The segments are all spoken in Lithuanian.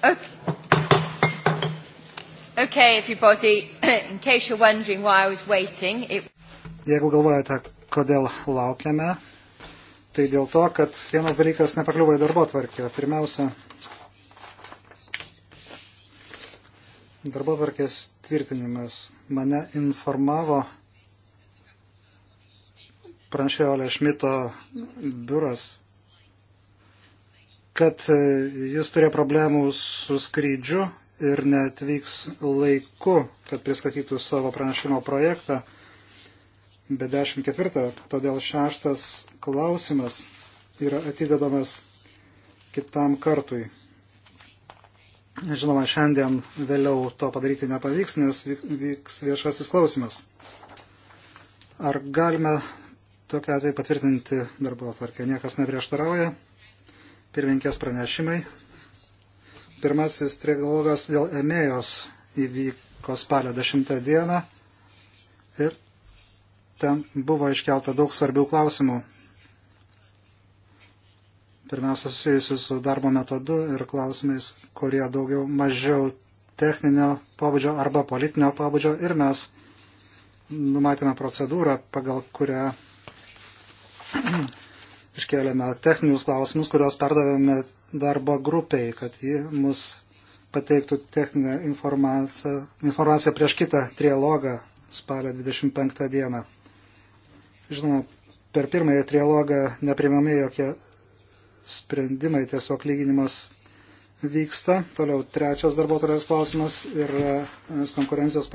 Okay. okay, everybody, in case you're wondering why I was waiting, it... Jeigu galvojate, kodėl laukiame, tai dėl to, kad vienas dalykas nepakliuvo į darbo tvarkę. Pirmiausia, darbo tvarkės tvirtinimas mane informavo pranešėjo Olė Šmito biuras kad e, jis turėjo problemų su skrydžiu ir netvyks laiku, kad pristatytų savo pranešimo projektą. Be 14. Todėl šeštas klausimas yra atidedamas kitam kartui. Žinoma, šiandien vėliau to padaryti nepavyks, nes vyks viešasis klausimas. Ar galime tokia atveju patvirtinti darbo atvarkę? Niekas neprieštarauja pirminkės pranešimai. Pirmasis trilogas dėl Emėjos įvyko spalio 10 dieną ir ten buvo iškelta daug svarbių klausimų. Pirmiausia, susijusiu su darbo metodu ir klausimais, kurie daugiau mažiau techninio pobūdžio arba politinio pobūdžio ir mes numatėme procedūrą, pagal kurią iškėlėme techninius klausimus, kuriuos perdavėme darbo grupiai, kad ji mus pateiktų techninę informaciją, informaciją prieš kitą trialogą spalio 25 dieną. Žinoma, per pirmąją trialogą neprimami jokie sprendimai, tiesiog lyginimas vyksta. Toliau trečias darbuotojas klausimas yra e, konkurencijos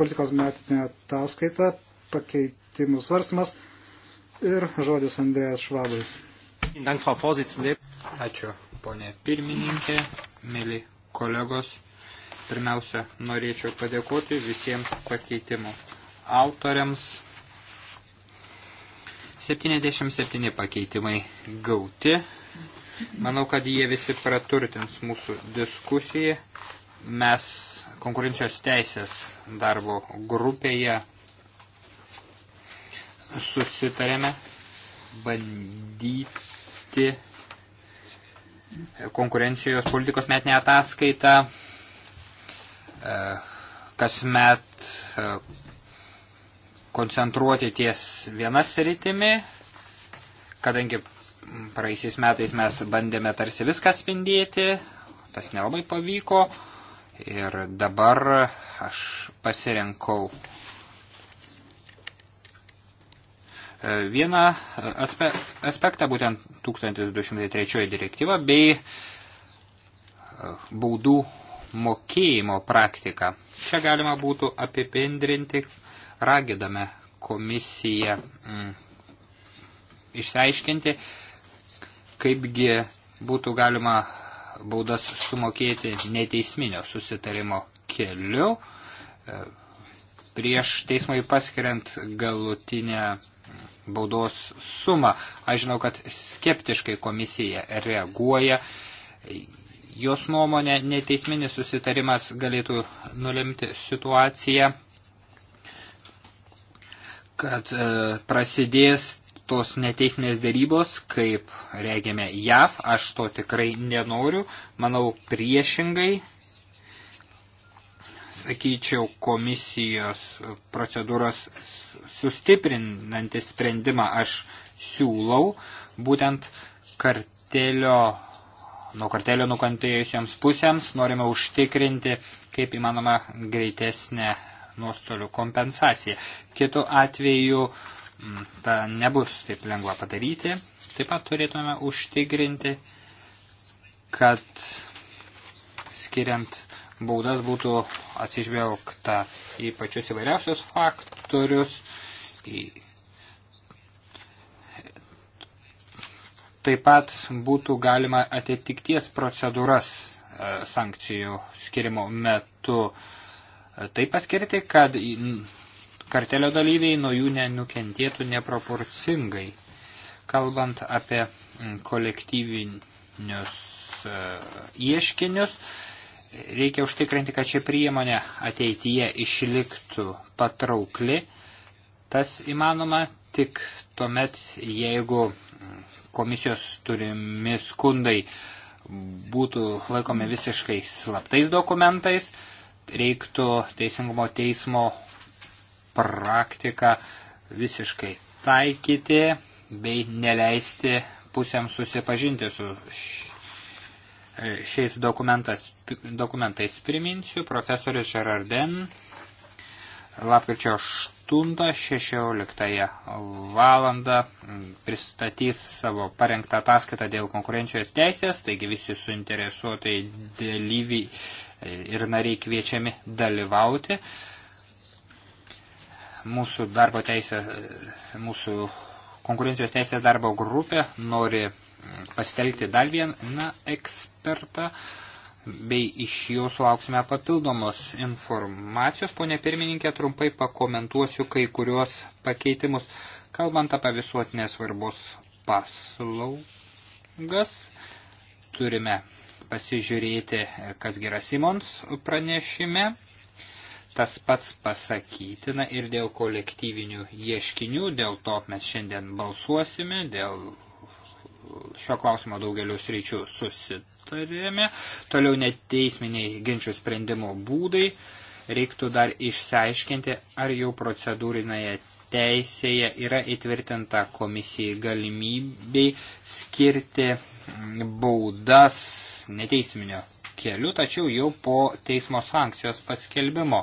politikos metinė ataskaita, pakeitimų svarstymas. Ir žodis Andrėjas Švabui. Ačiū, ponė pirmininkė, mėly kolegos. Pirmiausia, norėčiau padėkoti visiems pakeitimų autoriams. 77 pakeitimai gauti. Manau, kad jie visi praturtins mūsų diskusiją. Mes konkurencijos teisės darbo grupėje susitarėme bandyti konkurencijos politikos metinę ataskaitą e, kasmet e, koncentruoti ties vienas rytimi, kadangi praeisiais metais mes bandėme tarsi viską spindėti, tas nelabai pavyko ir dabar aš pasirinkau E, vieną aspe, aspektą, būtent 1203 direktyvą, bei e, baudų mokėjimo praktiką. Čia galima būtų apipendrinti, ragidame komisiją mm, išsiaiškinti, kaipgi būtų galima baudas sumokėti neteisminio susitarimo keliu e, prieš teismui paskiriant galutinę baudos sumą. Aš žinau, kad skeptiškai komisija reaguoja. Jos nuomonė neteisminis susitarimas galėtų nulemti situaciją, kad e, prasidės tos neteisminės dėrybos, kaip regėme JAV, aš to tikrai nenoriu, manau priešingai sakyčiau, komisijos procedūros sustiprinantį sprendimą aš siūlau būtent kartelio, nuo kartelio nukantėjusiems pusėms norime užtikrinti kaip įmanoma greitesnę nuostolių kompensaciją. Kitu atveju mm, ta nebus taip lengva padaryti. Taip pat turėtume užtikrinti, kad skiriant baudas būtų atsižvelgta į pačius įvairiausius faktorius, į... taip pat būtų galima atitikties procedūras e, sankcijų skirimo metu e, taip paskirti, kad kartelio dalyviai nuo jų nenukentėtų neproporcingai. Kalbant apie kolektyvinius e, ieškinius, reikia užtikrinti, kad ši priemonė ateityje išliktų patraukli. Tas įmanoma tik tuomet, jeigu komisijos turimi skundai būtų laikomi visiškai slaptais dokumentais, reiktų teisingumo teismo praktiką visiškai taikyti bei neleisti pusėms susipažinti su ši šiais dokumentais priminsiu. Profesorius Gerarden lapkričio 8.16 valandą pristatys savo parengtą ataskaitą dėl konkurencijos teisės, taigi visi suinteresuotai dalyviai e, ir nariai kviečiami dalyvauti. Mūsų darbo teisės, e, mūsų konkurencijos teisės darbo grupė nori pastelgti dar vieną ekspertą, bei iš jo sulauksime papildomos informacijos. Pone pirmininkė, trumpai pakomentuosiu kai kuriuos pakeitimus. Kalbant apie visuotinės svarbos paslaugas, turime pasižiūrėti, kas yra Simons pranešime. Tas pats pasakytina ir dėl kolektyvinių ieškinių, dėl to mes šiandien balsuosime, dėl šio klausimo daugeliu sryčių susitarėme. Toliau neteisminiai ginčių sprendimo būdai. Reiktų dar išsiaiškinti, ar jau procedūrinėje teisėje yra įtvirtinta komisijai galimybei skirti baudas neteisminio keliu, tačiau jau po teismo sankcijos paskelbimo.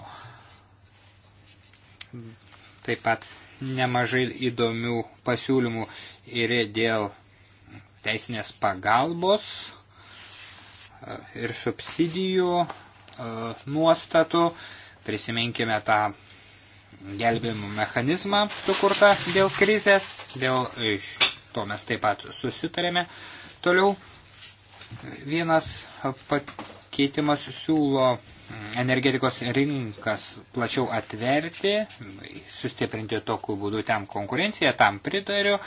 Taip pat nemažai įdomių pasiūlymų ir dėl teisinės pagalbos e, ir subsidijų e, nuostatų. Prisiminkime tą gelbėjimo mechanizmą sukurtą dėl krizės, dėl e, to mes taip pat susitarėme. Toliau vienas pakeitimas siūlo mm, energetikos rinkas plačiau atverti, sustiprinti tokiu būdu ten konkurenciją, tam pritariu.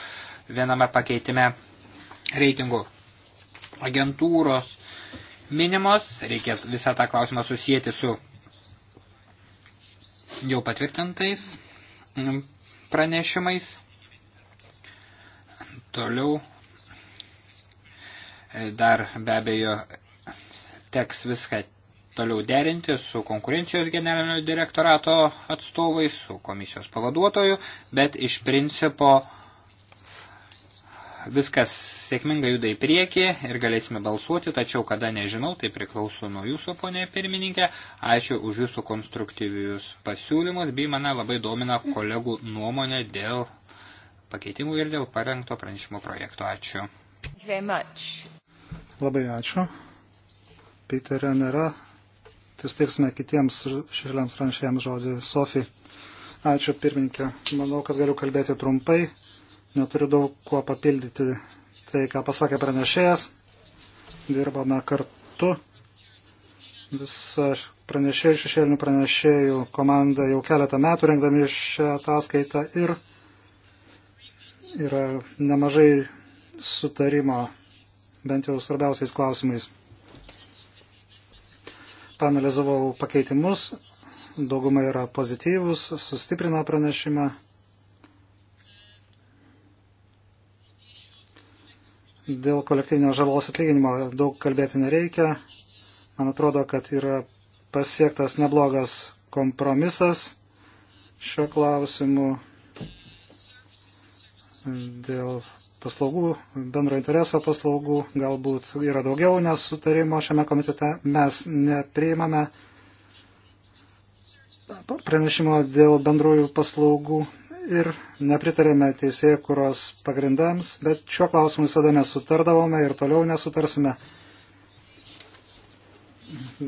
Viename pakeitime reitingų agentūros minimos, reikia visą tą klausimą susijęti su jau patvirtintais mm, pranešimais. Toliau e, dar be abejo teks viską toliau derinti su konkurencijos generalinio direktorato atstovais, su komisijos pavaduotoju, bet iš principo uh, viskas sėkmingai juda į priekį ir galėsime balsuoti, tačiau kada nežinau, tai priklauso nuo jūsų, ponė pirmininkė. Ačiū už jūsų konstruktyvius pasiūlymus, bei mane labai domina kolegų nuomonė dėl pakeitimų ir dėl parengto pranešimo projekto. Ačiū. Labai ačiū. Peterio nėra. Tai suteiksime kitiems šešėliams pranešėjams žodį. Sofija. Ačiū pirmininkė. Manau, kad galiu kalbėti trumpai Neturiu daug kuo papildyti tai, ką pasakė pranešėjas. Dirbame kartu. Visa pranešėjų, šešėlinių pranešėjų komanda jau keletą metų rengdami šią ataskaitą ir yra nemažai sutarimo, bent jau svarbiausiais klausimais. Panalizavau pakeitimus, dauguma yra pozityvus, sustiprina pranešimą. Dėl kolektyvinio žalos atlyginimo daug kalbėti nereikia. Man atrodo, kad yra pasiektas neblogas kompromisas šiuo klausimu dėl paslaugų, bendro intereso paslaugų, galbūt yra daugiau nesutarimo šiame komitete. Mes nepriimame pranešimo dėl bendrųjų paslaugų ir nepritarėme teisėjų kuros pagrindams, bet šiuo klausimu visada nesutardavome ir toliau nesutarsime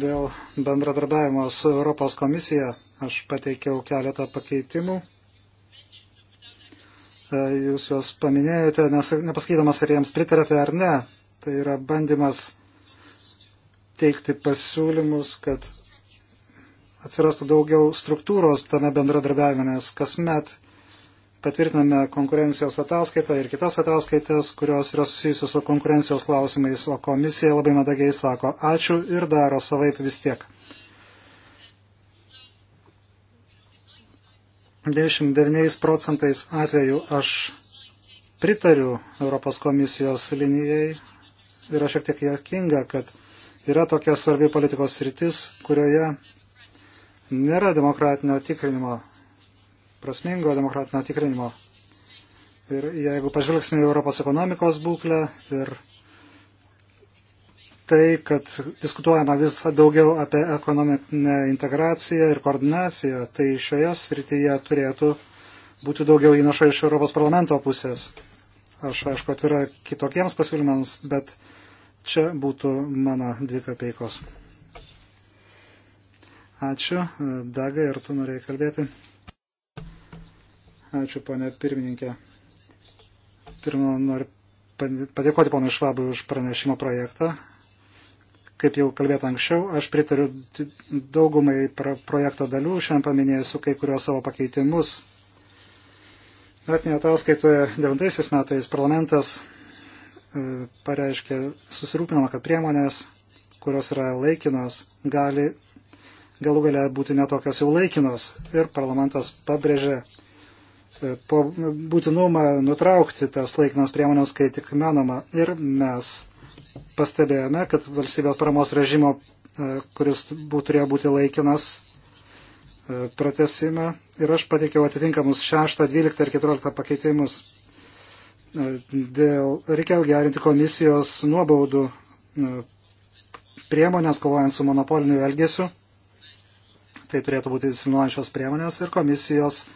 dėl bendradarbiavimo su Europos komisija. Aš pateikiau keletą pakeitimų. E, jūs juos paminėjote, nepasakydamas, ar jiems pritarėte ar ne. Tai yra bandymas teikti pasiūlymus, kad atsirastų daugiau struktūros tame bendradarbiavime, nes kasmet patvirtiname konkurencijos ataskaitą ir kitas ataskaitas, kurios yra susijusios su konkurencijos klausimais, o komisija labai madagiai sako ačiū ir daro savaip vis tiek. 99 procentais atveju aš pritariu Europos komisijos linijai yra šiek tiek jakinga, kad yra tokia svarbi politikos sritis, kurioje nėra demokratinio tikrinimo prasmingo demokratinio tikrinimo. Ir jeigu pažvelgsime į Europos ekonomikos būklę ir tai, kad diskutuojama vis daugiau apie ekonominę integraciją ir koordinaciją, tai šioje srityje turėtų būti daugiau įnašo iš Europos parlamento pusės. Aš, aišku, atvira kitokiems pasiūlymams, bet čia būtų mano dvi kapeikos. Ačiū. Daga, ir tu norėjai kalbėti? Ačiū, ponė pirmininkė. Pirmą noriu padėkoti ponui Švabui už pranešimo projektą. Kaip jau kalbėta anksčiau, aš pritariu daugumai projekto dalių, šiandien paminėsiu kai kuriuos savo pakeitimus. Metinėje ataskaitoje 9 metais parlamentas e, pareiškė susirūpinama, kad priemonės, kurios yra laikinos, gali galų galia būti netokios jau laikinos. Ir parlamentas pabrėžė, po būtinumą nutraukti tas laikinas priemonės, kai tik įmanoma. Ir mes pastebėjome, kad valstybės paramos režimo, e, kuris būtų, turėjo būti laikinas, e, pratesimą ir aš pateikiau atitinkamus 6, 12 ir 14 pakeitimus. E, dėl, reikia gerinti komisijos nuobaudų priemonės, kovojant su monopoliniu elgesiu. Tai turėtų būti disciplinuojančios priemonės ir komisijos uh,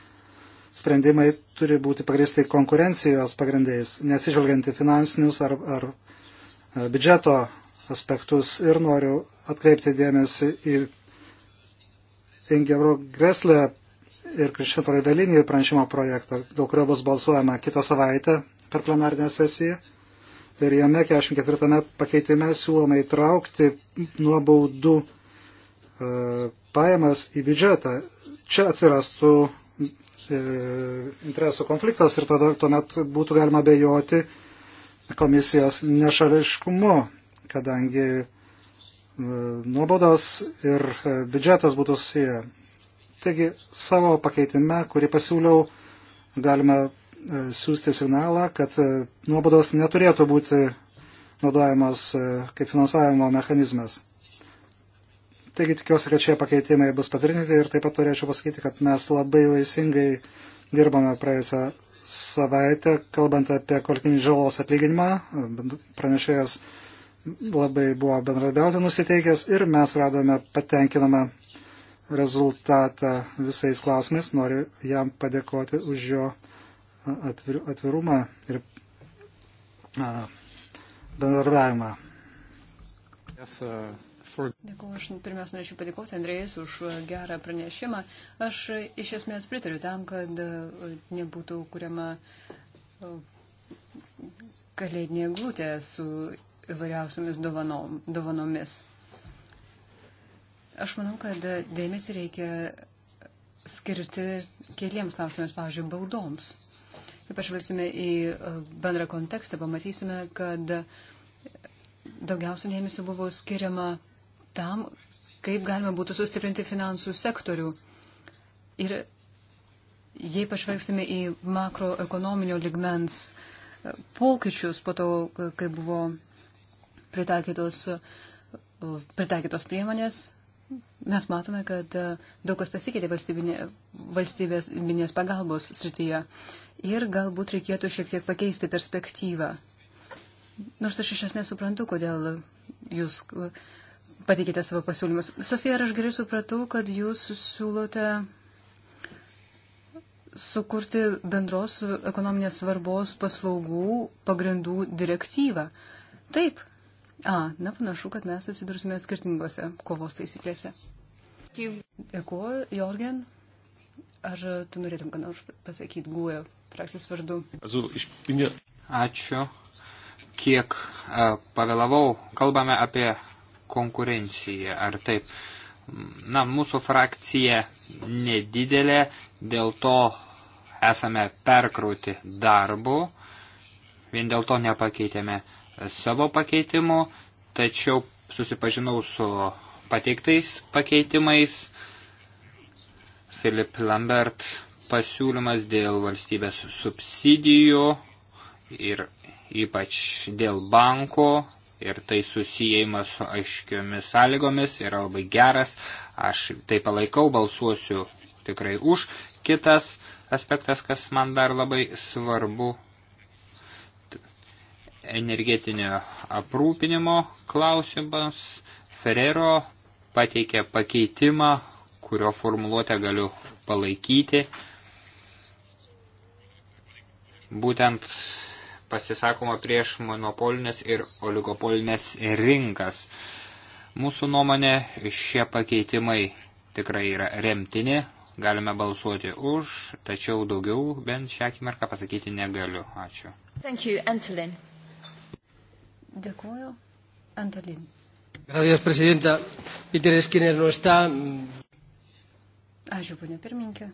sprendimai turi būti pagristai konkurencijos pagrindais, nesižvelgianti finansinius ar, ar e, biudžeto aspektus. Ir noriu atkreipti dėmesį į Ingevro Greslę ir Kriščioto Raidalinį pranešimo projektą, dėl kurio bus balsuojama kitą savaitę per plenarinę sesiją. Ir jame 44 pakeitime siūloma įtraukti nuobaudų e, pajamas į biudžetą. Čia atsirastų E, interesų konfliktas ir tuomet būtų galima bejoti komisijos nešališkumu, kadangi e, nuobodos ir e, biudžetas būtų susiję. Taigi savo pakeitime, kurį pasiūliau, galima siūsti signalą, kad nuobodos neturėtų būti naudojamas kaip finansavimo mechanizmas. Taigi tikiuosi, kad šie pakeitimai bus patvirtinti ir taip pat turėčiau pasakyti, kad mes labai vaisingai dirbame praėjusią savaitę, kalbant apie kolektyvinį žalos atlyginimą. Pranešėjas labai buvo bendradarbiauti nusiteikęs ir mes radome patenkinamą rezultatą visais klausimais. Noriu jam padėkoti už jo atvirumą ir bendradarbiavimą. Yes, uh for... Dėkuoju, aš pirmiausia norėčiau padėkoti Andrėjus už uh, gerą pranešimą. Aš uh, iš esmės pritariu tam, kad uh, nebūtų kuriama kalėdinė glūtė su įvairiausiamis dovanom, dovanomis. Aš manau, kad dėmesį reikia skirti keliems klausimams, pavyzdžiui, baudoms. Kaip aš valsime į bendrą kontekstą, pamatysime, kad daugiausia dėmesio buvo skiriama tam, kaip galima būtų sustiprinti finansų sektorių. Ir jei pažvelgsime į makroekonominio ligmens e, pokyčius po to, kai buvo pritaikytos, e, pritaikytos priemonės, mes matome, kad e, daug kas pasikeitė valstybės minės pagalbos srityje ir galbūt reikėtų šiek tiek pakeisti perspektyvą. Nors aš iš esmės suprantu, kodėl jūs pateikėte savo pasiūlymus. Sofija, ar aš gerai supratau, kad jūs siūlote sukurti bendros ekonominės svarbos paslaugų pagrindų direktyvą. Taip. A, na panašu, kad mes atsidursime skirtingose kovos taisyklėse. Dėkuoju, Jorgen. Ar tu norėtum ką nors pasakyti guojo praksės vardu? Ačiū. Kiek a, pavėlavau, kalbame apie konkurencija, ar taip? Na, mūsų frakcija nedidelė, dėl to esame perkrauti darbu, vien dėl to nepakeitėme savo pakeitimų, tačiau susipažinau su pateiktais pakeitimais. Filip Lambert pasiūlymas dėl valstybės subsidijų ir ypač dėl banko ir tai susijimas su aiškiomis sąlygomis yra labai geras. Aš tai palaikau, balsuosiu tikrai už. Kitas aspektas, kas man dar labai svarbu, energetinio aprūpinimo klausimas. Ferrero pateikė pakeitimą, kurio formuluotę galiu palaikyti. Būtent pasisakoma prieš monopolinės ir oligopolinės rinkas. Mūsų nuomonė šie pakeitimai tikrai yra remtini, galime balsuoti už, tačiau daugiau bent šią akimirką pasakyti negaliu. Ačiū. Thank you, Antolin. Dėkuoju, Antolin. Gracias, presidenta. Peter Skinner no está. Ačiū, ponia pirmininkė.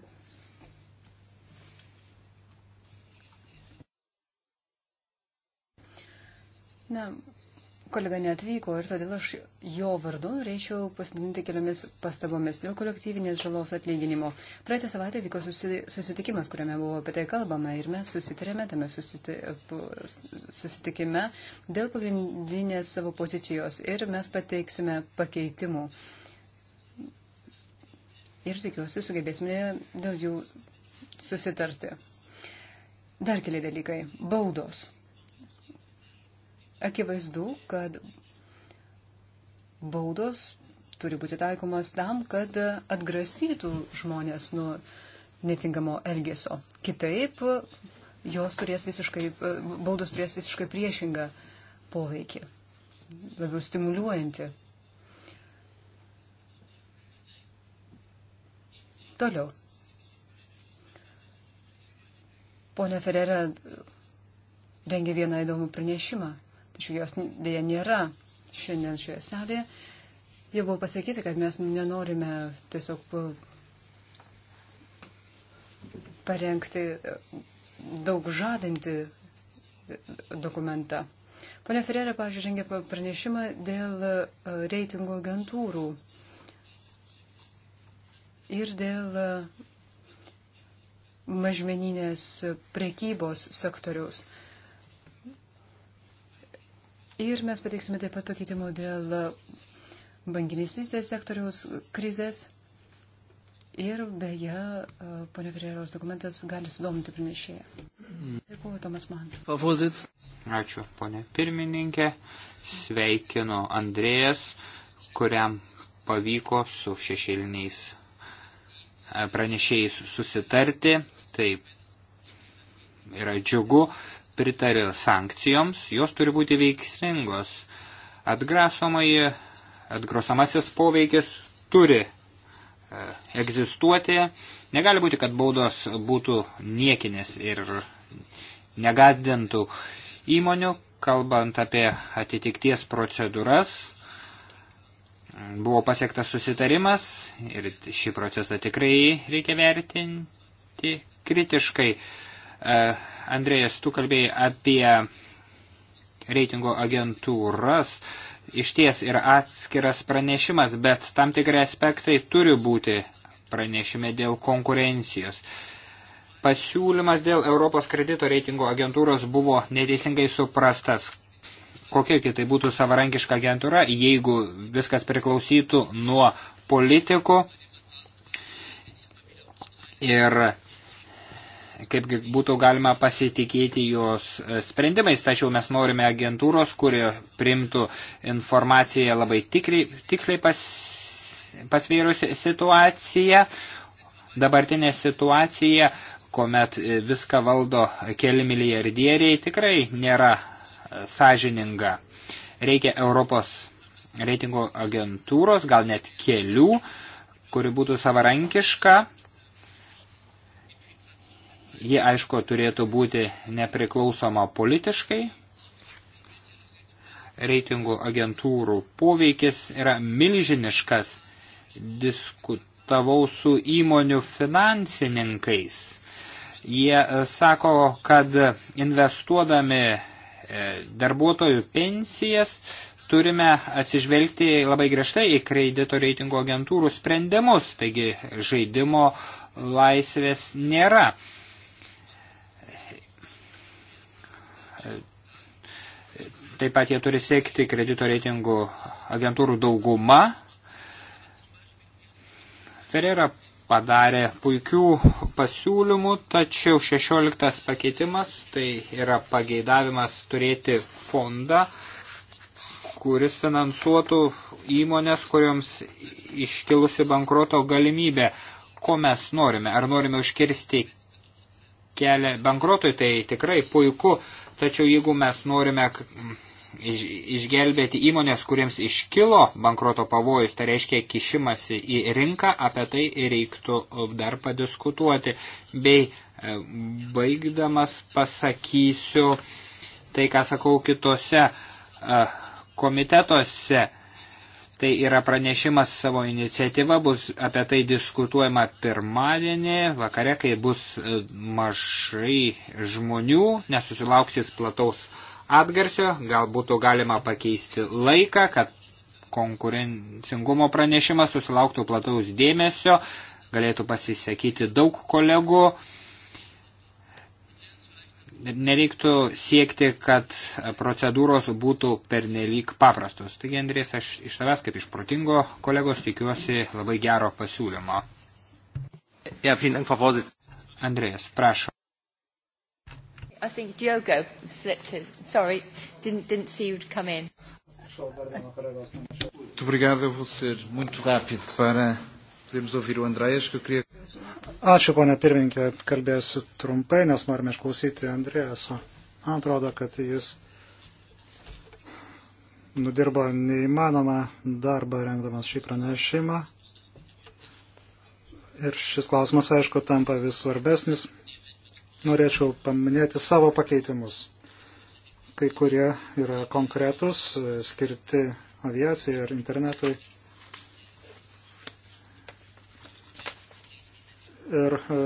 Na, kolega neatvyko ir todėl aš jo vardu reičiau pasidalinti keliomis pastabomis dėl kolektyvinės žalos atlyginimo. Praeitą savaitę vyko susi, susitikimas, kuriame buvo apie tai kalbama ir mes susitarėme tame susiti, susitikime dėl pagrindinės savo pozicijos ir mes pateiksime pakeitimų. Ir tikiuosi, sugebėsime dėl jų susitarti. Dar keli dalykai. Baudos. Akivaizdu, kad baudos turi būti taikomas tam, kad atgrasytų žmonės nuo netinkamo elgesio. Kitaip, jos turės visiškai, baudos turės visiškai priešingą poveikį, labiau stimuliuojantį. Toliau. Pone Ferrera rengia vieną įdomų pranešimą tačiau jos dėja nėra šiandien šioje salėje. Jau buvo pasakyti, kad mes nenorime tiesiog parengti daug žadinti dokumentą. Pone Ferrerė, pavyzdžiui, rengė pranešimą dėl e, reitingo agentūrų ir dėl e, mažmeninės prekybos sektoriaus. Ir mes pateiksime taip pat pakeitimų dėl bankinysystės sektoriaus krizės. Ir beje, e, ponia Ferreros dokumentas gali sudominti pranešėją. Dėkuoju, Tomas Man. Pavuzits. Ačiū, ponia pirmininkė. Sveikinu Andrėjas, kuriam pavyko su šešėliniais e, pranešėjais susitarti. Taip, yra džiugu pritariu sankcijoms, jos turi būti veiksmingos. Atgrasomoji, atgrosamasis poveikis turi e, egzistuoti. Negali būti, kad baudos būtų niekinės ir negazdintų įmonių, kalbant apie atitikties procedūras. Buvo pasiektas susitarimas ir šį procesą tikrai reikia vertinti kritiškai. Eh, Andrėjas, tu kalbėjai apie reitingo agentūras. Iš ties yra atskiras pranešimas, bet tam tikri aspektai turi būti pranešime dėl konkurencijos. Pasiūlymas dėl Europos kredito reitingo agentūros buvo neteisingai suprastas. Kokia kitai būtų savarankiška agentūra, jeigu viskas priklausytų nuo politikų ir kaipgi būtų galima pasitikėti jos e, sprendimais, tačiau mes norime agentūros, kurie primtų informaciją labai tikriai, tiksliai pas, pasvėrusi situaciją, dabartinė situacija, kuomet e, viską valdo keli milijardieriai, tikrai nėra e, sąžininga. Reikia Europos reitingo agentūros, gal net kelių, kuri būtų savarankiška Ji, aišku, turėtų būti nepriklausoma politiškai. Reitingų agentūrų poveikis yra milžiniškas. Diskutavau su įmonių finansininkais. Jie e, sako, kad investuodami e, darbuotojų pensijas turime atsižvelgti labai griežtai į kredito reitingo agentūrų sprendimus, taigi žaidimo laisvės nėra. Taip pat jie turi siekti kredito reitingų agentūrų dauguma. Ferrera padarė puikių pasiūlymų, tačiau 16 pakeitimas tai yra pageidavimas turėti fondą, kuris finansuotų įmonės, kuriuoms iškilusi bankroto galimybė. Ko mes norime? Ar norime užkirsti kelią bankrotui? Tai tikrai puiku. Tačiau jeigu mes norime iš, išgelbėti įmonės, kuriems iškilo bankroto pavojus, tai reiškia kišimasi į rinką, apie tai reiktų dar padiskutuoti. Bei e, baigdamas pasakysiu tai, ką sakau kitose e, komitetuose Tai yra pranešimas savo iniciatyva, bus apie tai diskutuojama pirmadienį, vakare, kai bus e, mažai žmonių, nesusilauksis plataus atgarsio, gal būtų galima pakeisti laiką, kad konkurencingumo pranešimas susilauktų plataus dėmesio, galėtų pasisakyti daug kolegų nereiktų siekti, kad procedūros būtų pernelyg paprastos. Taigi, Andrės, aš iš savęs kaip iš protingo kolegos tikiuosi labai gero pasiūlymo. Ja, Andrės, prašau. I think Diogo slipped his. Sorry, didn't, didn't see you come in. Muito obrigado, eu vou ser muito rápido para Podemos ouvir o Andrėjas, que eu queria... Ačiū, ponia pirmininkė, kalbėsiu trumpai, nes norime išklausyti Andrėjaso. Man atrodo, kad jis nudirbo neįmanomą darbą rengdamas šį pranešimą. Ir šis klausimas, aišku, tampa vis svarbesnis. Norėčiau paminėti savo pakeitimus. Kai kurie yra konkretus, skirti aviacijai ir internetui. ir e,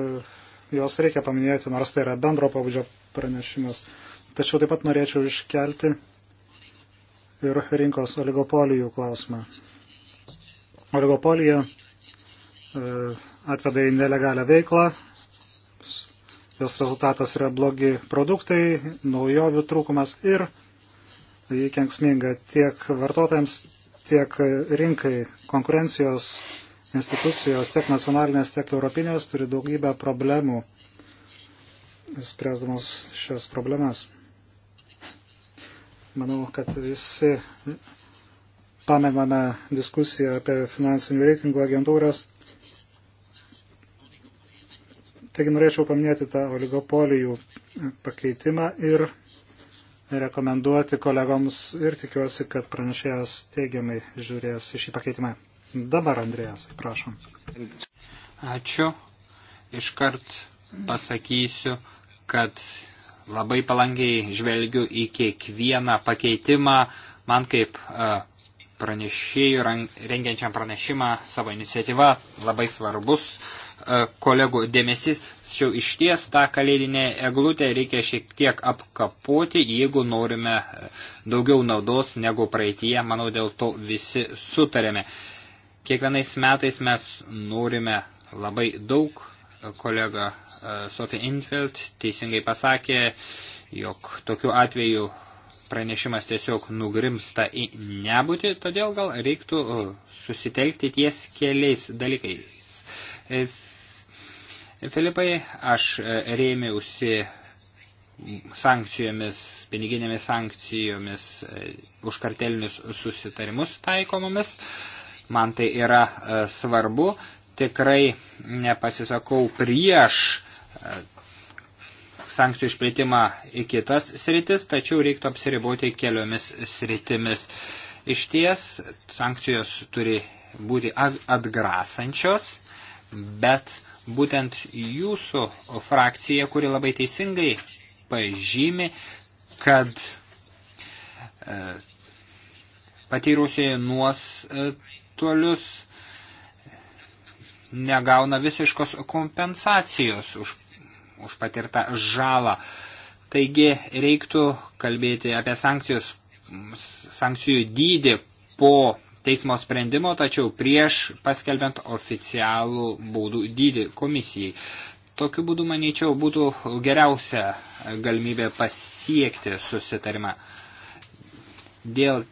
jos reikia paminėti, nors tai yra bendro pabudžio pranešimas. Tačiau taip pat norėčiau iškelti ir rinkos oligopolijų klausimą. Oligopolija e, atveda į nelegalią veiklą, jos rezultatas yra blogi produktai, naujovių trūkumas ir jį kenksminga tiek vartotojams, tiek rinkai konkurencijos institucijos, tiek nacionalinės, tiek europinės, turi daugybę problemų, spręsdamos šias problemas. Manau, kad visi pamėgame diskusiją apie finansinių reitingų agentūras. Taigi norėčiau paminėti tą oligopolijų pakeitimą ir rekomenduoti kolegoms ir tikiuosi, kad pranešėjas teigiamai žiūrės į šį pakeitimą. Dabar Andrėjas, prašom. Ačiū. Iškart pasakysiu, kad labai palankiai žvelgiu į kiekvieną pakeitimą. Man kaip e, pranešėjų, rengiančiam pranešimą savo iniciatyvą labai svarbus e, kolegų dėmesys. Tačiau iš ties tą kalėdinę eglutę reikia šiek tiek apkapoti, jeigu norime e, daugiau naudos negu praeitie. Manau, dėl to visi sutarėme. Kiekvienais metais mes norime labai daug. Kolega e, Sofija Infeld teisingai pasakė, jog tokiu atveju pranešimas tiesiog nugrimsta į nebūtį, todėl gal reiktų e, susitelkti ties keliais dalykais. E, Filipai, aš rėmiausi sankcijomis, piniginėmis sankcijomis už kartelinius susitarimus taikomomis. E, man tai yra e, svarbu. Tikrai nepasisakau prieš e, sankcijų išplėtimą į kitas sritis, tačiau reiktų apsiriboti keliomis sritimis. Iš ties, sankcijos turi būti atgrasančios, bet būtent jūsų frakcija, kuri labai teisingai pažymi, kad e, patyrusieji nuos nuostolius negauna visiškos kompensacijos už, už patirtą žalą. Taigi reiktų kalbėti apie sankcijos, sankcijų dydį po teismo sprendimo, tačiau prieš paskelbiant oficialų baudų dydį komisijai. Tokiu būdu, manyčiau, būtų geriausia galimybė pasiekti susitarimą. Dėl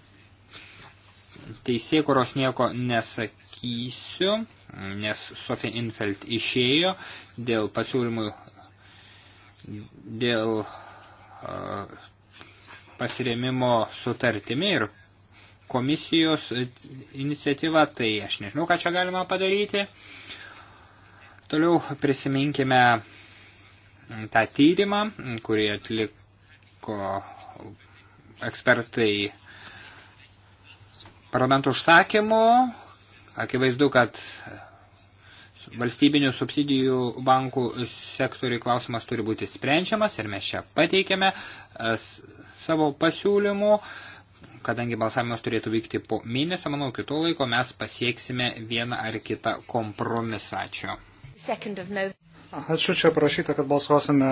teisėkuros nieko nesakysiu, nes Sofie Infeld išėjo dėl pasiūlymų, dėl uh, pasiremimo sutartimi ir komisijos iniciatyva, tai aš nežinau, ką čia galima padaryti. Toliau prisiminkime tą tyrimą, kurį atliko ekspertai parlamento užsakymu. Akivaizdu, kad valstybinių subsidijų bankų sektoriui klausimas turi būti sprendžiamas ir mes čia pateikėme e, savo pasiūlymų. Kadangi balsavimas turėtų vykti po mėnesio, manau, kito laiko mes pasieksime vieną ar kitą kompromisą. Ačiū. Ačiū, čia parašyta, kad balsuosime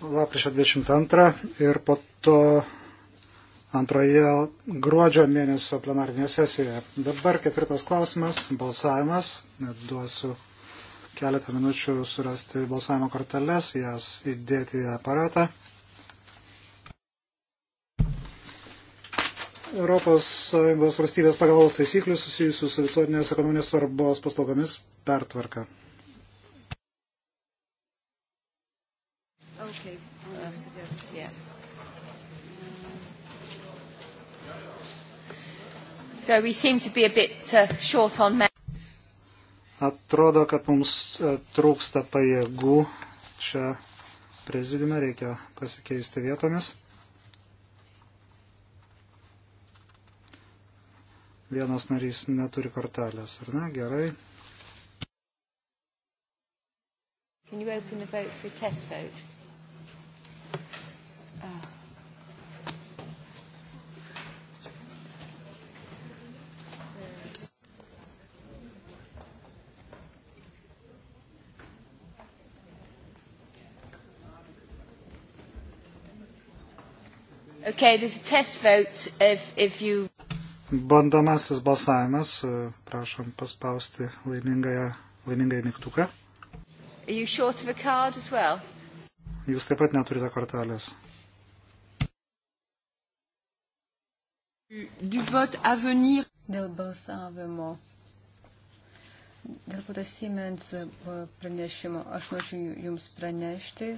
lapkričio 22 ir po to antroje gruodžio mėnesio plenarinėje sesijoje. Dabar ketvirtas klausimas - balsavimas. Duosiu keletą minučių surasti balsavimo korteles, jas įdėti į aparatą. ES valstybės pagalbos taisyklių susijusių su visuotinės ekonominės svarbos paslaugomis pertvarka. Okay. Uh, yeah. So we seem to be a bit uh, short on men. Atrodo, kad mums uh, trūksta pajėgų. Čia prezidiume reikia pasikeisti vietomis. Vienas narys neturi kortelės, ar ne? Gerai. Can you open the vote for a test vote? Oh. Okay, there's a test vote if, if you... Bandomasis balsavimas, e, prašom paspausti laimingąją mygtuką. Are you short of a card as well? Jūs taip pat neturite kortelės. Du vote à venir. Dėl balsavimo. Dėl pato Siemens e, pranešimo aš noriu Jums pranešti,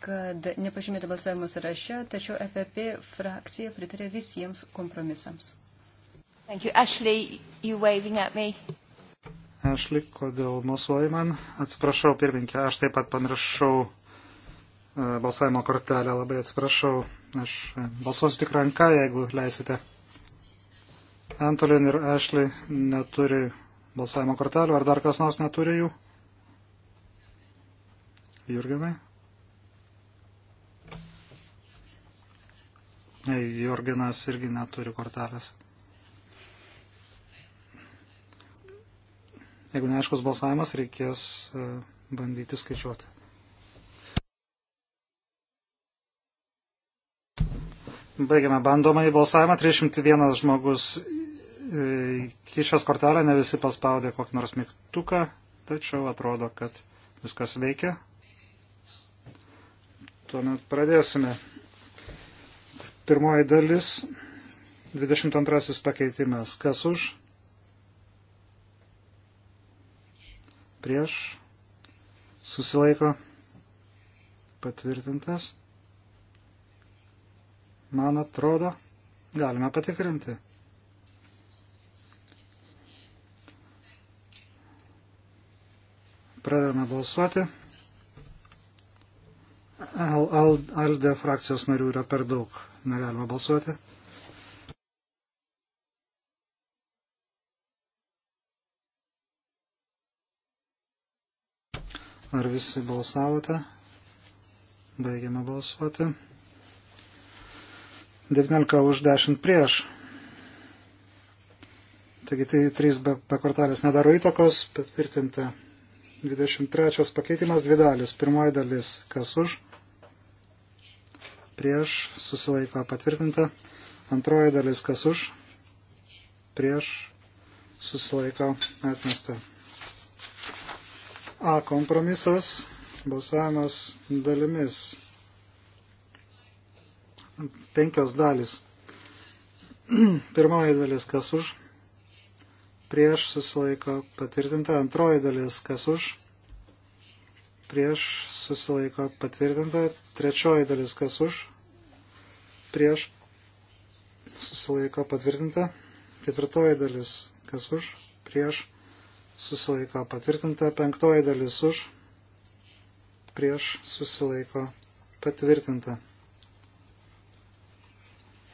kad nepažymėta balsavimo sąraše, tačiau FFP e frakcija pritarė visiems kompromisams. Thank you. Ashley, you waving at me. Ashley, kodėl mosuoji man? Atsiprašau, pirminkė, aš taip pat pamiršau e, balsavimo kortelę, labai atsiprašau. Aš e, balsuosiu tik ranką, jeigu leisite. Antolin ir Ashley neturi balsavimo kortelių, ar dar kas nors neturi jų? Jurgenai? Jorginas irgi neturi kortelės. Jeigu neaiškus balsavimas, reikės e, bandyti skaičiuoti. Baigiame bandomąjį balsavimą. 301 žmogus e, kišęs kortelę, ne visi paspaudė kokį nors mygtuką, tačiau atrodo, kad viskas veikia. Tuomet pradėsime. Pirmoji dalis, 22 pakeitimas. Kas už? Prieš. Susilaiko. Patvirtintas. Man atrodo, galime patikrinti. Pradedame balsuoti. Alde frakcijos narių yra per daug negalima balsuoti. Ar visi balsavote? Baigiame balsuoti. 19 už 10 prieš. Taigi tai 3 be, be kortelės nedaro įtakos, patvirtinta 23 pakeitimas, dvi dalis. Pirmoji dalis, kas už, prieš, susilaiko patvirtinta. Antroji dalis, kas už, prieš, susilaiko atmesta. A kompromisas, balsavimas dalimis. Penkios dalis. Pirmoji dalis, kas už, prieš, susilaiko patvirtinta. Antroji dalis, kas už, prieš susilaiko patvirtinta, trečioji dalis kas už, prieš susilaiko patvirtinta, ketvirtoji dalis kas už, prieš susilaiko patvirtinta, penktoji dalis už, prieš susilaiko patvirtinta.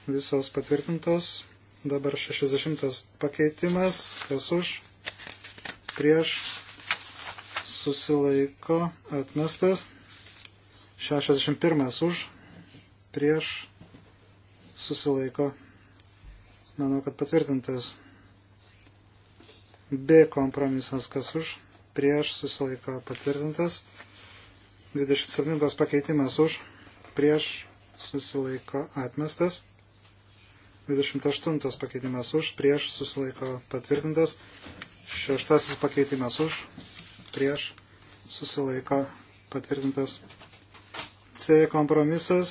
Visos patvirtintos, dabar 60 pakeitimas, kas už, prieš susilaiko atmestas. 61 už, prieš susilaiko. Manau, kad patvirtintas. B kompromisas kas už, prieš susilaiko patvirtintas. 27 pakeitimas už, prieš susilaiko atmestas. 28 pakeitimas už, prieš susilaiko patvirtintas. Šeštasis pakeitimas už, prieš susilaiko patvirtintas. C kompromisas,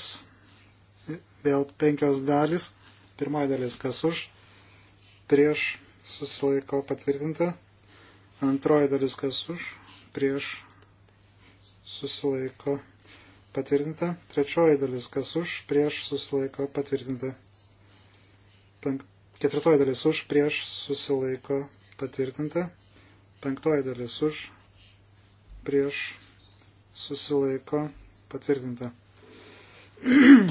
vėl penkios dalis, pirmoji dalis kas už, prieš susilaiko patvirtinta, antroji dalis kas už, prieš susilaiko patvirtinta, trečioji dalis kas už, prieš susilaiko patvirtinta, Penk... ketvirtoji dalis už, prieš susilaiko patvirtinta, penktoji dalis už, prieš susilaiko patvirtinta.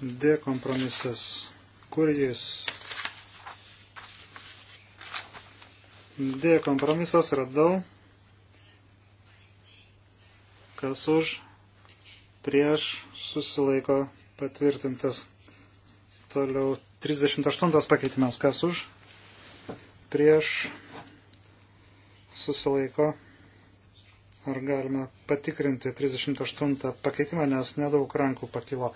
D kompromisas. Kur jis? D kompromisas radau. Kas už prieš susilaiko patvirtintas. Toliau 38 pakeitimas. Kas už prieš susilaiko. Ar galime patikrinti 38 pakeitimą, nes nedaug rankų pakilo.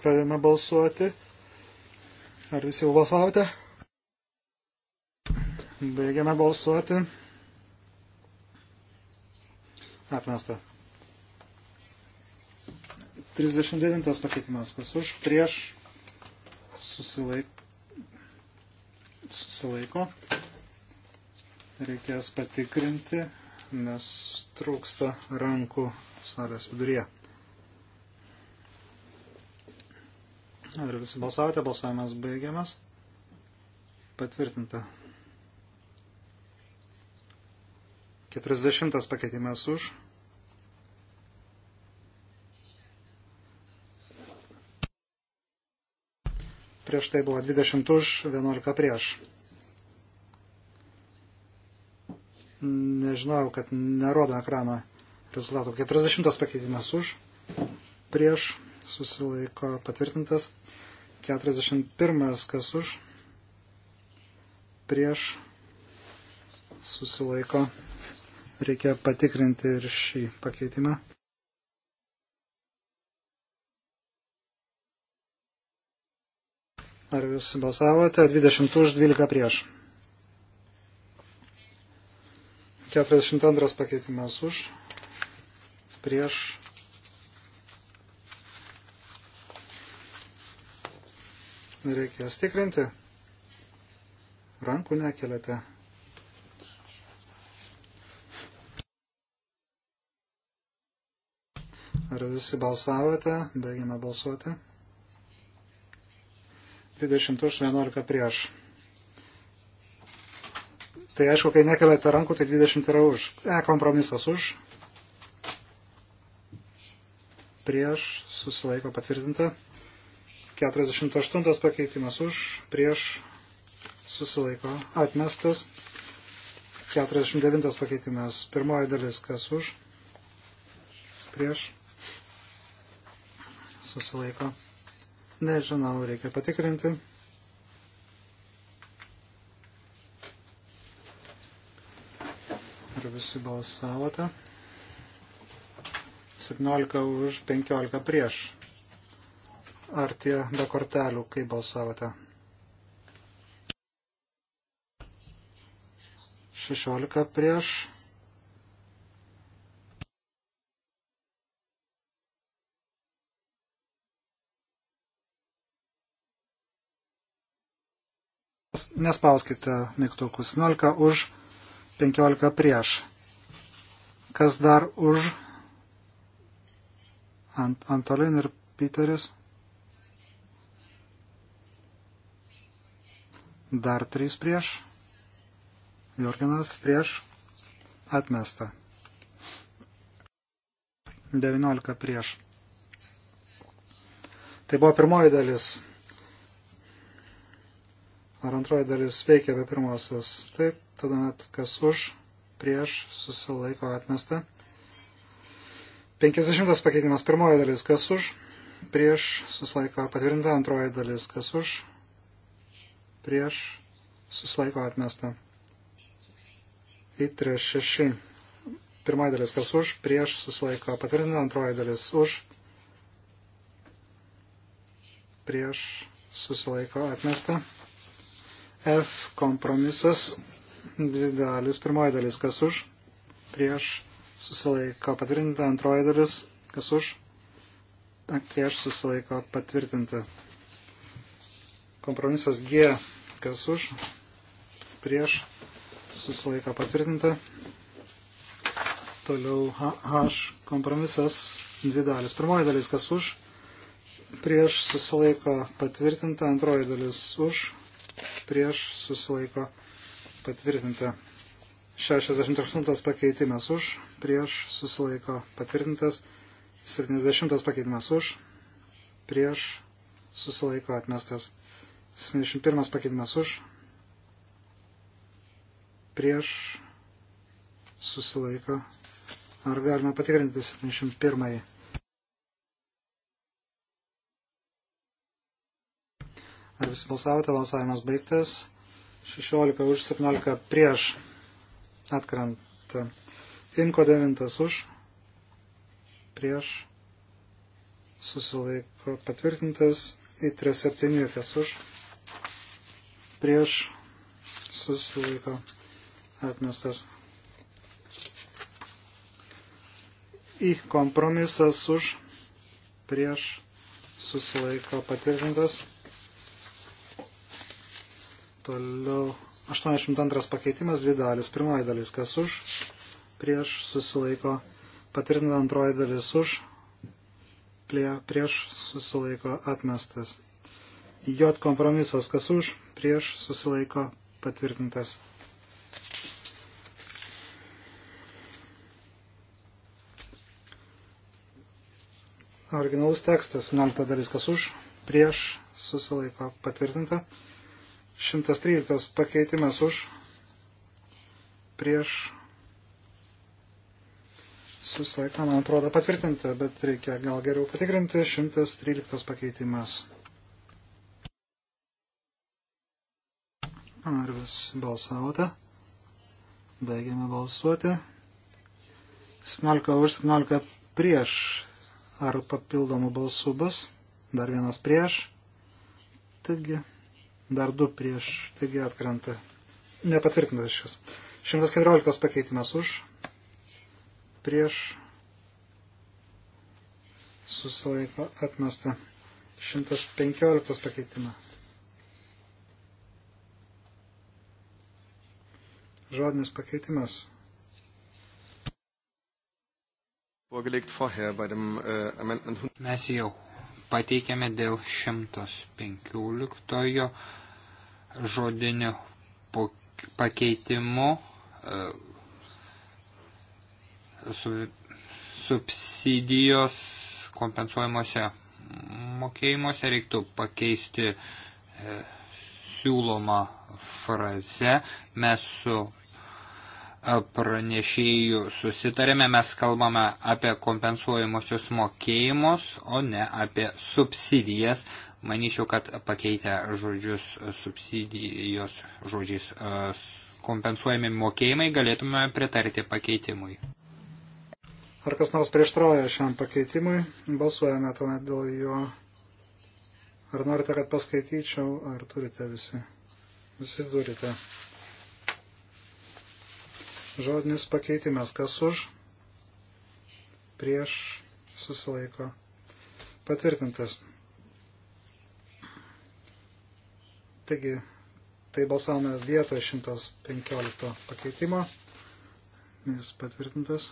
Pradėjome balsuoti. Ar visi jau balsavote? Baigiame balsuoti. Atmesta. 39 pakeitimas. Kas už, prieš, susilaiko susilaiko. Reikės patikrinti, nes trūksta rankų salės viduryje. Ar visi balsavote, balsavimas baigiamas. Patvirtinta. 40 pakeitimas už. prieš tai buvo 20 už, 11 prieš. Nežinau, kad nerodo ekrano rezultatų. 40 pakeitimas už, prieš, susilaiko patvirtintas. 41 kas už, prieš, susilaiko. Reikia patikrinti ir šį pakeitimą. Ar jūs balsavote? 20 už, 12 prieš. 42 pakeitimas už, prieš. Reikės tikrinti. Rankų nekeliate. Ar visi balsavote? Baigėme balsuoti. 20 už 11 prieš. Tai aišku, kai nekeliate rankų, tai 20 yra už. E, kompromisas už. Prieš susilaiko patvirtinta. 48 pakeitimas už. Prieš susilaiko atmestas. 49 pakeitimas. Pirmoji dalis, kas už. Prieš susilaiko atmestas Nežinau, reikia patikrinti. Ar visi balsavote? 17 už 15 prieš. Ar tie be kortelių, kai balsavote? 16 prieš. nespauskite mygtukų 17 už, 15 prieš. Kas dar už? Ant, Antolin ir Piteris. Dar 3 prieš. Jorginas prieš. Atmesta. 19 prieš. Tai buvo pirmoji dalis Ar antroji dalis veikia be pirmosios? Taip, tada net kas už, prieš, susilaiko atmesta. 50 pakeitimas, pirmoji dalis, kas už, prieš, susilaiko patvirtinta, antroji dalis, kas už, prieš, susilaiko atmesta. Įtrė 6. Pirmoji dalis, kas už, prieš, susilaiko patvirtinta, antroji dalis, už, prieš, susilaiko atmesta. F kompromisas, dvi dalis, pirmoji dalis, kas už, prieš, susilaiko patvirtinta, antroji dalis, kas už, prieš, susilaiko patvirtinta. Kompromisas G, kas už, prieš, susilaiko patvirtinta. Toliau H kompromisas, dvi dalis, pirmoji dalis, kas už, prieš, susilaiko patvirtinta, antroji dalis už, prieš susilaiko patvirtinta. 68 pakeitimas už, prieš susilaiko patvirtintas. 70 pakeitimas už, prieš susilaiko atmestas. 71 pakeitimas už, prieš susilaiko. Ar galima patikrinti 71? -ąjį? Ar visi balsavote? Balsavimas baigtas. 16 už, 17 prieš. Atkrenta. Inko 9 už. Prieš. Susilaiko patvirtintas. Į 37 kas už. Prieš. Susilaiko atmestas. į kompromisas už prieš susilaiko patvirtintas Toliau 82 pakeitimas, dvi dalis. Pirmoji dalis, kas už, prieš susilaiko, patvirtinta antroji dalis už, prie, prieš susilaiko atmestas. J kompromisas, kas už, prieš susilaiko patvirtintas. Originalus tekstas, 11 dalis, kas už, prieš susilaiko patvirtinta. 113 pakeitimas už, prieš, susilaiką, man atrodo, patvirtinta, bet reikia gal geriau patikrinti, 113 pakeitimas. Ar vis balsavote? Baigiame balsuoti. 17 už 17 prieš. Ar papildomų balsų bus? Dar vienas prieš. Taigi, dar du prieš, taigi atkrenta. Nepatvirtintas šis. 114 pakeitimas už, prieš, susilaiko atmesta. 115 pakeitimą. Žodinis pakeitimas. Äh, Mes jau pateikėme dėl 115 žodinio pakeitimo e, su, subsidijos kompensuojamuose mokėjimuose reiktų pakeisti e, siūlomą frazę. Mes su pranešėjų susitarėme, mes kalbame apie kompensuojamosius mokėjimus, o ne apie subsidijas. Manyčiau, kad pakeitę žodžius subsidijos žodžiais e, kompensuojami mokėjimai galėtume pritarti pakeitimui. Ar kas nors prieštrauja šiam pakeitimui? Balsuojame tuomet dėl jo. Ar norite, kad paskaityčiau, ar turite visi? Visi turite. Žodinis pakeitimas, kas už, prieš, susilaiko, patvirtintas. Taigi, tai balsavome vietoje 115 pakeitimo. Jis patvirtintas.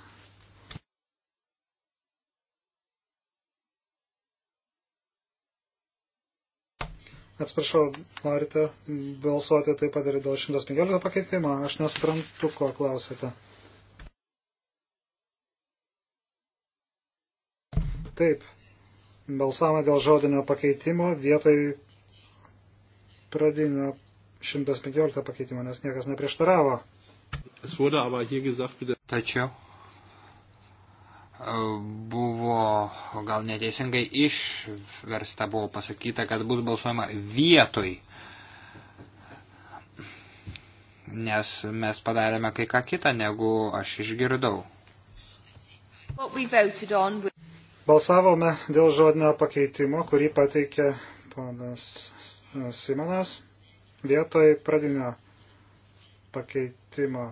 Atsiprašau, norite balsuoti taip pat ir dėl 115 pakeitimo? Aš nesuprantu, ko klausėte. Taip, balsavome dėl žodinio pakeitimo vietoj pradinio 115 pakeitimo, nes niekas neprieštaravo. Tačiau buvo gal neteisingai išversta, buvo pasakyta, kad bus balsuojama vietoj, nes mes padarėme kai ką kitą, negu aš išgirdau. Balsavome dėl žodinio pakeitimo, kurį pateikė ponas Simonas vietoj pradinio pakeitimo.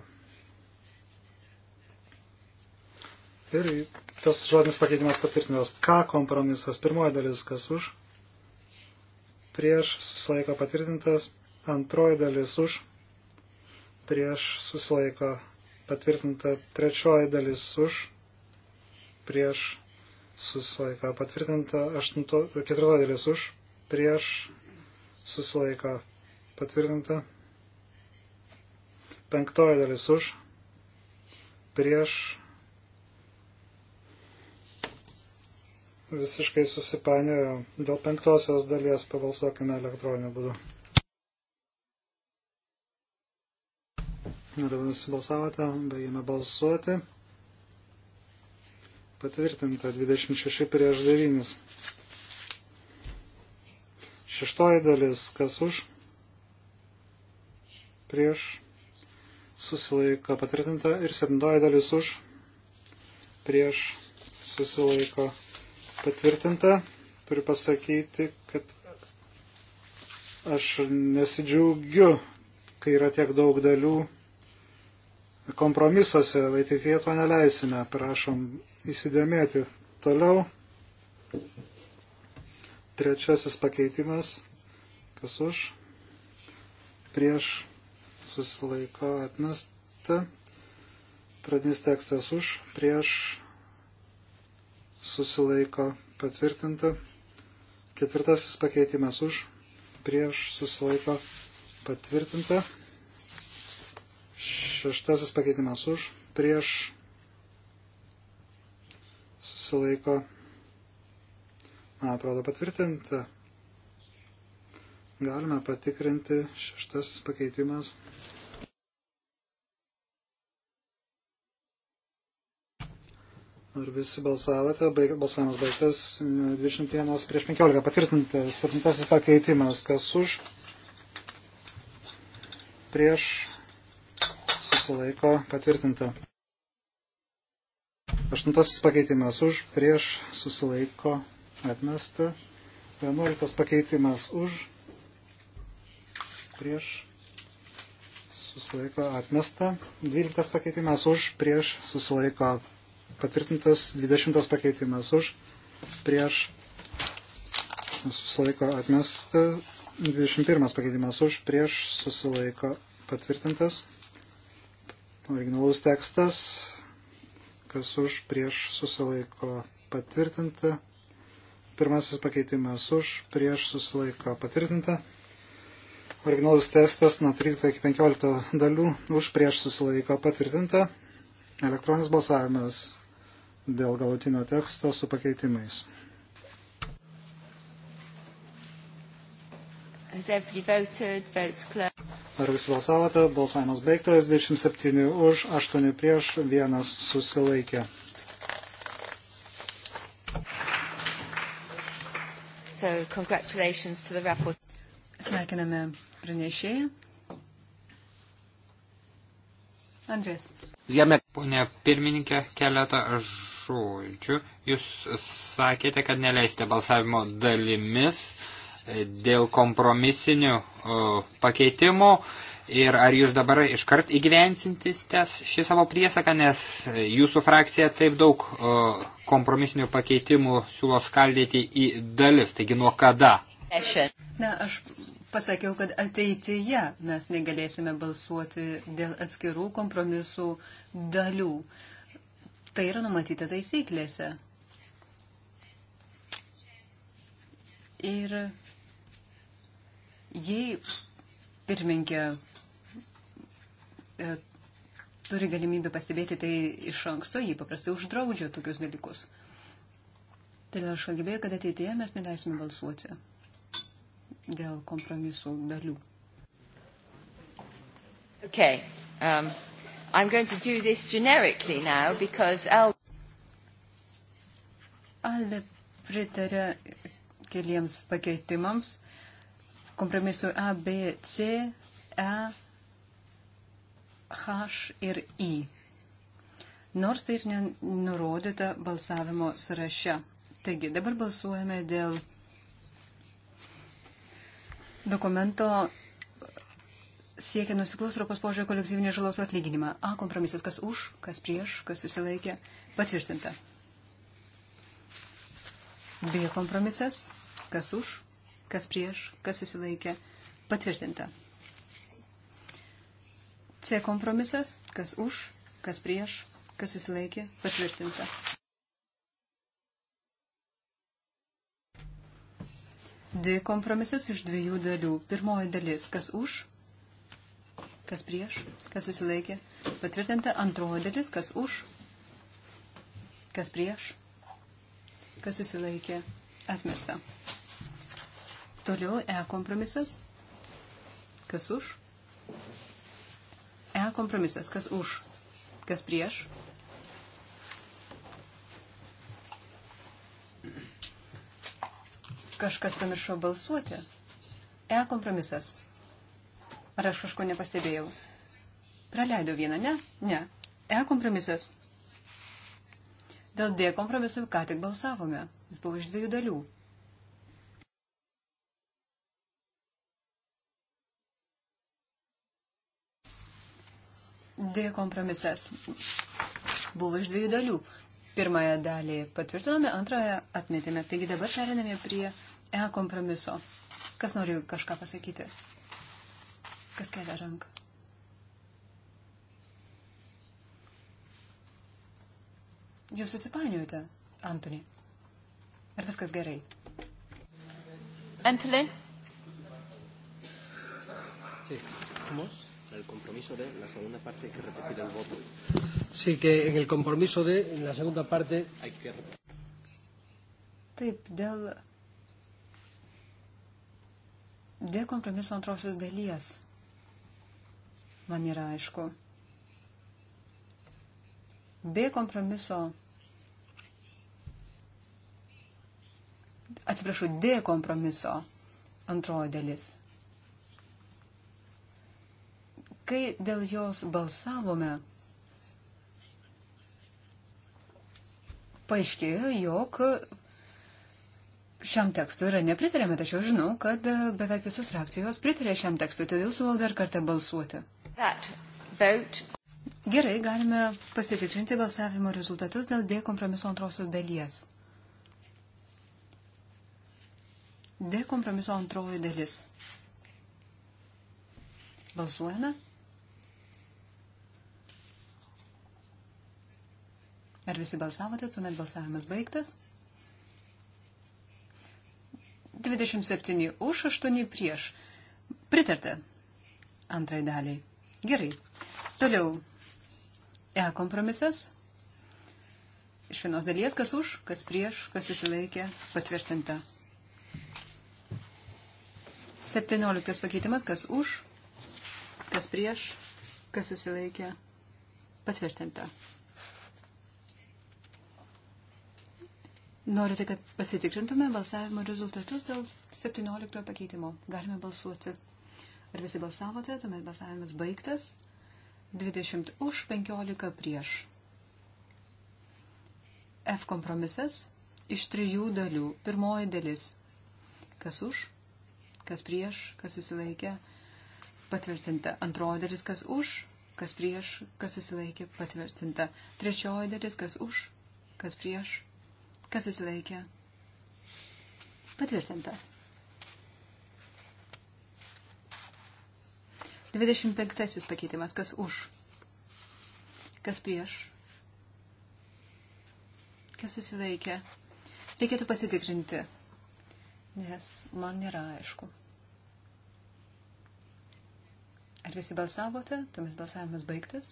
Ir tas žodinis pakeitimas patvirtintas. Ką kompromisas? Pirmoji dalis, kas už? Prieš susilaiko patvirtintas. Antroji dalis už. Prieš susilaiko patvirtinta. Trečioji dalis už. Prieš susilaiko patvirtinta. Aštunto, ketvirtoji dalis už. Prieš susilaiko patvirtinta. Penktoji dalis už. Prieš visiškai susipanėjo. Dėl penktosios dalies pabalsuokime elektroniniu būdu. Ar visi balsavote? Baigėme balsuoti. Patvirtinta 26 prieš 9. Šeštoji dalis, kas už? Prieš susilaiko patvirtinta ir septintoji dalis už prieš susilaiko patvirtinta patvirtinta. Turiu pasakyti, kad aš nesidžiaugiu, kai yra tiek daug dalių kompromisuose, ateityje to neleisime, prašom įsidėmėti. Toliau, trečiasis pakeitimas, kas už, prieš susilaiko atmesta, pradinis tekstas už, prieš susilaiko patvirtinta. Ketvirtasis pakeitimas už, prieš susilaiko patvirtinta. Šeštasis pakeitimas už, prieš susilaiko, man atrodo, patvirtinta. Galime patikrinti šeštasis pakeitimas. Ar visi balsavote? Baig, balsavimas baigtas 21 prieš 15. Patvirtintas 7 pakeitimas. Kas už? Prieš susilaiko patvirtinta. Aštuntasis pakeitimas už, prieš, susilaiko, atmesta. Vienuoliktas pakeitimas už, prieš, susilaiko, atmesta. Dvyliktas pakeitimas už, prieš, susilaiko, Patvirtintas 20 pakeitimas už, prieš, susilaiko atmestas. 21 pakeitimas už, prieš, susilaiko patvirtintas. Originalus tekstas, kas už, prieš, susilaiko patvirtinta. Pirmasis pakeitimas už, prieš, susilaiko patvirtinta originalus tekstas nuo 13 iki 15 dalių už prieš susilaiko patvirtinta. Elektroninis balsavimas dėl galutinio teksto su pakeitimais. Ar visi balsavote? Balsavimas baigtas. 27 už, 8 prieš, 1 susilaikė. So, congratulations to the rapport. Sveikiname pranešėją. Andrės. Ziemė, ponė pirmininkė, keletą aš žodžių. Jūs sakėte, kad neleisite balsavimo dalimis e, dėl kompromisinių pakeitimų. Ir ar jūs dabar iškart įgyvensintite šį savo priesaką, nes jūsų frakcija taip daug kompromisinių pakeitimų siūlo skaldyti į dalis, taigi nuo kada? Na, aš pasakiau, kad ateityje mes negalėsime balsuoti dėl atskirų kompromisų dalių. Tai yra numatyta taisyklėse. Ir jei pirmininkė e, turi galimybę pastebėti tai iš anksto, jį paprastai uždraudžia tokius dalykus. Todėl aš kalbėjau, kad ateityje mes neleisime balsuoti dėl kompromisų dalių. Okay. Um, I'm going to do this generically now because Al Alde pritarė keliems pakeitimams kompromisų A, B, C, E, H ir I. Nors tai ir nenurodyta balsavimo sąraše. Taigi, dabar balsuojame dėl dokumento siekia nusiklaus Europos požiūrio kolektyvinės žalos atlyginimą. A kompromisas, kas už, kas prieš, kas susilaikė, patvirtinta. B kompromisas, kas už, kas prieš, kas susilaikė, patvirtinta. C kompromisas, kas už, kas prieš, kas susilaikė, patvirtinta. D kompromisas iš dviejų dalių. Pirmoji dalis, kas už, Kas prieš? Kas susilaikė? Patvirtinta antroji dalis. Kas už? Kas prieš? Kas susilaikė? Atmesta. Toliau E kompromisas. Kas už? E kompromisas. Kas už? Kas prieš? Kažkas pamiršo balsuoti. E kompromisas. Ar aš kažko nepastebėjau? Praleido vieną, ne? Ne. E kompromisas. Dėl D kompromisų ką tik balsavome. Jis buvo iš dviejų dalių. D kompromisas buvo iš dviejų dalių. Pirmąją dalį patvirtinome, antrąją atmetėme. Taigi dabar periname prie E kompromiso. Kas nori kažką pasakyti? Kas kelia ranką? Jūs susipainiojote, Antony. Ar viskas gerai? Antony? Sí. ¿Cómo? El compromiso de la segunda parte hay que repetir el voto. Sí, que en el compromiso de en la segunda parte hay que repetir. Taip, dėl, dėl kompromiso antrosios dalies man yra aišku. Be kompromiso, atsiprašau, D kompromiso antroji dalis. Kai dėl jos balsavome, paaiškėjo, jog šiam tekstui yra nepritarėme, tačiau žinau, kad beveik visos frakcijos pritarė šiam tekstui, todėl siūlau dar kartą balsuoti. Gerai, galime pasitikrinti balsavimo rezultatus dėl D kompromiso antrosios dalies. D kompromiso antroji dalis. Balsuojame. Ar visi balsavote, tuomet balsavimas baigtas? 27 už, 8 prieš. Pritarta antrai daliai. Gerai. Toliau. E kompromisas. Iš vienos dalies, kas už, kas prieš, kas susilaikė, patvirtinta. 17 pakeitimas, kas už, kas prieš, kas susilaikė, patvirtinta. Norite, kad pasitikrintume balsavimo rezultatus dėl 17 pakeitimo. Galime balsuoti Ar visi balsavote? Tuomet balsavimas baigtas. 20 už, 15 prieš. F kompromisas iš trijų dalių. Pirmoji dalis. Kas už, kas prieš, kas susilaikė, patvirtinta. Antroji dalis, kas už, kas prieš, kas susilaikė, patvirtinta. Trečioji dalis, kas už, kas prieš, kas susilaikė, patvirtinta. 25 pakeitimas. Kas už? Kas prieš? Kas susilaikė? Reikėtų pasitikrinti, nes man nėra aišku. Ar visi balsavote? Tuomet balsavimas baigtas.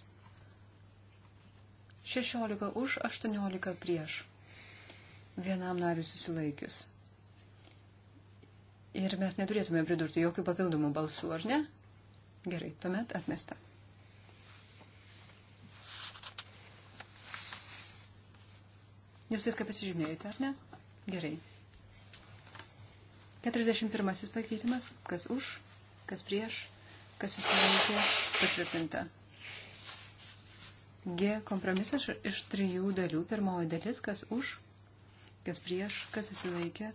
16 už, 18 prieš. Vienam nariui susilaikius. Ir mes neturėtume pridurti jokių papildomų balsų, ar ne? Gerai, tuomet atmesta. Jūs viską pasižymėjote, ar ne? Gerai. 41 pakeitimas. Kas už, kas prieš, kas susilaikė, patvirtinta. G kompromisas iš trijų dalių. Pirmoji dalis, kas už, kas prieš, kas susilaikė,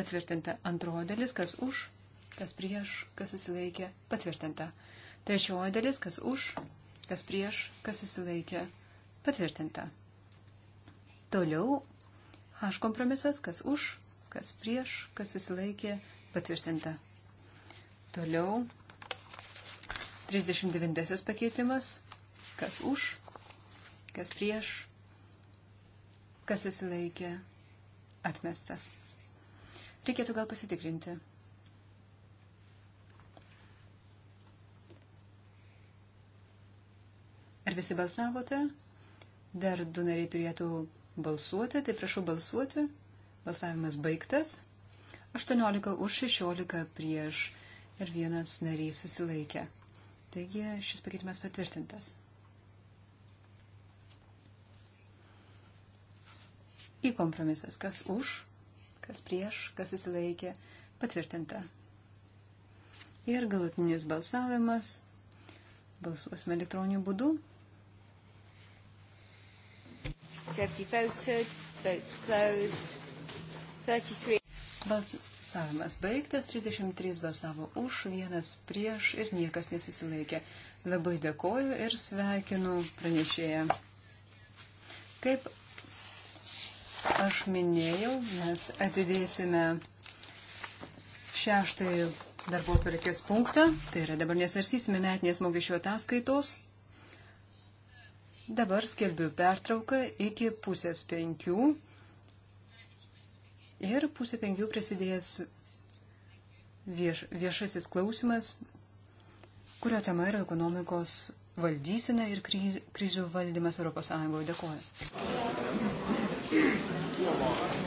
patvirtinta. Antroji dalis, kas už, kas prieš, kas susilaikė, patvirtinta. Trečioji dalis, kas už, kas prieš, kas susilaikė, patvirtinta. Toliau H kompromisas, kas už, kas prieš, kas susilaikė, patvirtinta. Toliau 39 pakeitimas, kas už, kas prieš, kas susilaikė, atmestas. Reikėtų gal pasitikrinti. Ar visi balsavote? Dar du nariai turėtų balsuoti, tai prašau balsuoti. Balsavimas baigtas. 18 už 16 prieš ir vienas narys susilaikė. Taigi šis pakeitimas patvirtintas. Į kompromisas, kas už, kas prieš, kas susilaikė, patvirtinta. Ir galutinis balsavimas. Balsuosime elektroniniu būdu. 70 voted. Votes closed. 33. Balsavimas baigtas, 33 balsavo už, vienas prieš ir niekas nesusilaikė. Labai dėkoju ir sveikinu pranešėją. Kaip aš minėjau, mes atidėsime šeštąjį darbo tvarkės punktą, tai yra dabar nesvarstysime metinės mokesčio ataskaitos. Dabar skelbiu pertrauką iki pusės penkių. Ir pusė penkių prasidės vieš, viešasis klausimas, kurio tema yra ekonomikos valdysena ir krizių valdymas ES. Dėkuoju.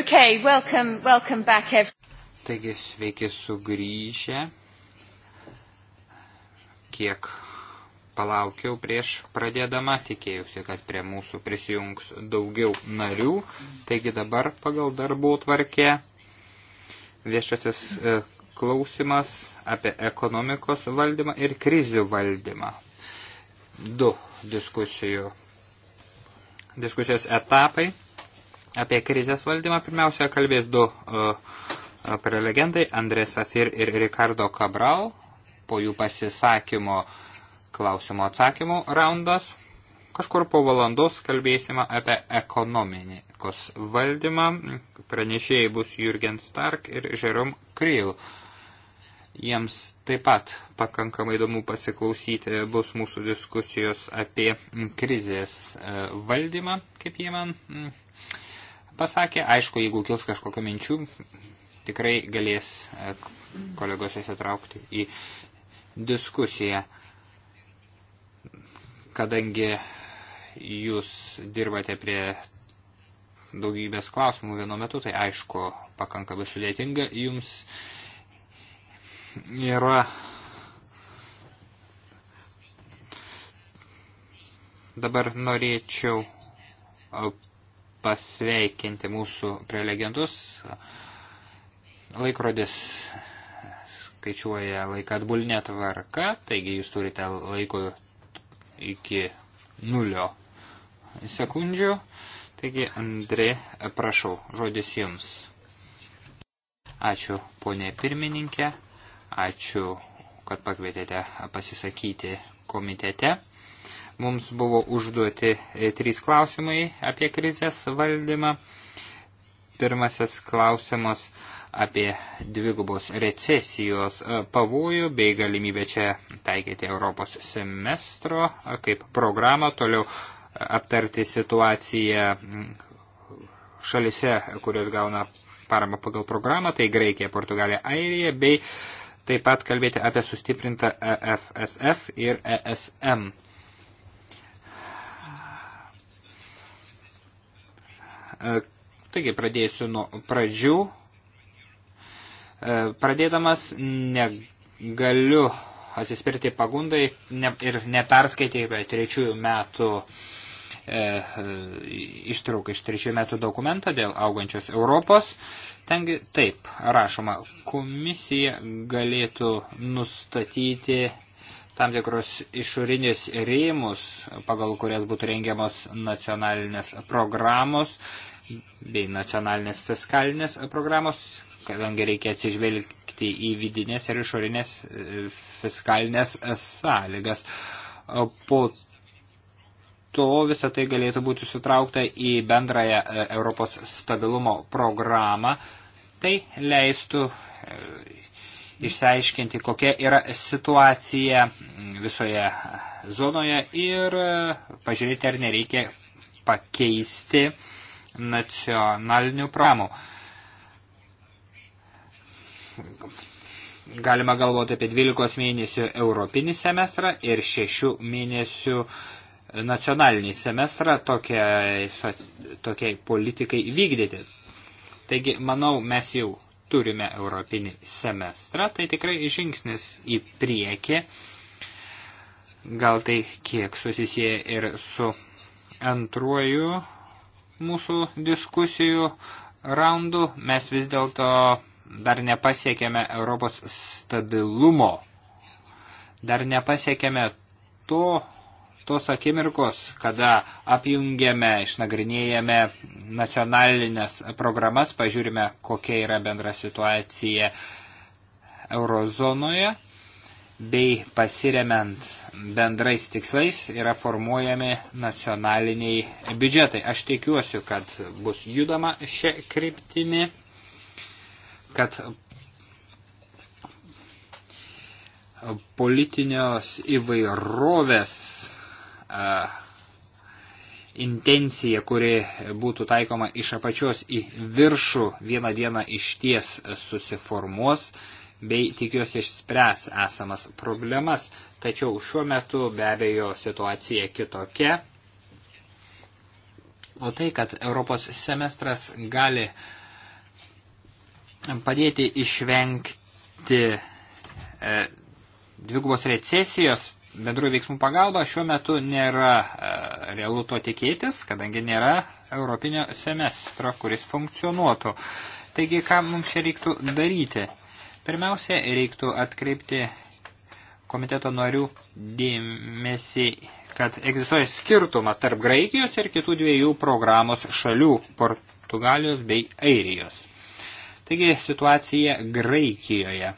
Okay, welcome, welcome back every... Taigi sveiki sugrįžę. Kiek palaukiau prieš pradėdama, tikėjausi, kad prie mūsų prisijungs daugiau narių. Taigi dabar pagal darbų tvarkė viešasis e, klausimas apie ekonomikos valdymą ir krizių valdymą. Du diskusijų, diskusijos etapai Apie krizės valdymą pirmiausia kalbės du e, e, prelegentai Andrė Safir ir Ricardo Cabral. Po jų pasisakymo klausimo atsakymų raundas. Kažkur po valandos kalbėsime apie ekonominės valdymą. Pranešėjai bus Jürgen Stark ir Jerome Kryl. Jiems taip pat pakankamai įdomu pasiklausyti bus mūsų diskusijos apie krizės e, valdymą, kaip jie man pasakė. Aišku, jeigu kils kažkokio minčių, tikrai galės e, kolegos įsitraukti į diskusiją, kadangi jūs dirbate prie daugybės klausimų vienu metu, tai aišku, pakankamai sudėtinga jums yra dabar norėčiau pasveikinti mūsų prelegentus. Laikrodis skaičiuoja laiką atbulinę tvarką, taigi jūs turite laiko iki nulio sekundžių. Taigi, Andrė, prašau, žodis jums. Ačiū, ponė pirmininkė, ačiū, kad pakvietėte pasisakyti komitete. Mums buvo užduoti e, trys klausimai apie krizės valdymą. Pirmasis klausimas apie dvigubos recesijos e, pavojų bei galimybę čia taikyti Europos semestro e, kaip programą, toliau aptarti situaciją šalise, kurios gauna paramą pagal programą, tai Graikija, Portugalija, Airija, bei taip pat kalbėti apie sustiprintą EFSF ir ESM E, taigi pradėsiu nuo pradžių. E, pradėdamas negaliu atsispirti pagundai ne, ir neperskaityti trečiųjų metų e, ištrauką iš trečiųjų metų dokumento dėl augančios Europos. Tengi taip rašoma, komisija galėtų nustatyti tam tikrus išorinius rėmus, pagal kurias būtų rengiamos nacionalinės programos bei nacionalinės fiskalinės programos, kadangi reikia atsižvelgti į vidinės ir išorinės e, fiskalinės sąlygas. Po to visą tai galėtų būti sutraukta į bendrąją e, Europos stabilumo programą. Tai leistų e, išsiaiškinti, kokia yra situacija visoje zonoje ir e, pažiūrėti, ar nereikia pakeisti nacionalinių pramų. Galima galvoti apie 12 mėnesių europinį semestrą ir 6 mėnesių nacionalinį semestrą tokiai, tokiai politikai vykdyti. Taigi, manau, mes jau turime europinį semestrą, tai tikrai žingsnis į priekį. Gal tai kiek susisieja ir su antruoju mūsų diskusijų raundu, mes vis dėlto dar nepasiekėme Europos stabilumo. Dar nepasiekėme to tos akimirkos, kada apjungiame, išnagrinėjame nacionalinės programas, pažiūrime, kokia yra bendra situacija eurozonoje, bei pasiremiant bendrais tikslais yra formuojami nacionaliniai biudžetai. Aš tikiuosi, kad bus judama šią kryptimį, kad politinios įvairovės intencija, kuri būtų taikoma iš apačios į viršų, vieną dieną išties susiformuos bei tikiuosi išspręs esamas problemas, tačiau šiuo metu be abejo situacija kitokia. O tai, kad Europos semestras gali padėti išvengti e, dvigubos recesijos, bendrųjų veiksmų pagalba šiuo metu nėra e, realu to tikėtis, kadangi nėra europinio semestro, kuris funkcionuotų. Taigi, ką mums čia reiktų daryti? Pirmiausia, reiktų atkreipti komiteto narių dėmesį, kad egzistuoja skirtumas tarp Graikijos ir kitų dviejų programos šalių - Portugalijos bei Airijos. Taigi situacija Graikijoje.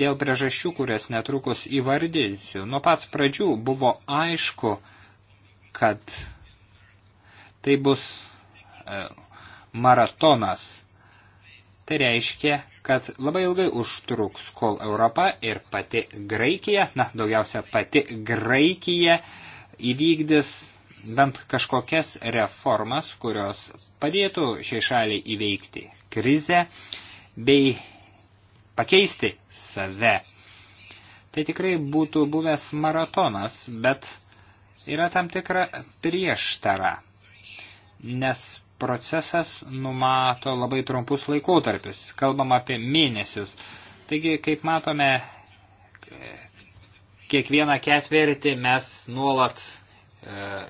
Dėl priežasčių, kurias netrukus įvardinsiu, nuo pat pradžių buvo aišku, kad tai bus e, maratonas. Tai reiškia, kad labai ilgai užtruks, kol Europa ir pati Graikija, na, daugiausia pati Graikija įvykdys bent kažkokias reformas, kurios padėtų šiai šaliai įveikti krizę bei pakeisti save. Tai tikrai būtų buvęs maratonas, bet yra tam tikra prieštara, nes procesas numato labai trumpus laikotarpius, kalbam apie mėnesius. Taigi, kaip matome, kiekvieną ketvirtį mes nuolat e,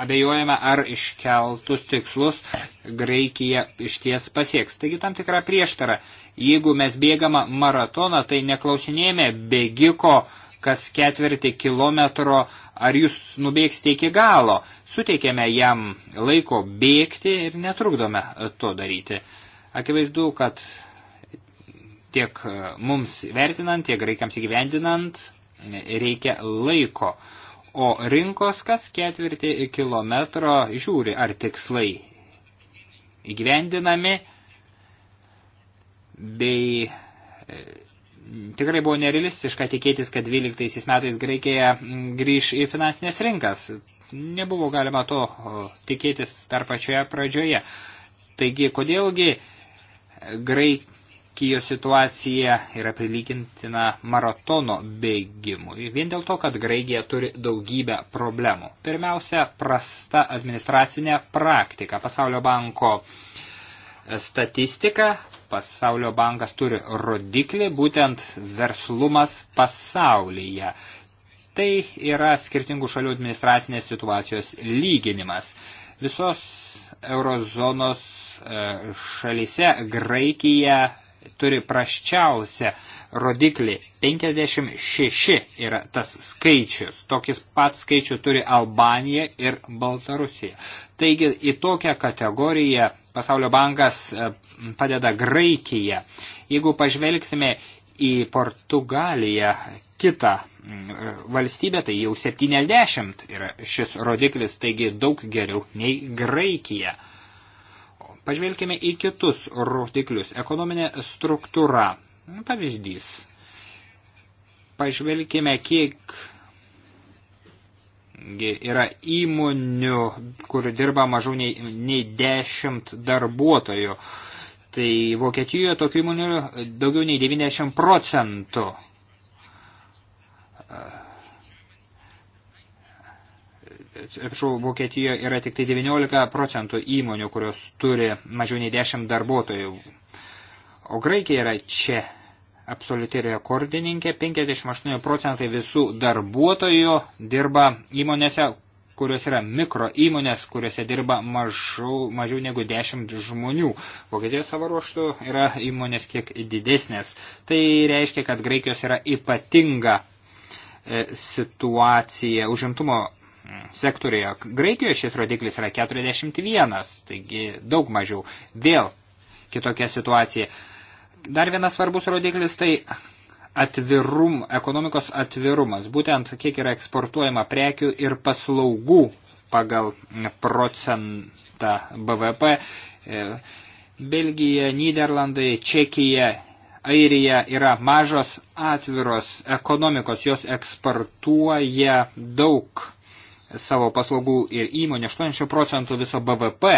abejojame, ar iškeltus tikslus Graikija išties pasieks. Taigi tam tikra prieštara. Jeigu mes bėgama maratoną, tai neklausinėjame bėgiko kas ketvirtį kilometro, ar jūs nubėgsite iki galo. Suteikėme jam laiko bėgti ir netrukdome to daryti. Akivaizdu, kad tiek mums vertinant, tiek graikams įgyvendinant reikia laiko. O rinkos kas ketvirtį kilometro žiūri, ar tikslai įgyvendinami, bei e, tikrai buvo nerealistiška tikėtis, kad 12 metais Graikija grįž į finansinės rinkas. Nebuvo galima to tikėtis dar pačioje pradžioje. Taigi, kodėlgi Graikijos situacija yra prilygintina maratono bėgimui? Vien dėl to, kad Graikija turi daugybę problemų. Pirmiausia, prasta administracinė praktika. Pasaulio banko uh, statistiką. Pasaulio bankas turi rodiklį, būtent verslumas pasaulyje. Tai yra skirtingų šalių administracinės situacijos lyginimas. Visos eurozonos e, šalyse Graikija turi praščiausią rodiklį 56 yra tas skaičius. Tokis pat skaičių turi Albanija ir Baltarusija. Taigi į tokią kategoriją Pasaulio bankas e, padeda Graikija. Jeigu pažvelgsime į Portugaliją, kitą e, valstybę, tai jau 70 yra šis rodiklis, taigi daug geriau nei Graikija. Pažvelkime į kitus rodiklius. Ekonominė struktūra. Pavyzdys. Pažvelkime, kiek yra įmonių, kur dirba mažiau nei, nei 10 darbuotojų. Tai Vokietijoje tokių įmonių daugiau nei 90 procentų. Atsiprašau, Vokietijoje yra tik tai 19 procentų įmonių, kurios turi mažiau nei 10 darbuotojų. Uh, O Graikija yra čia absoliuti rekordininkė. 58 procentai visų darbuotojų dirba įmonėse, kurios yra mikro įmonės, kuriuose dirba mažau, mažiau negu 10 žmonių. Vokietijos savo ruoštų yra įmonės kiek didesnės. Tai reiškia, kad Graikijos yra ypatinga e, situacija užimtumo mm, sektorijoje. Graikijoje šis rodiklis yra 41, taigi daug mažiau. Vėl kitokia situacija. Dar vienas svarbus rodiklis tai atvirum, ekonomikos atvirumas, būtent kiek yra eksportuojama prekių ir paslaugų pagal procentą BVP. E, Belgija, Niderlandai, Čekija, Airija yra mažos atviros ekonomikos, jos eksportuoja daug savo paslaugų ir įmonė, 80 procentų viso BVP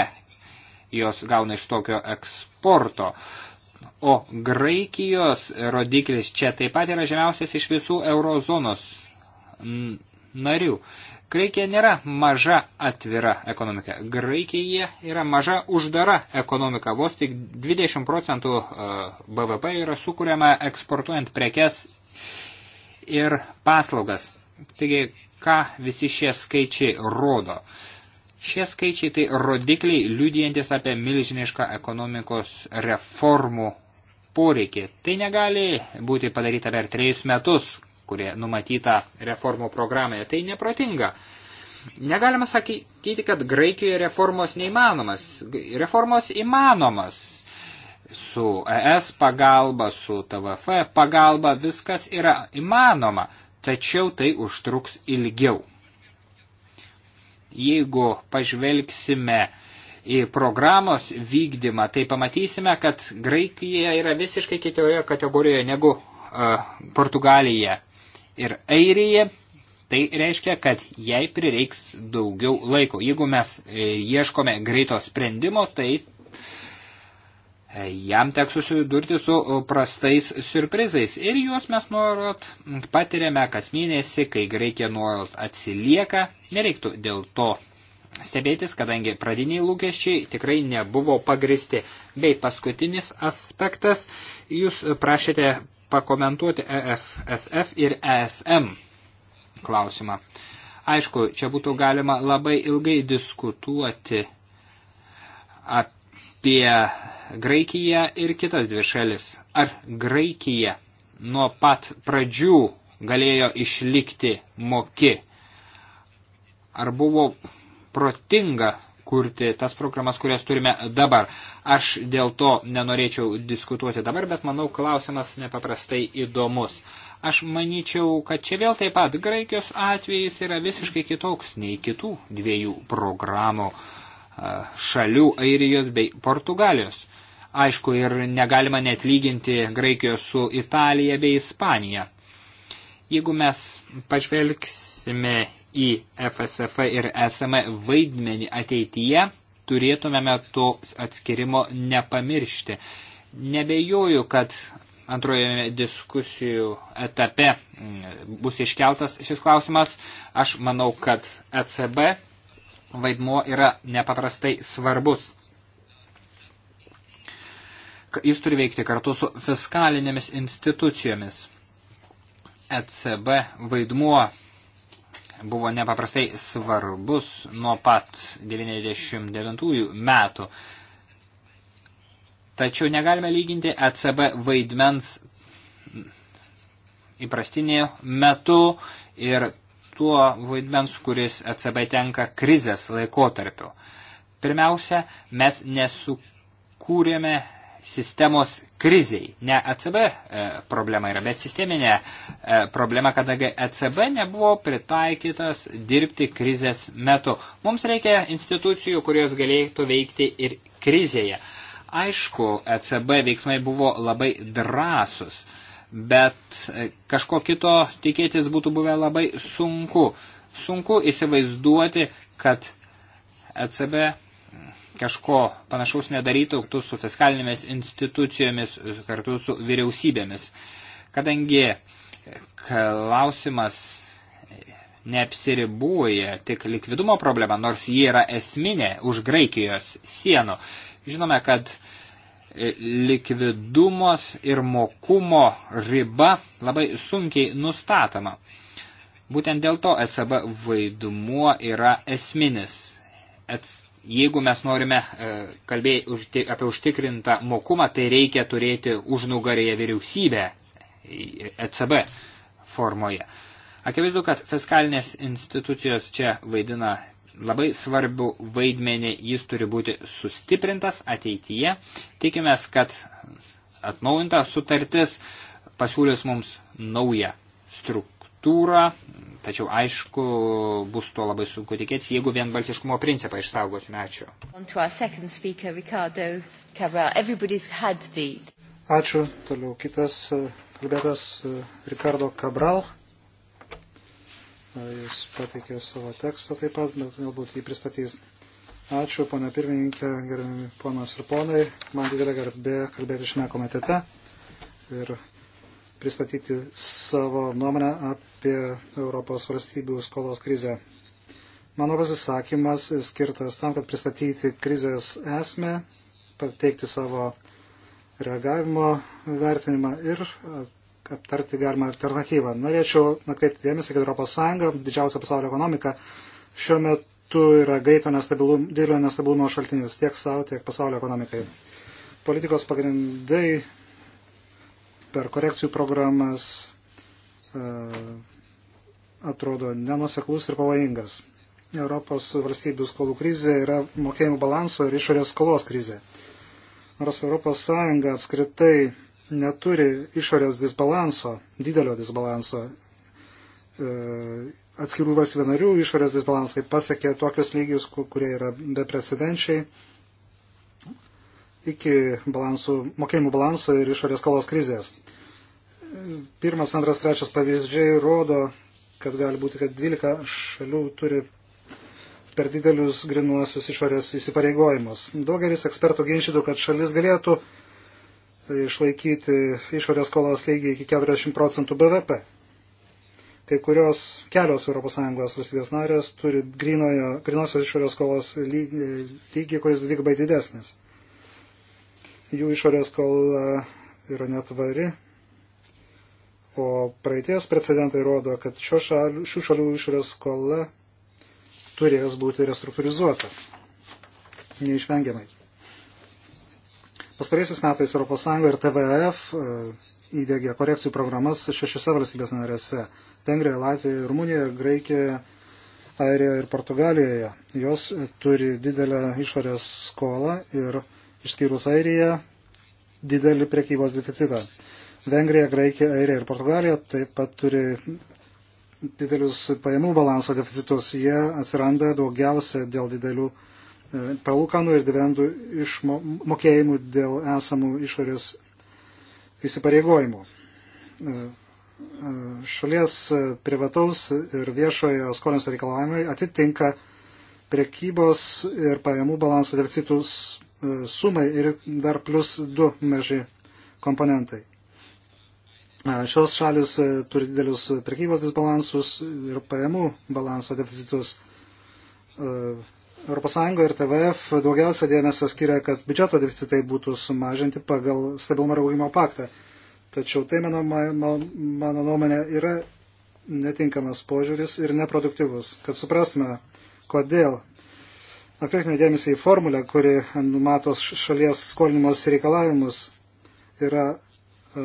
jos gauna iš tokio eksporto o Graikijos rodiklis čia taip pat yra žemiausias iš visų eurozonos narių. Graikija nėra maža atvira ekonomika. Graikija yra maža uždara ekonomika. Vos tik 20 procentų e, BVP yra sukūriama eksportuojant prekes ir paslaugas. Taigi, ką visi šie skaičiai rodo? Šie skaičiai tai rodikliai liudijantis apie milžinišką ekonomikos reformų poreikį. Tai negali būti padaryta per trejus metus, kurie numatyta reformų programoje. Tai neprotinga. Negalima sakyti, kad Graikijoje reformos neįmanomas. Reformos įmanomas. Su ES pagalba, su TVF pagalba viskas yra įmanoma, tačiau tai užtruks ilgiau. Jeigu pažvelgsime uh, programos vykdymą, tai pamatysime, kad Graikija yra visiškai kitoje kategorijoje negu uh, Portugalija ir Airija. Tai reiškia, kad jai prireiks daugiau laiko. Jeigu mes e, ieškome greito sprendimo, tai e, jam teks susidurti su prastais surprizais. Ir juos mes nuolat patiriame kas mėnesį, kai Graikija nuolat atsilieka. Nereiktų dėl to stebėtis, kadangi pradiniai lūkesčiai tikrai nebuvo pagristi. Bei paskutinis aspektas, jūs prašėte pakomentuoti EFSF ir ESM klausimą. Aišku, čia būtų galima labai ilgai diskutuoti apie Graikiją ir kitas dvi šalis. Ar Graikija nuo pat pradžių galėjo išlikti moki? Ar buvo protinga kurti tas programas, kurias turime dabar. Aš dėl to nenorėčiau diskutuoti dabar, bet manau klausimas nepaprastai įdomus. Aš manyčiau, kad čia vėl taip pat Graikijos atvejis yra visiškai kitoks nei kitų dviejų programų šalių Airijos bei Portugalijos. Aišku, ir negalima net lyginti Graikijos su Italija bei Ispanija. Jeigu mes pažvelgsime į FSF ir SM vaidmenį ateityje, turėtumėme to atskirimo nepamiršti. Nebejoju, kad antroje diskusijų etape mm, bus iškeltas šis klausimas. Aš manau, kad ECB vaidmuo yra nepaprastai svarbus. Jis turi veikti kartu su fiskalinėmis institucijomis. ECB vaidmuo buvo nepaprastai svarbus nuo pat 99 metų. Tačiau negalime lyginti ECB vaidmens įprastinėje metu ir tuo vaidmens, kuris ECB tenka krizės laikotarpiu. Pirmiausia, mes nesukūrėme sistemos kriziai. Ne ECB e, problema yra, bet sisteminė e, problema, kadangi ECB nebuvo pritaikytas dirbti krizės metu. Mums reikia institucijų, kurios galėtų veikti ir krizėje. Aišku, ECB veiksmai buvo labai drąsus, bet e, kažko kito tikėtis būtų buvę labai sunku. Sunku įsivaizduoti, kad ECB kažko panašaus nedarytų kartu su fiskalinėmis institucijomis, kartu su vyriausybėmis. Kadangi klausimas neapsiribuoja tik likvidumo problema, nors jie yra esminė už Graikijos sienų. Žinome, kad likvidumos ir mokumo riba labai sunkiai nustatoma. Būtent dėl to ECB vaidmuo yra esminis jeigu mes norime e, kalbėti apie užtikrintą mokumą, tai reikia turėti užnugarėje vyriausybę ECB e formoje. Akivaizdu, kad fiskalinės institucijos čia vaidina labai svarbių vaidmenį, jis turi būti sustiprintas ateityje. Tikimės, kad atnaujinta sutartis pasiūlys mums naują struktūrą, Tačiau aišku, bus to labai sunku tikėtis, jeigu vien baltiškumo principą išsaugosime. Ačiū. Ačiū. Toliau kitas e, kalbėtas e, Ricardo Cabral. Jis pateikė savo tekstą taip pat, bet galbūt jį pristatys. Ačiū, ponia pirmininkė, gerbiami ponos ir ponai. Man didelė garbė kalbėti šiame komitete. Ir pristatyti savo nuomonę apie Europos valstybių skolos krizę. Mano pasisakymas skirtas tam, kad pristatyti krizės esmę, pateikti savo reagavimo vertinimą ir aptarti galimą alternatyvą. Norėčiau atkreipti dėmesį, kad ES, didžiausia pasaulio ekonomika, šiuo metu yra greito nestabilum, didelio nestabilumo šaltinis tiek savo, tiek pasaulio ekonomikai. Politikos pagrindai per korekcijų programas e, atrodo nenuseklus ir pavojingas. Europos valstybių skolų krizė yra mokėjimų balanso ir išorės skolos krizė. Nors ES apskritai neturi išorės disbalanso, didelio disbalanso, e, atskirų valstybių narių išorės disbalansai pasiekė tokius lygius, kurie yra beprecedenčiai iki balansų, mokėjimų balansų ir išorės skolos krizės. Pirmas, antras, trečias pavyzdžiai rodo, kad gali būti, kad 12 šalių turi per didelius grinuosius išorės įsipareigojimus. Daugelis ekspertų ginčytų, kad šalis galėtų išlaikyti išorės skolos lygį iki 40 procentų BVP. Kai kurios kelios ES valstybės narės turi grinojo, grinosios išorės skolos lygį, lygį kuris dvigubai didesnis jų išorės skola yra netvari. O praeities precedentai rodo, kad šalių, šių šalių išorės skola turės būti restruktūrizuota. Neišvengiamai. Pastaraisiais metais ES ir TVF e, įdėgė korekcijų programas šešiose valstybės narėse - Vengrijoje, Latvijoje, Rumunijoje, Graikijoje, Airijoje ir Portugalijoje. Jos turi didelę išorės skolą ir išskyrus Airiją, didelį prekybos deficitą. Vengrija, Graikija, Airija ir Portugalija taip pat turi didelius pajamų balanso deficitus. Jie atsiranda daugiausia dėl didelių e, palūkanų ir dividendų išmokėjimų dėl esamų išorės įsipareigojimų. E, e, šalies privataus ir viešojo skolinio reikalavimai atitinka prekybos ir pajamų balanso deficitus sumai ir dar plus du maži komponentai. Šios šalis e, turi didelius prekybos disbalansus ir pajamų balanso deficitus. ES ir TVF daugiausia dėmesio skiria, kad biudžeto deficitai būtų sumažinti pagal stabilumo ir augimo paktą. Tačiau tai, mano, mano nuomonė, yra netinkamas požiūris ir neproduktyvus. Kad suprastume, kodėl Atkreipkime dėmesį į formulę, kuri numato šalies skolinimos reikalavimus, yra e,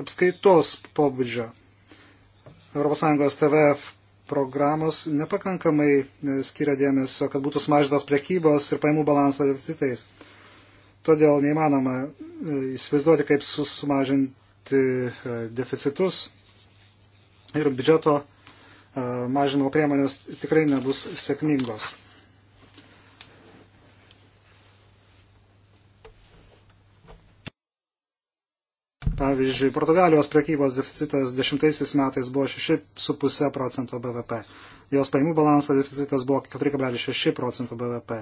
apskaitos pobūdžio. ES TVF programos nepakankamai e, skiria dėmesio, kad būtų sumažintos prekybos ir paimų balanso deficitais. Todėl neįmanoma e, įsivaizduoti, kaip sumažinti e, deficitus ir biudžeto E, mažinimo priemonės tikrai nebus sėkmingos. Pavyzdžiui, Portugalijos prekybos deficitas 10 metais buvo 6,5 procento BVP. Jos paimų balanso deficitas buvo 4,6 procento BVP.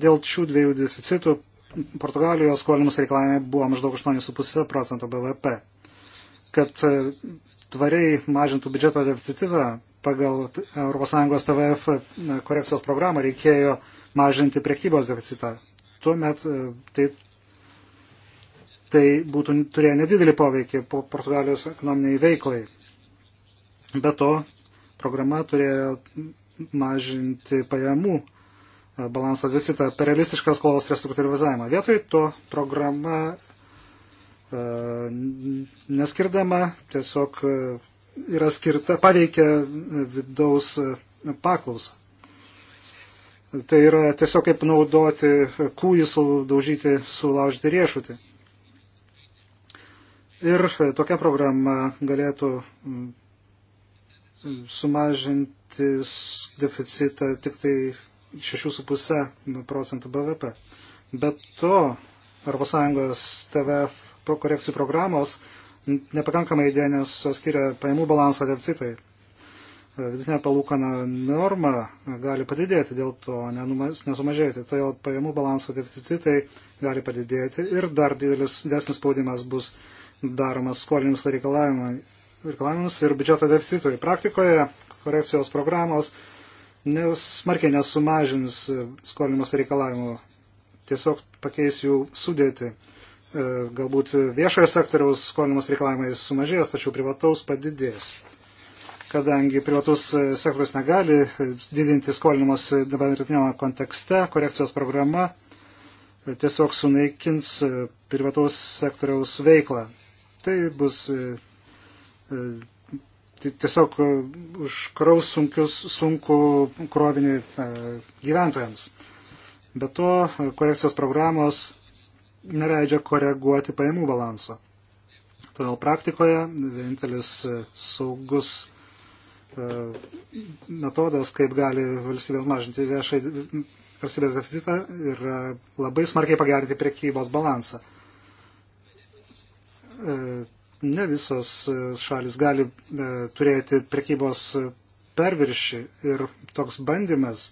Dėl šių dviejų deficitų Portugalijos skolinimus reikalavimai buvo maždaug 8,5 procento BVP. Kad e, tvariai mažintų biudžeto deficitą pagal ES TVF korekcijos programą reikėjo mažinti priekybos deficitą. Tuomet e, tai, tai būtų turėję nedidelį poveikį po Portugalijos ekonominiai veiklai. Be to, programa turėjo mažinti pajamų e, balanso deficitą per realistišką skolos restruktūrizavimą. Vietoj to programa E, neskirdama, tiesiog e, yra skirta, paveikia vidaus e, paklausą. Tai yra tiesiog kaip naudoti kūjį, daužyti, sulaužyti riešutį. Ir tokia programa galėtų sumažinti deficitą tik tai 6,5 procentų BVP. Bet to ES TVF korekcijų programos nepakankamai dėmesio skiria pajamų balanso deficitui. E, Vidutinė palūkana norma gali padidėti, dėl to nesumažėti. Todėl pajamų balanso deficitai gali padidėti ir dar didelis, desnis spaudimas bus daromas skolinimus reikalavimus ir biudžeto deficitui. Praktikoje korekcijos programos smarkiai nesumažins skolinimus reikalavimų, tiesiog pakeis jų sudėti. E, galbūt viešojo sektoriaus skolinimus reikalavimai sumažės, tačiau privataus padidės. Kadangi privatus e, sektorius negali e, didinti skolinimus dabartinio kontekste, korekcijos programa tiesiog sunaikins privataus sektoriaus veiklą. Tai bus tiesiog užkraus sunkius, sunku krovinį gyventojams. Be to, korekcijos programos neleidžia koreguoti pajamų balanso. Todėl praktikoje vienintelis e, saugus e, metodas, kaip gali valstybės mažinti viešai valstybės deficitą ir labai smarkiai pagerinti priekybos balansą. E, ne visos šalis gali turėti priekybos perviršį ir toks bandymas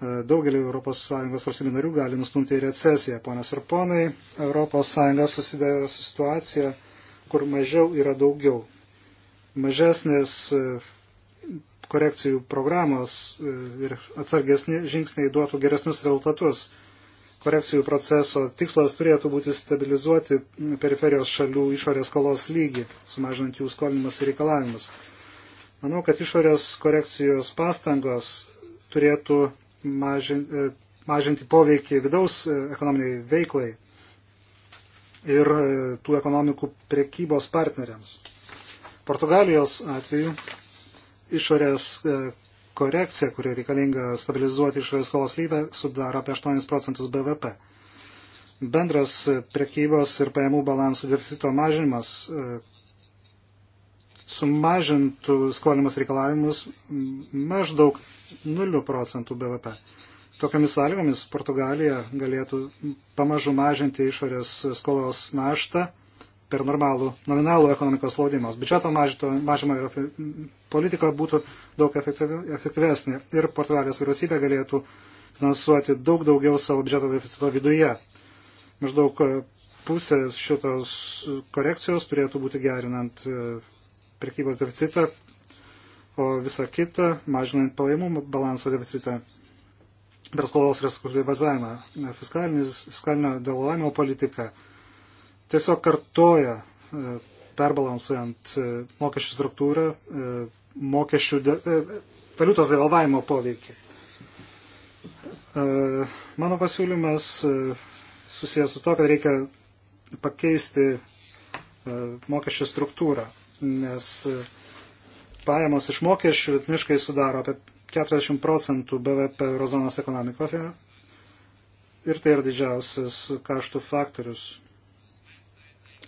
daugelį ES valstybių narių gali nustumti į recesiją. Ponas ir ponai, ES susidėjo su situacija, kur mažiau yra daugiau. Mažesnės e, korekcijų programos e, ir atsargesni žingsniai duotų geresnius rezultatus. Korekcijų proceso tikslas turėtų būti stabilizuoti periferijos šalių išorės skolos lygį, sumažinant jų skolinimus ir reikalavimus. Manau, kad išorės korekcijos pastangos turėtų mažinti, e, mažinti poveikį vidaus e, ekonominiai veiklai ir e, tų ekonomikų prekybos partneriams. Portugalijos atveju išorės korekcija, kuri reikalinga stabilizuoti išorės skolos lygą, sudaro apie 8 procentus BVP. Bendras prekybos ir pajamų balansų deficito mažinimas sumažintų skolimus reikalavimus maždaug 0 procentų BVP. Tokiamis sąlygomis Portugalija galėtų pamažu mažinti išorės skolos naštą per normalų nominalų ekonomikos laudimas. Biudžeto mažimo politika būtų daug efektyvesnė ir Portugalijos vyriausybė galėtų finansuoti daug daugiau savo biudžeto deficito viduje. Maždaug e, pusė šitos korekcijos turėtų būti gerinant e, prekybos deficitą o visa kita mažinant pajamų balanso deficitą per skolos restruktūrizavimą, fiskalinio dėlojimo politiką. Tiesiog kartoja, e, perbalansuojant e, mokesčių struktūrą, e, mokesčių de, valiutos devalvavimo poveikį. Mano pasiūlymas susijęs su to, kad reikia pakeisti mokesčių struktūrą, nes pajamos iš mokesčių vidutiniškai sudaro apie 40 procentų BVP eurozonos ekonomikoje ir tai yra didžiausias kaštų faktorius.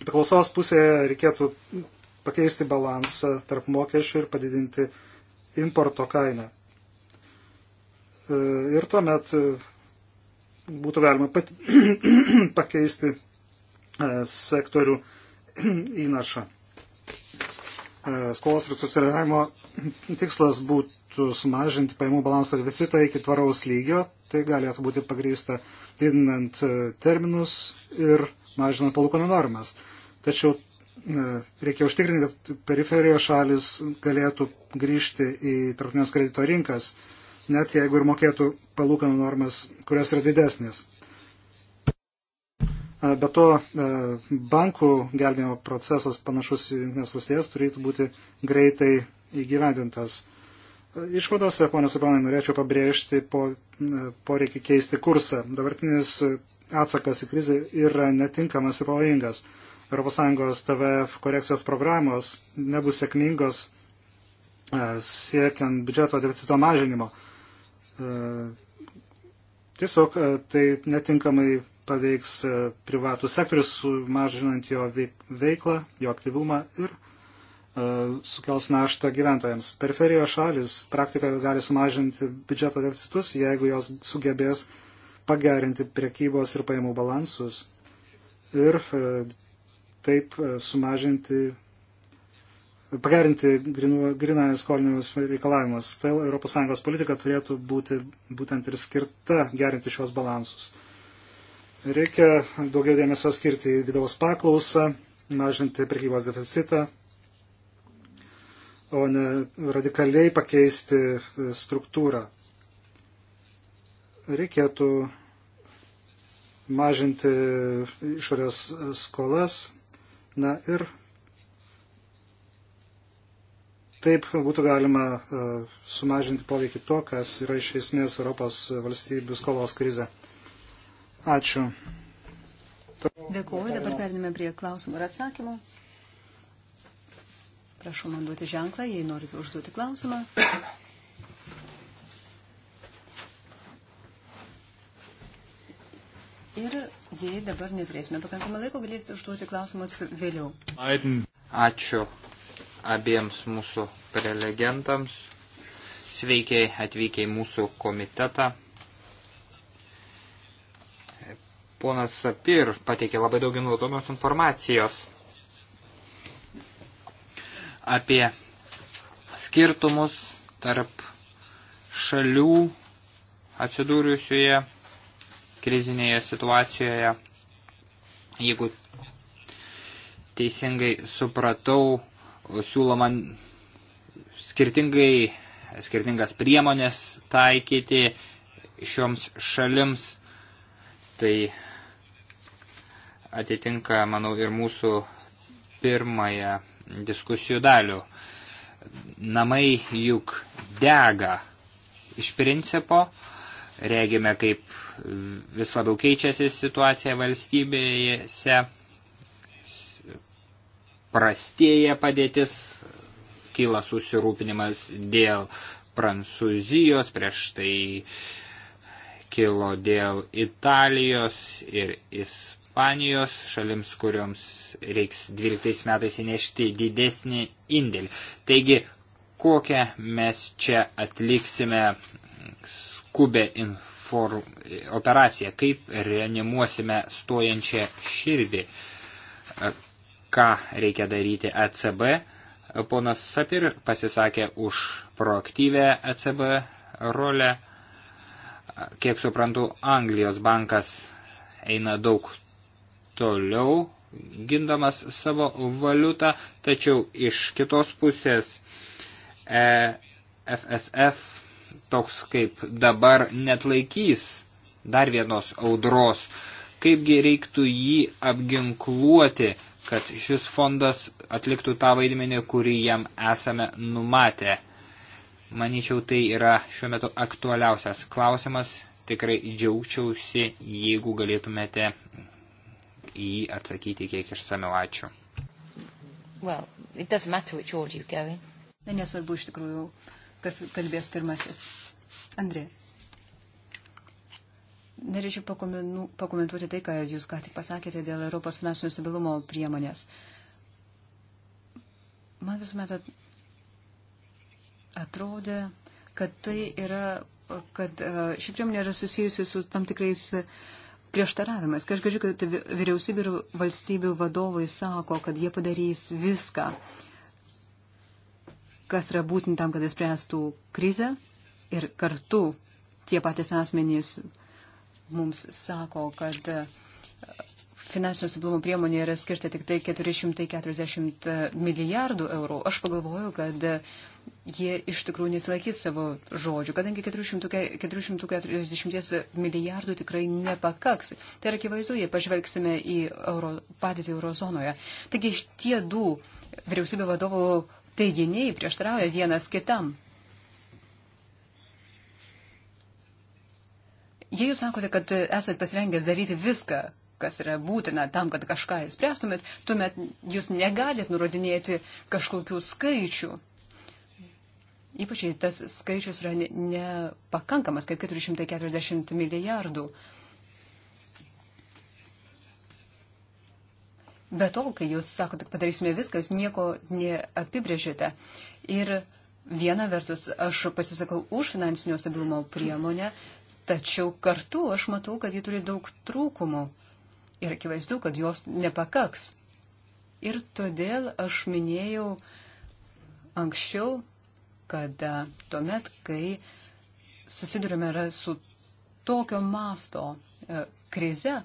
Paklausos pusėje reikėtų pakeisti balansą tarp mokesčių ir padidinti importo kainą. E, ir tuomet e, būtų galima pakeisti e, sektorių įnašą. E, skolos restruktūrizavimo tikslas būtų sumažinti paimų balanso deficitą iki tvaraus lygio, tai galėtų būti pagrįsta didinant e, terminus ir mažinant palūkanų normas. Tačiau e, reikia užtikrinti, kad periferijos šalis galėtų grįžti į tarptautinės kredito rinkas, net jeigu ir mokėtų palūkanų normas, kurios yra didesnės. Be to, bankų gelbėjimo procesas panašus į Junktinės valstijas turėtų būti greitai įgyvendintas. Išvadose, ponės ir ponai, norėčiau pabrėžti po, poreikį keisti kursą. Dabartinis atsakas į krizę yra netinkamas ir pavojingas. ES TVF korekcijos programos nebus sėkmingos siekiant biudžeto deficito mažinimo. Tiesiog tai netinkamai paveiks e, privatų sektorius, sumažinant jo veiklą, jo aktyvumą ir e, sukels naštą gyventojams. Periferijos šalis praktikoje gali sumažinti biudžeto deficitus, jeigu jos sugebės pagerinti priekybos ir pajamų balansus ir e, taip sumažinti, pagerinti grinąją skolinimus reikalavimus. Tai ES politika turėtų būti būtent ir skirta gerinti šios balansus. Reikia daugiau dėmesio skirti vidaus paklausą, mažinti prekybos deficitą, o ne radikaliai pakeisti e, struktūrą. Reikėtų mažinti išorės skolas. Na ir taip būtų galima e, sumažinti poveikį to, kas yra iš esmės Europos valstybių skolos krize. Ačiū. Dėkuoju, dabar perinime prie klausimų ir atsakymų. Prašau man duoti ženklą, jei norite užduoti klausimą. Ir jei dabar neturėsime pakankamą laiko, galėsite užduoti klausimus vėliau. Ačiū abiems mūsų prelegentams. Sveikiai atvykę į mūsų komitetą. Ponas Sapir pateikė labai daug įdomios informacijos apie skirtumus tarp šalių atsidūrusioje krizinėje situacijoje. Jeigu teisingai supratau, siūloma skirtingai, skirtingas priemonės taikyti šioms šalims. Tai atitinka, manau, ir mūsų pirmąją diskusijų dalių. Namai juk dega iš principo, regime, kaip vis labiau keičiasi situacija valstybėse, prastėja padėtis, kyla susirūpinimas dėl Prancūzijos, prieš tai kilo dėl Italijos ir Ispanijos Ispanijos, šalims, kurioms reiks 12 metais įnešti didesnį indėlį. Taigi, kokią mes čia atliksime skubę inform... operaciją, kaip reanimuosime stojančią širdį, ką reikia daryti ECB. Ponas Sapir pasisakė už proaktyvę ECB rolę. Kiek suprantu, Anglijos bankas eina daug toliau gindamas savo valiutą, tačiau iš kitos pusės e, FSF toks kaip dabar net laikys dar vienos audros. Kaipgi reiktų jį apginkluoti, kad šis fondas atliktų tą vaidmenį, kurį jam esame numatę. Manyčiau, tai yra šiuo metu aktualiausias klausimas. Tikrai džiaugčiausi, jeigu galėtumėte į jį atsakyti kiek išsamiau. Ačiū. Well, Na, nesvarbu iš tikrųjų, kas kalbės pirmasis. Andrė. Norėčiau pakomentuoti tai, ką jūs ką tik pasakėte dėl Europos finansinio stabilumo priemonės. Man visuomet atrodė, kad tai yra, kad e, ši priemonė yra susijusi su tam tikrais uh, prieštaravimas. Kai aš girdžiu, kad vyriausybių ir valstybių vadovai sako, kad jie padarys viską, kas yra būtent tam, kad įspręstų krizę ir kartu tie patys asmenys mums sako, kad e, finansinio stabilumo priemonė yra skirta tik tai 440 e, milijardų eurų. Aš pagalvoju, kad e, jie iš tikrųjų nesilaikys savo žodžių, kadangi 440 milijardų tikrai nepakaks. Tai yra akivaizdu, jei pažvelgsime į euro, padėtį eurozonoje. Taigi tie du vyriausybė vadovų teiginiai prieštarauja vienas kitam. Jei jūs sakote, kad esate pasirengęs daryti viską, kas yra būtina tam, kad kažką įspręstumėt, tuomet jūs negalit nurodinėti kažkokių skaičių. Ypač tas skaičius yra nepakankamas, kaip 440 milijardų. Be to, kai jūs sakote, padarysime viską, jūs nieko neapibrėžėte. Ir viena vertus, aš pasisakau už finansinio stabilumo priemonę, tačiau kartu aš matau, kad ji turi daug trūkumų. Ir akivaizdu, kad jos nepakaks. Ir todėl aš minėjau anksčiau, kad e, tuomet, kai susidurime su tokio masto e, krize,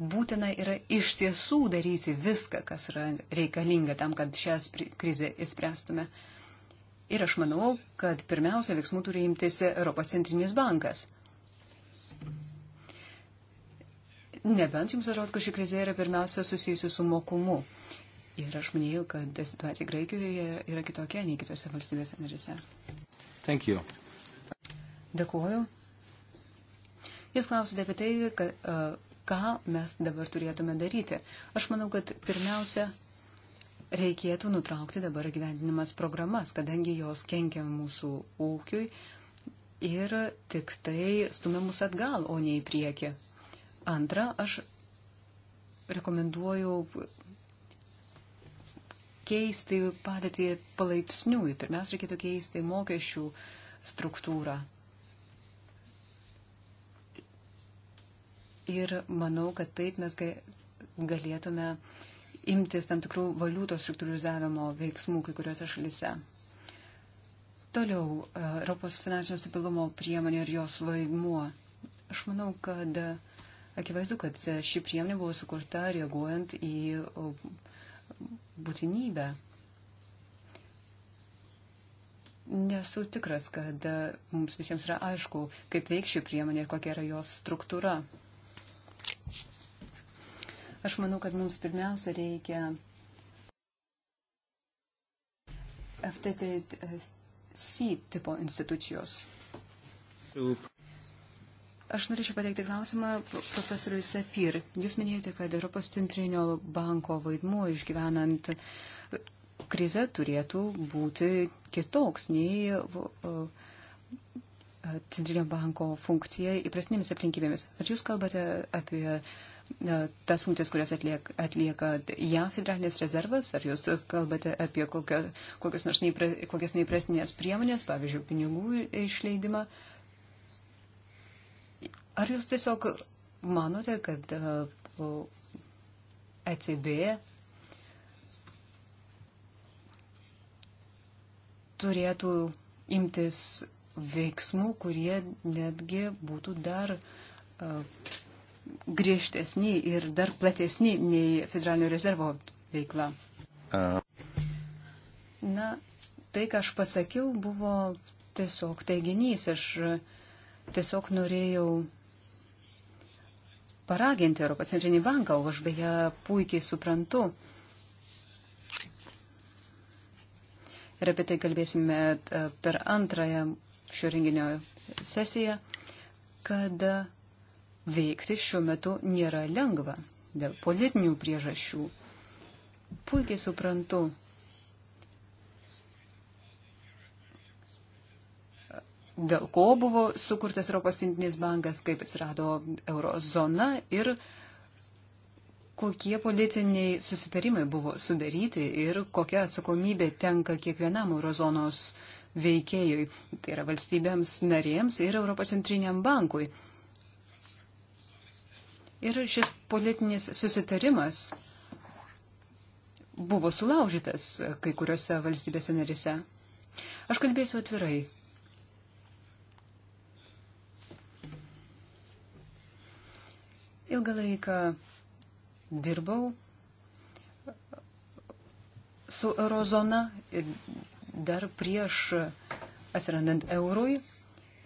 būtina yra iš tiesų daryti viską, kas yra reikalinga tam, kad šią krizę įspręstume. Ir aš manau, kad pirmiausia veiksmų turi imtis Europos centrinis bankas. Nebent jums atrodo, kad ši krizė yra pirmiausia susijusi su mokumu. Uh, Ir aš minėjau, kad situacija Graikijoje yra kitokia nei kitose valstybėse narise. Thank you. Dėkuoju. Jūs klausite apie tai, kad, ką mes dabar turėtume daryti. Aš manau, kad pirmiausia, reikėtų nutraukti dabar gyvendinimas programas, kadangi jos kenkia mūsų ūkiui ir tik tai stumia mus atgal, o ne į priekį. Antra, aš rekomenduoju keisti padėtį palaipsniui. Pirmiausia, reikėtų keisti mokesčių struktūrą. Ir manau, kad taip mes galėtume imtis tam tikrų valiutos struktūrizavimo veiksmų kai kuriuose šalise. Toliau, e, Europos finansinio stabilumo priemonė ir jos vaidmuo. Aš manau, kad akivaizdu, kad ši priemonė buvo sukurta reaguojant į būtinybę. Nesu tikras, kad mums visiems yra aišku, kaip veiks ši priemonė ir kokia yra jos struktūra. Aš manau, kad mums pirmiausia reikia FTTC tipo institucijos. Super. Aš norėčiau pateikti klausimą profesoriui Sapir. Jūs minėjote, kad Europos centrinio banko vaidmuo išgyvenant krizę turėtų būti kitoks nei centrinio banko funkcija įprastinėmis aplinkybėmis. Ar jūs kalbate apie tas funkcijas, kurias atlieka, atlieka JAF federalinis rezervas, ar jūs kalbate apie kokio, kokias nors neįpra, kokias neįprastinės priemonės, pavyzdžiui, pinigų išleidimą, Ar jūs tiesiog manote, kad ECB e turėtų imtis veiksmų, kurie netgi būtų dar e, griežtesni ir dar platesni nei Federalinio rezervo veikla. Na, tai, ką aš pasakiau, buvo tiesiog teiginys. Aš tiesiog norėjau paraginti Europos centrinį banką, o aš beje puikiai suprantu. Ir apie tai kalbėsime e, per antrąją šio renginio sesiją, kad veikti šiuo metu nėra lengva dėl politinių priežasčių. Puikiai suprantu, dėl ko buvo sukurtas Europos centrinis bankas, kaip atsirado eurozona ir kokie politiniai susitarimai buvo sudaryti ir kokia atsakomybė tenka kiekvienam eurozonos veikėjui, tai yra valstybėms narėms ir Europos centriniam bankui. Ir šis politinis susitarimas buvo sulaužytas kai kuriuose valstybėse narise. Aš kalbėsiu atvirai. Ilgą laiką dirbau su eurozona ir dar prieš atsirandant eurui.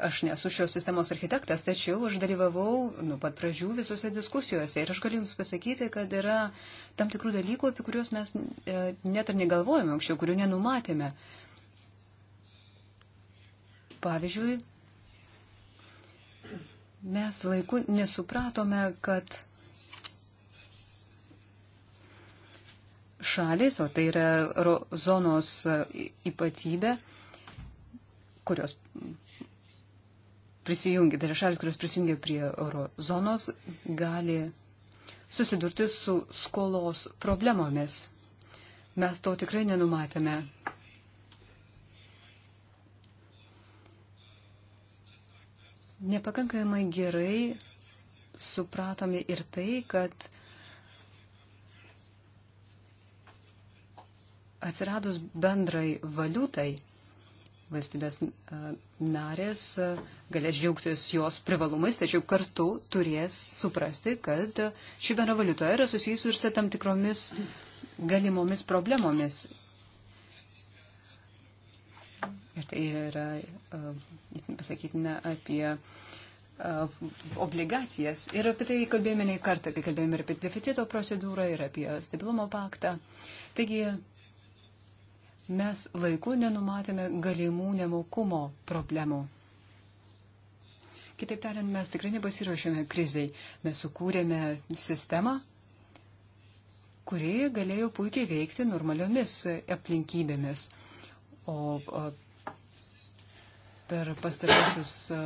Aš nesu šios sistemos architektas, tačiau aš dalyvavau nuo pat pradžių visose diskusijose ir aš galiu Jums pasakyti, kad yra tam tikrų dalykų, apie kuriuos mes e, net ar negalvojame anksčiau, kurių nenumatėme. Pavyzdžiui, mes laiku nesupratome, kad šalis, o tai yra zonos ypatybė, kurios prisijungia, tai yra šalis, kurios prisijungia prie euro zonos, gali susidurti su skolos problemomis. Mes to tikrai nenumatėme nepakankamai gerai supratome ir tai, kad atsiradus bendrai valiutai, valstybės narės galės džiaugtis jos privalumais, tačiau kartu turės suprasti, kad ši bendra valiuta yra susijusi ir su tam tikromis galimomis problemomis. Ir tai yra E, pasakytina apie e, obligacijas. Ir apie tai kalbėjome ne kartą, kai kalbėjome ir apie deficito procedūrą, ir apie stabilumo paktą. Taigi mes laiku nenumatėme galimų nemokumo problemų. Kitaip tariant, mes tikrai nepasiruošėme kriziai. Mes sukūrėme sistemą, kuri galėjo puikiai veikti normaliomis aplinkybėmis. O, o per pastarosius e,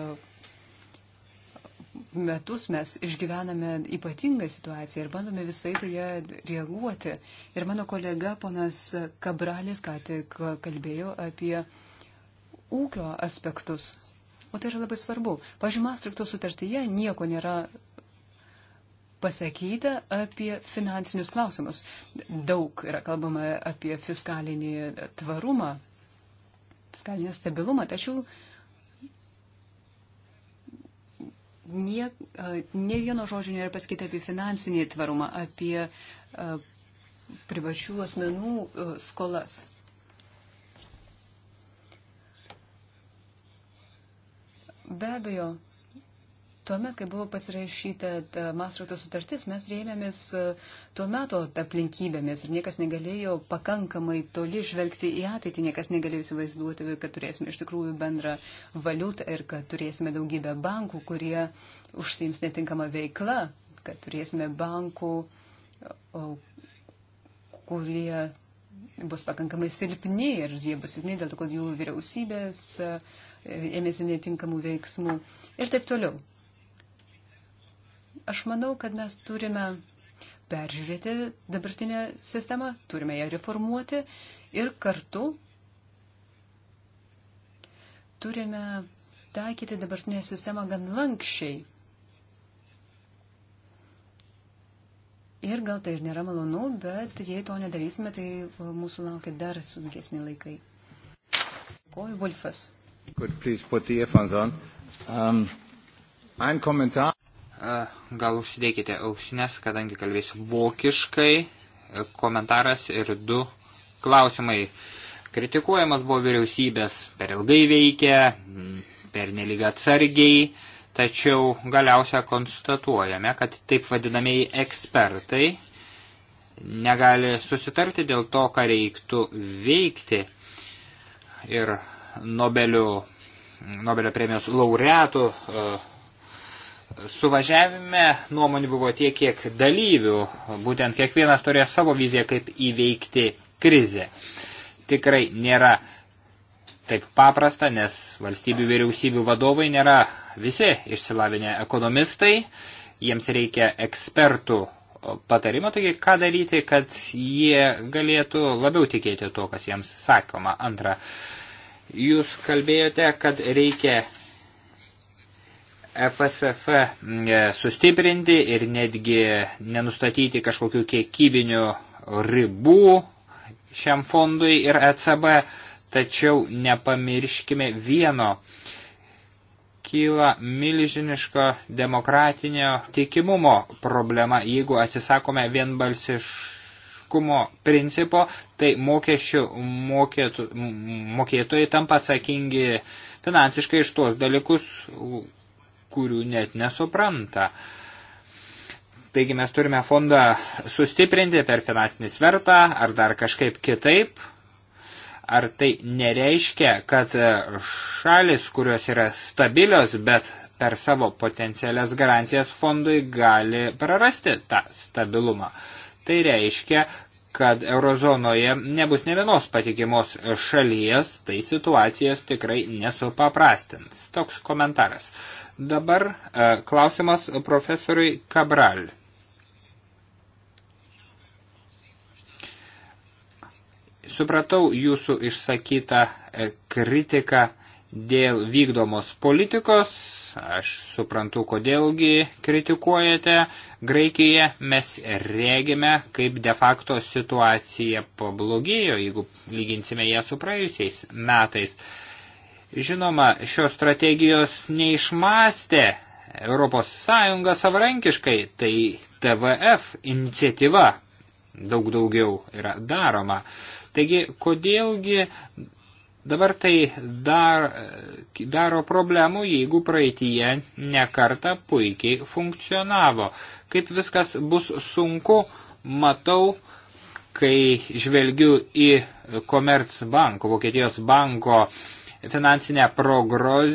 metus mes išgyvename ypatingą situaciją ir bandome visai tai ją reaguoti. Ir mano kolega ponas Kabralis ką tik kalbėjo apie ūkio aspektus. O tai yra labai svarbu. Pavyzdžiui, Mastrikto sutartyje nieko nėra pasakyta apie finansinius klausimus. Daug yra kalbama apie fiskalinį tvarumą, fiskalinį stabilumą, tačiau nie, e, ne vieno žodžio nėra pasakyta apie finansinį tvarumą, apie e, privačių asmenų e, skolas. Be abejo, Tuomet, kai buvo pasirašyta Mastrato sutartis, mes rėmėmės e, tuo metu aplinkybėmis ir niekas negalėjo pakankamai toli žvelgti į ateitį, niekas negalėjo įsivaizduoti, kad turėsime iš tikrųjų bendrą valiutą ir kad turėsime daugybę bankų, kurie užsiims netinkamą veiklą, kad turėsime bankų, kurie bus pakankamai silpni ir jie bus silpni dėl to, kad jų vyriausybės e, ėmėsi netinkamų veiksmų ir taip toliau. Aš manau, kad mes turime peržiūrėti dabartinę sistemą, turime ją reformuoti ir kartu turime taikyti dabartinę sistemą gan lankščiai. Ir gal tai ir nėra malonu, bet jei to nedarysime, tai mūsų laukia dar sunkesni laikai. Koju Wolfas. Gut, please put the earphones on. Um, ein Kommentar. Gal užsidėkite ausinės, kadangi kalbės vokiškai, e, komentaras ir du klausimai. Kritikuojamas buvo vyriausybės, per ilgai veikia, per nelig atsargiai, tačiau galiausia konstatuojame, kad taip vadinamieji ekspertai negali susitarti dėl to, ką reiktų veikti. Ir Nobelio, Nobelio premijos laureatų uh, suvažiavime nuomonių buvo tiek, kiek dalyvių. Būtent kiekvienas turėjo savo viziją, kaip įveikti krizę. Tikrai nėra taip paprasta, nes valstybių vyriausybių vadovai nėra visi išsilavinę ekonomistai. Jiems reikia ekspertų patarimo, taigi ką daryti, kad jie galėtų labiau tikėti to, kas jiems sakoma. Antra, jūs kalbėjote, kad reikia FSF e, sustiprinti ir netgi nenustatyti kažkokių kiekybinių ribų šiam fondui ir ECB, tačiau nepamirškime vieno. Kyla milžiniško demokratinio tikimumo problema. Jeigu atsisakome vienbalsiškumo principo, tai mokesčių mokėtų, mokėtojai tampa atsakingi finansiškai iš tuos dalykus, kurių net nesupranta. Taigi mes turime fondą sustiprinti per finansinį svertą ar dar kažkaip kitaip. Ar tai nereiškia, kad šalis, kurios yra stabilios, bet per savo potencialias garantijas fondui gali prarasti tą stabilumą. Tai reiškia, kad eurozonoje nebus ne vienos patikimos šalies, tai situacijas tikrai nesupaprastins. Toks komentaras. Dabar e, klausimas profesoriui Kabral. Supratau jūsų išsakytą e, kritiką dėl vykdomos politikos. Aš suprantu, kodėlgi kritikuojate. Graikijoje mes regime, kaip de facto situacija pablogėjo, jeigu lyginsime ją su praėjusiais metais. Žinoma, šios strategijos neišmastė Europos Sąjunga savarankiškai, tai TVF iniciatyva daug daugiau yra daroma. Taigi, kodėlgi dabar tai dar, daro problemų, jeigu praeitie nekarta puikiai funkcionavo. Kaip viskas bus sunku, matau, kai žvelgiu į Commerzbank, Vokietijos banko finansinę progroz,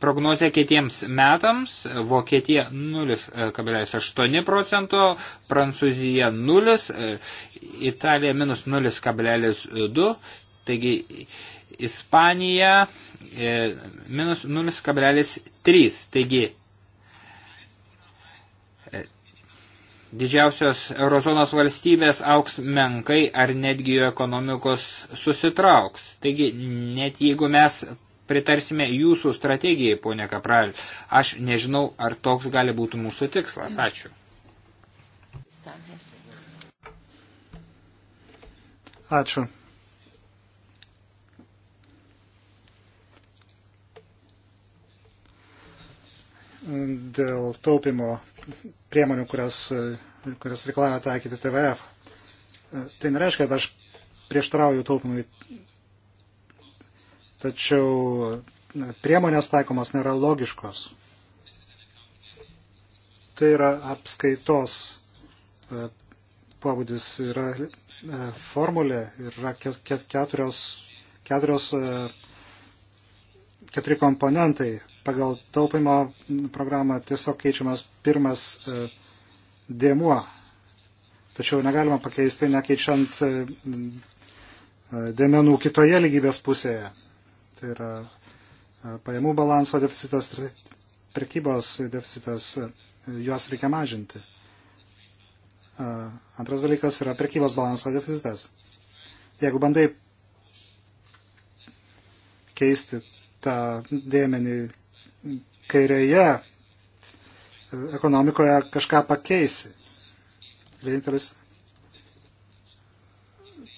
prognozę kitiems metams. Vokietija 0,8 e, procento, Prancūzija 0, e, Italija minus 0,2, taigi Ispanija e, minus 0,3. Taigi didžiausios eurozonos valstybės auks menkai ar netgi jų ekonomikos susitrauks. Taigi, net jeigu mes pritarsime jūsų strategijai, ponė Kapral, aš nežinau, ar toks gali būti mūsų tikslas. Ačiū. Ačiū. Dėl taupimo priemonių, kurias, kurias reikalavo taikyti TVF. Tai nereiškia, kad aš prieštrauju taupimui, tačiau priemonės taikomas nėra logiškos. Tai yra apskaitos e, pobūdis, yra e, formulė, yra keturios, keturios, e, keturi komponentai pagal taupimo programą tiesiog keičiamas pirmas e, dėmuo. Tačiau negalima pakeisti nekeičiant e, e, dėmenų kitoje lygybės pusėje. Tai yra pajamų balanso deficitas, prekybos deficitas, juos reikia mažinti. Antras dalykas yra prekybos balanso deficitas. Jeigu bandai keisti tą dėmenį kairėje ekonomikoje kažką pakeisi. Vienintelis.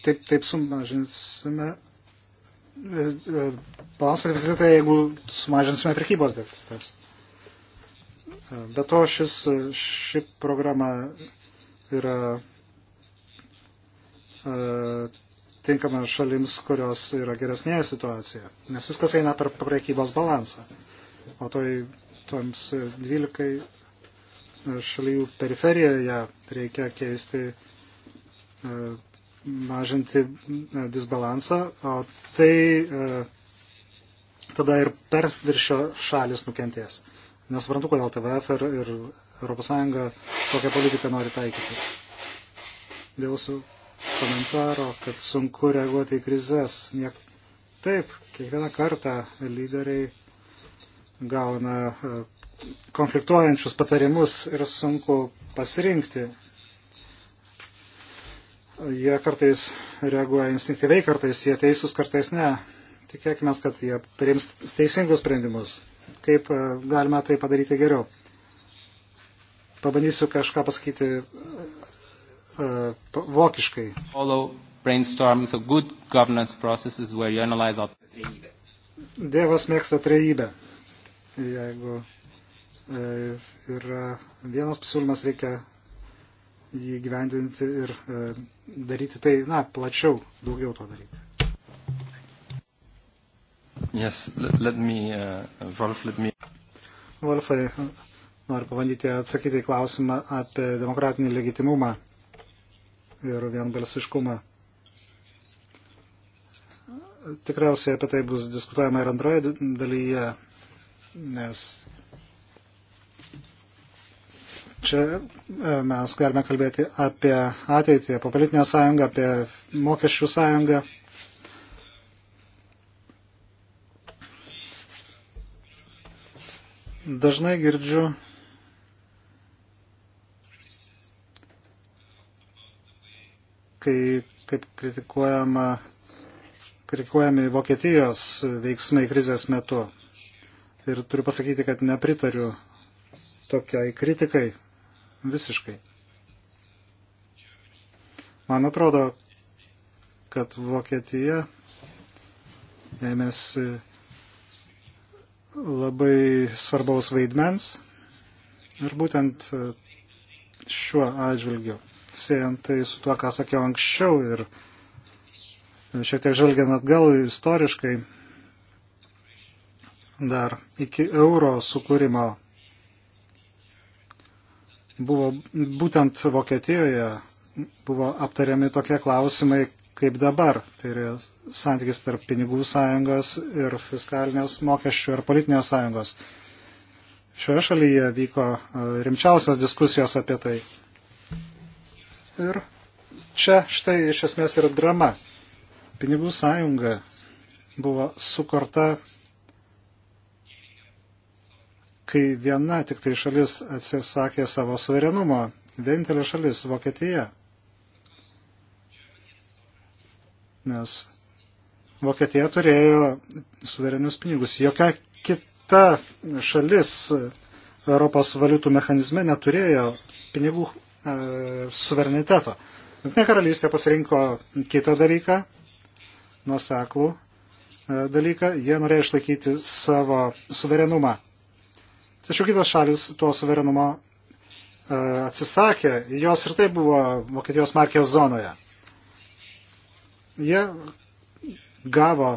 Taip, taip sumažinsime balanso deficitą, jeigu sumažinsime prekybos deficitas. Be to, šis, ši programa yra e, tinkama šalims, kurios yra geresnėje situacijoje, nes viskas eina per prekybos balansą o toj, toms 12 e, e, šalių periferijoje reikia keisti, e, mažinti disbalansą, o tai tada ir perviršio šalis nukentės. Nesuprantu, kodėl TVF ir, ir ES tokią politiką nori taikyti. Dėl su komentaro, kad sunku reaguoti į krizės. Niek... Taip, kiekvieną kartą lyderiai gauna e, konfliktuojančius patarimus ir sunku pasirinkti. Jie kartais reaguoja instinktyviai, kartais jie teisūs, kartais ne. Tikėkime, kad jie priims teisingus sprendimus. Kaip e, galima tai padaryti geriau? Pabandysiu kažką pasakyti uh, vokiškai. Follow brainstorming, so good governance processes where you analyze all. Dievas mėgsta trejybę. Jeigu e, yra vienas pasiūlymas, reikia jį gyvendinti ir e, daryti tai, na, plačiau, daugiau to daryti. Yes, let me, uh, Wolf, let me. Wolfai, noriu pabandyti atsakyti į klausimą apie demokratinį legitimumą ir vienbalsiškumą. Tikriausiai apie tai bus diskutuojama ir antroje dalyje nes čia e, mes galime kalbėti apie ateitį, apie politinę sąjungą, apie mokesčių sąjungą. Dažnai girdžiu kai kaip kritikuojama, kritikuojami Vokietijos veiksmai krizės metu. Ir turiu pasakyti, kad nepritariu tokiai kritikai visiškai. Man atrodo, kad Vokietija ėmėsi labai svarbaus vaidmens ir būtent šiuo atžvilgiu, siejant tai su tuo, ką sakiau anksčiau ir šiek tiek žvelgiant atgal istoriškai, dar iki euro sukūrimo buvo būtent Vokietijoje buvo aptariami tokie klausimai kaip dabar. Tai yra santykis tarp pinigų sąjungos ir fiskalinės mokesčių ir politinės sąjungos. Šioje šalyje vyko e, rimčiausios diskusijos apie tai. Ir čia štai iš esmės yra drama. Pinigų sąjunga buvo sukurta kai viena tik tai šalis atsisakė savo suverenumo. Vienintelė šalis - Vokietija. Nes Vokietija turėjo suverenius pinigus. Jokia kita šalis Europos valiutų mechanizme neturėjo pinigų e, suvereniteto. Jungtinė karalystė pasirinko kitą dalyką, nuoseklų e, dalyką. Jie norėjo išlaikyti savo suverenumą. Tačiau kitos šalis tuo suverenumo e, atsisakė, jos ir tai buvo Vokietijos markės zonoje. Jie gavo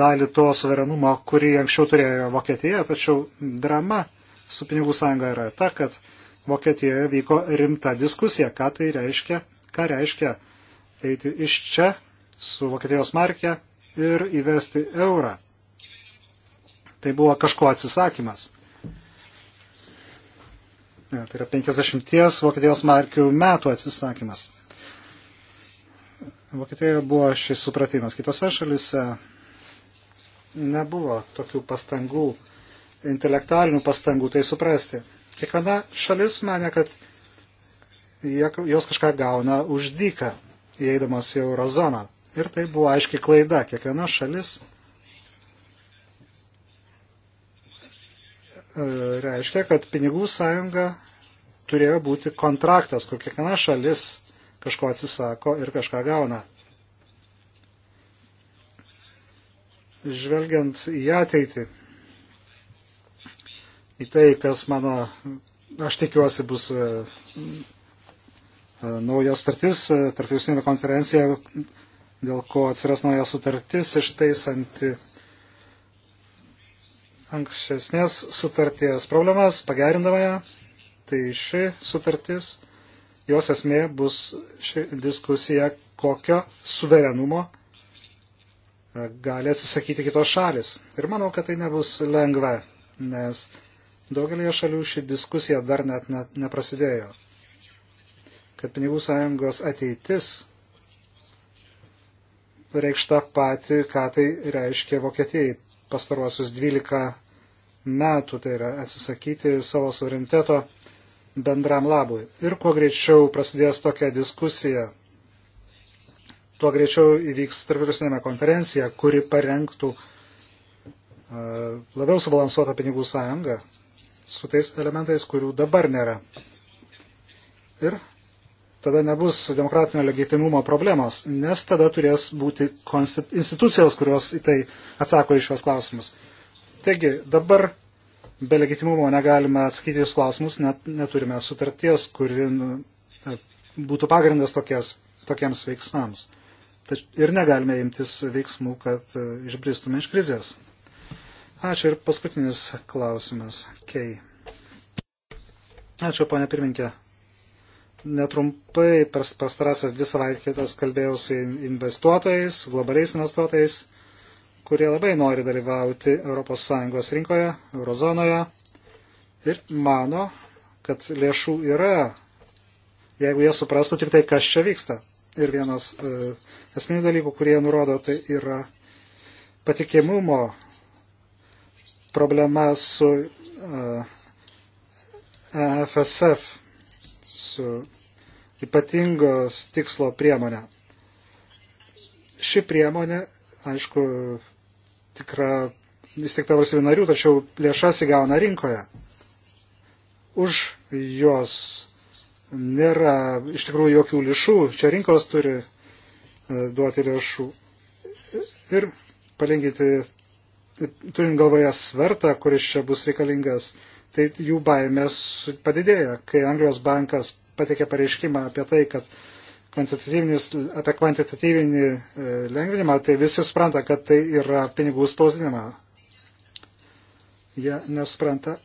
dalį to suverenumo, kurį anksčiau turėjo Vokietija, tačiau drama su pinigų sąjunga yra ta, kad Vokietijoje vyko rimta diskusija, ką tai reiškia, ką reiškia eiti iš čia su Vokietijos markė ir įvesti eurą. Tai buvo kažko atsisakymas tai yra 50 Vokietijos markių metų atsisakymas. Vokietijoje buvo šis supratimas. Kitose šalise nebuvo tokių pastangų, intelektualinių pastangų tai suprasti. Kiekviena šalis mane, kad jos kažką gauna už dyką, įeidamas į eurozoną. Ir tai buvo aiški klaida. Kiekviena šalis E, reiškia, kad pinigų sąjunga turėjo būti kontraktas, kur kiekviena šalis kažko atsisako ir kažką gauna. Žvelgiant į ateitį, į tai, kas mano, aš tikiuosi, bus e, e, naujos startis, tarptautinė konferencija, dėl ko atsiras nauja sutartis išteisanti ankstesnės sutarties problemas, pagerindama ją. Tai ši sutartis, jos esmė bus ši diskusija, kokio suverenumo e, gali atsisakyti kitos šalis. Ir manau, kad tai nebus lengva, nes daugelėje šalių ši diskusija dar net, net neprasidėjo. Kad pinigų sąjungos ateitis reikšta pati, ką tai reiškia Vokietijai pastaruosius 12 metų, tai yra atsisakyti savo suvereniteto bendram labui. Ir kuo greičiau prasidės tokia diskusija, tuo greičiau įvyks tarptautinėme konferencija, kuri parengtų labiau subalansuotą pinigų sąjungą su tais elementais, kurių dabar nėra. Ir tada nebus demokratinio legitimumo problemos, nes tada turės būti institucijos, kurios į tai atsako iš šios klausimus. Taigi, dabar be legitimumo negalime atsakyti jūs klausimus, net, neturime sutarties, kuri nu, būtų pagrindas tokies, tokiems veiksmams. Tač, ir negalime imtis veiksmų, kad e, išbristume iš krizės. Ačiū ir paskutinis klausimas. Kei. Ačiū, ponė pirminkė netrumpai per pastarąsias dvi savaitės kalbėjau su investuotojais, globaliais investuotojais, kurie labai nori dalyvauti ES rinkoje, eurozonoje ir mano, kad lėšų yra, jeigu jie suprastų tik tai, kas čia vyksta. Ir vienas e, esminių dalykų, kurie nurodo, tai yra patikimumo problema su e, EFSF su ypatingos tikslo priemonė. Ši priemonė, aišku, tikra, vis tik ta valstybė narių, tačiau lėšas įgauna rinkoje. Už jos nėra iš tikrųjų jokių lišų, čia rinkos turi e, duoti lėšų. Ir palinkinti, turint galvoje svertą, kuris čia bus reikalingas, tai jų baimės padidėjo, kai Anglijos bankas pateikė pareiškimą apie tai, kad apie kvantitatyvinį e, lengvinimą, tai visi supranta, kad tai yra pinigų spausdinimą. Jie nespranta,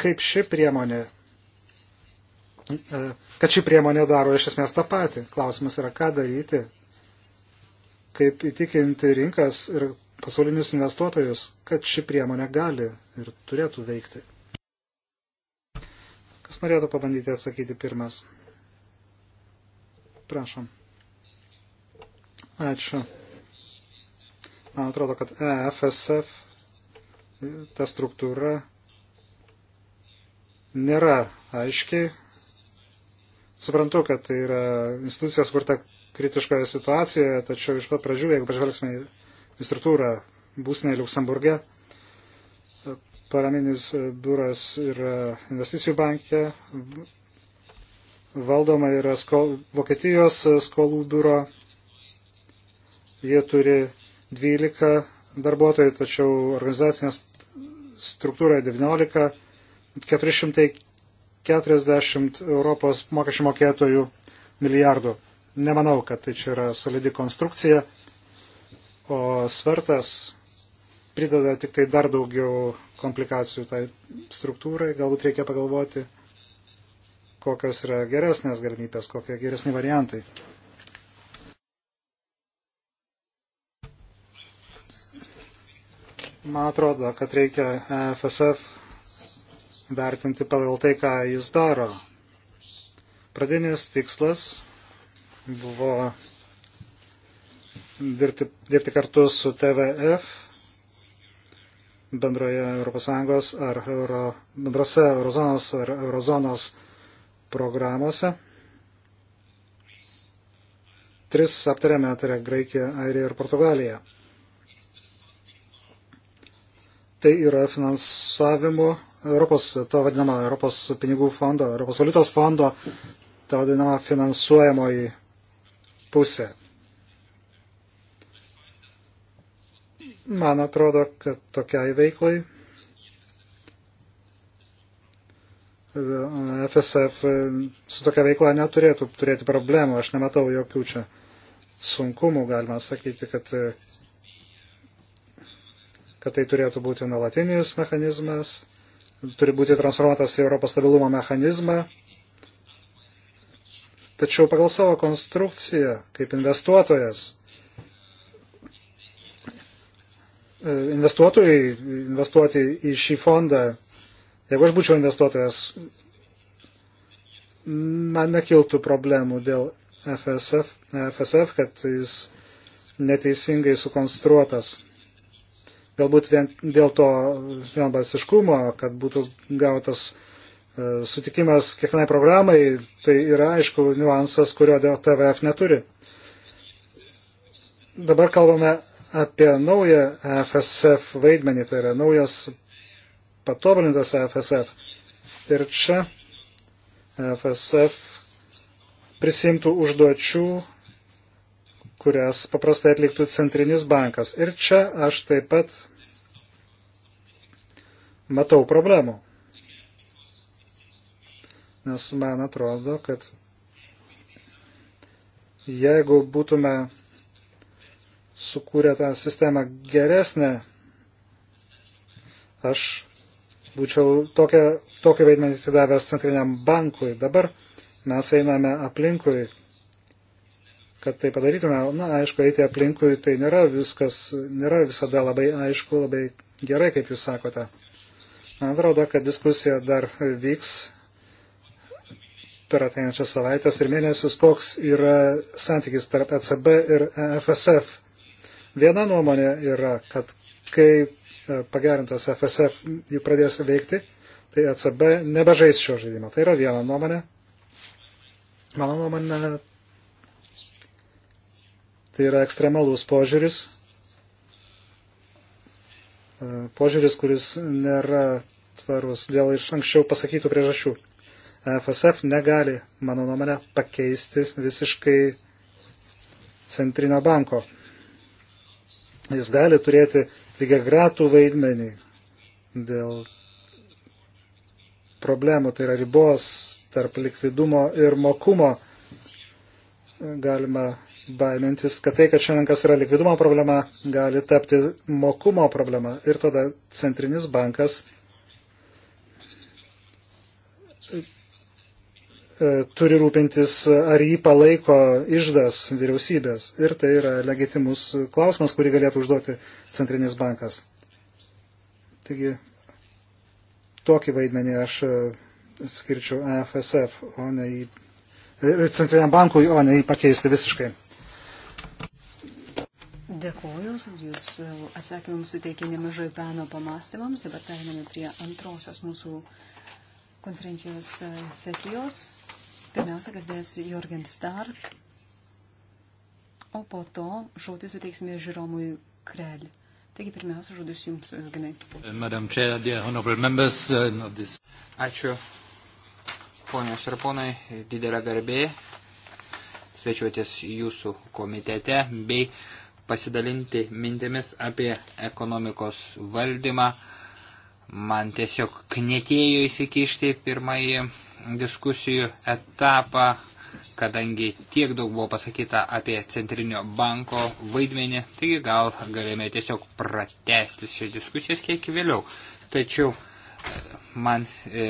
kaip ši priemonė, e, kad ši priemonė daro iš esmės tą patį. Klausimas yra, ką daryti, kaip įtikinti rinkas ir pasaulinius investuotojus, kad ši priemonė gali ir turėtų veikti. Kas norėtų pabandyti atsakyti pirmas? Prašom. Ačiū. Man atrodo, kad EFSF, ta struktūra nėra aiškiai. Suprantu, kad tai yra institucija skurta kritiškoje situacijoje, tačiau iš pat pradžių, jeigu pažvelgsime į struktūrą būsnėje Luksemburge, paraminis biuras yra investicijų bankė, valdoma yra skol, Vokietijos skolų biuro. Jie turi 12 darbuotojų, tačiau organizacinės struktūra 19, 440 Europos mokesčių mokėtojų milijardų. Nemanau, kad tai čia yra solidi konstrukcija, o svertas prideda tik tai dar daugiau komplikacijų tai struktūrai. Galbūt reikia pagalvoti, kokios yra geresnės galimybės, kokie geresni variantai. Man atrodo, kad reikia FSF e vertinti pagal tai, ką jis daro. Pradinis tikslas buvo dirbti, dirbti kartu su TVF bendroje ES ar euro, bendrose eurozonos ar eurozonos programuose. Tris aptarėme, tai yra Graikija, Airija ir Portugalija. Tai yra finansavimo Europos, to vadinamo Europos pinigų fondo, Europos valiutos fondo, ta vadinama finansuojamoji pusė. Man atrodo, kad tokiai veiklai FSF su tokia veikla neturėtų turėti problemų. Aš nematau jokių čia sunkumų, galima sakyti, kad, kad tai turėtų būti nuolatinis mechanizmas, turi būti transformuotas į Europos stabilumo mechanizmą. Tačiau pagal savo konstrukciją, kaip investuotojas, E, investuotojai investuoti į šį fondą, jeigu aš būčiau investuotojas, man nekiltų problemų dėl FSF, FSF kad jis neteisingai sukonstruotas. Galbūt vien dėl to vienbalsiškumo, kad būtų gautas e, sutikimas kiekvienai programai, tai yra aišku niuansas, kurio TVF neturi. Dabar kalbame apie naują FSF vaidmenį, tai yra naujas patobulintas FSF. Ir čia FSF prisimtų užduočių, kurias paprastai atliktų centrinis bankas. Ir čia aš taip pat matau problemų. Nes man atrodo, kad jeigu būtume sukūrė tą sistemą geresnę, aš būčiau tokią, tokį vaidmenį atidavęs centriniam bankui. Dabar mes einame aplinkui, kad tai padarytume. Na, aišku, eiti aplinkui tai nėra viskas, nėra visada labai aišku, labai gerai, kaip jūs sakote. Man atrodo, kad diskusija dar vyks per ateinančias savaitės ir mėnesius, koks yra santykis tarp ECB ir EFSF Viena nuomonė yra, kad kai e, pagerintas FSF jį pradės veikti, tai ECB nebežais šio žaidimo. Tai yra viena nuomonė. Mano nuomonė, tai yra ekstremalus požiūris. E, požiūris, kuris nėra tvarus dėl iš anksčiau pasakytų priežasčių. FSF negali, mano nuomonė, pakeisti visiškai centrinio banko jis gali turėti lygiagratų vaidmenį dėl problemų, tai yra ribos tarp likvidumo ir mokumo. Galima baimintis, kad tai, kad šiandien kas yra likvidumo problema, gali tapti mokumo problema. Ir tada centrinis bankas E, turi rūpintis, ar jį palaiko išdas vyriausybės. Ir tai yra legitimus klausimas, kurį galėtų užduoti Centrinis bankas. Taigi, tokį vaidmenį aš e, skirčiau EFSF, o ne į e, Centriniam bankui, o ne į pakeisti visiškai. Dėkuoju, jūs atsakymams suteikė nemažai peno pamastymams, dabar perėmėme prie antrosios mūsų konferencijos e, sesijos. Pirmiausia, kalbės Jorgen Stark, o po to žodį suteiksime Žiromui Krelį. Taigi pirmiausia, žodis jums, Jurginai. Uh, Madam Chair, dear honorable members uh, of this. Ačiū, ponios ir ponai, didelė garbė svečiuotis jūsų komitete bei pasidalinti mintimis apie ekonomikos valdymą Man tiesiog knetėjo įsikišti pirmąjį diskusijų etapą, kadangi tiek daug buvo pasakyta apie centrinio banko vaidmenį, taigi gal galėjome tiesiog pratesti šią diskusijas kiek vėliau. Tačiau e, man e,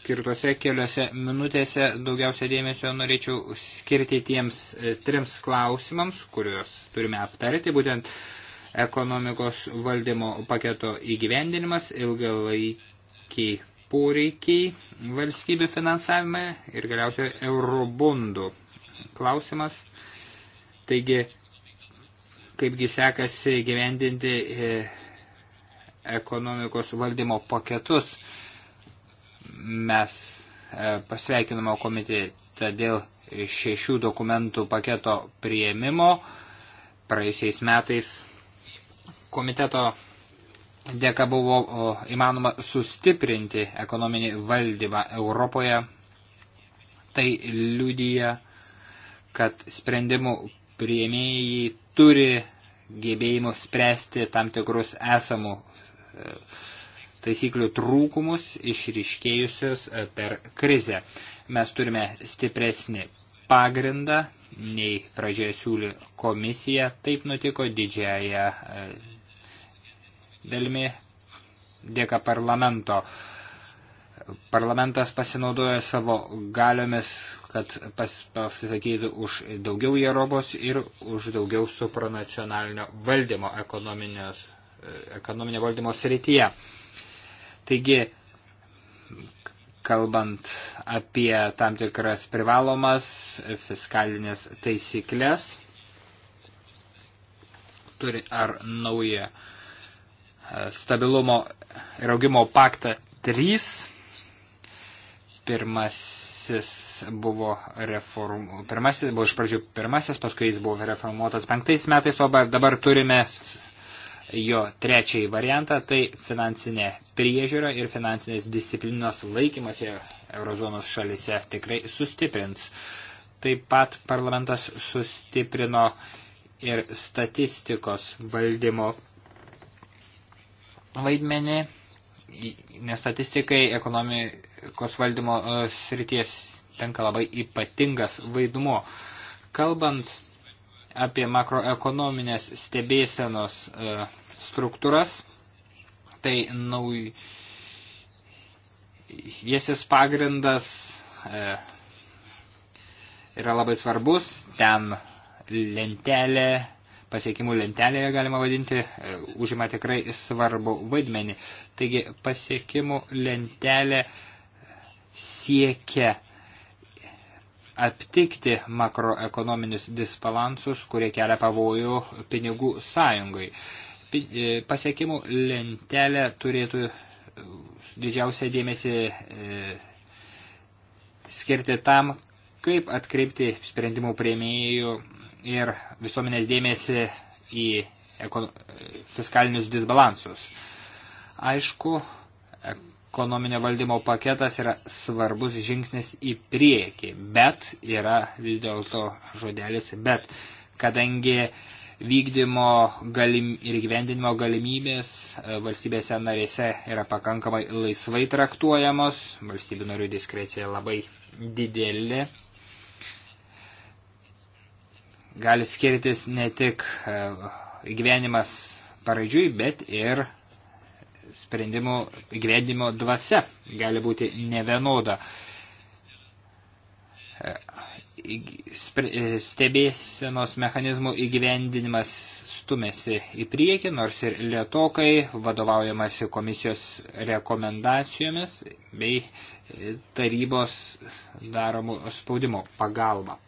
skirtose keliose minutėse daugiausia dėmesio norėčiau skirti tiems e, trims klausimams, kuriuos turime aptarti, būtent e, ekonomikos valdymo paketo įgyvendinimas, ilgalaikiai poreikiai valstybių finansavime ir galiausiai eurobundų klausimas. Taigi, kaipgi sekasi gyvendinti e, ekonomikos valdymo paketus, mes e, pasveikiname komitetą dėl šešių dokumentų paketo prieimimo. Praėjusiais metais komiteto dėka buvo įmanoma sustiprinti ekonominį valdymą Europoje. Tai liudyja, kad sprendimų prieimėjai turi gebėjimų spręsti tam tikrus esamų e, taisyklių trūkumus išriškėjusius e, per krizę. Mes turime stipresnį pagrindą nei pradžioje siūlė komisija. Taip nutiko didžiaja e, dalimi dėka parlamento. Parlamentas pasinaudojo savo galiomis, kad pas, pasisakytų už daugiau jėrobos ir už daugiau supranacionalinio valdymo ekonominio valdymo srityje. Taigi, kalbant apie tam tikras privalomas fiskalinės taisyklės, turi ar naują stabilumo ir augimo paktą 3. Pirmasis buvo, reform... pirmasis buvo iš pradžių pirmasis, paskui jis buvo reformuotas penktais metais, o dabar turime jo trečiąjį variantą, tai finansinė priežiūra ir finansinės disciplinos laikymas eurozonos šalise tikrai sustiprins. Taip pat parlamentas sustiprino ir statistikos valdymo vaidmenį, nes statistikai ekonomikos valdymo e, srities tenka labai ypatingas vaidmuo. Kalbant apie makroekonominės stebėsenos e, struktūras, tai naujasis pagrindas e, yra labai svarbus, ten lentelė pasiekimų lentelėje, galima vadinti, e, užima tikrai svarbu vaidmenį. Taigi pasiekimų lentelė siekia aptikti makroekonominius disbalansus, kurie kelia pavojų pinigų sąjungai. E, pasiekimų lentelė turėtų didžiausią dėmesį e, skirti tam, kaip atkreipti sprendimų prieimėjų ir visuomenės dėmesį į fiskalinius disbalansus. Aišku, ekonominio valdymo paketas yra svarbus žingsnis į priekį, bet yra vis dėlto žodelis, bet kadangi vykdymo galim, ir gyvendinimo galimybės e, valstybėse narėse yra pakankamai laisvai traktuojamos, valstybių narių diskrecija labai didelė gali skirtis ne tik e, gyvenimas paraidžiui, bet ir sprendimų gyvenimo dvasia gali būti nevienoda. E, e, stebėsenos mechanizmų įgyvendinimas stumėsi į priekį, nors ir lietokai, vadovaujamasi komisijos rekomendacijomis bei tarybos daromų spaudimo pagalba.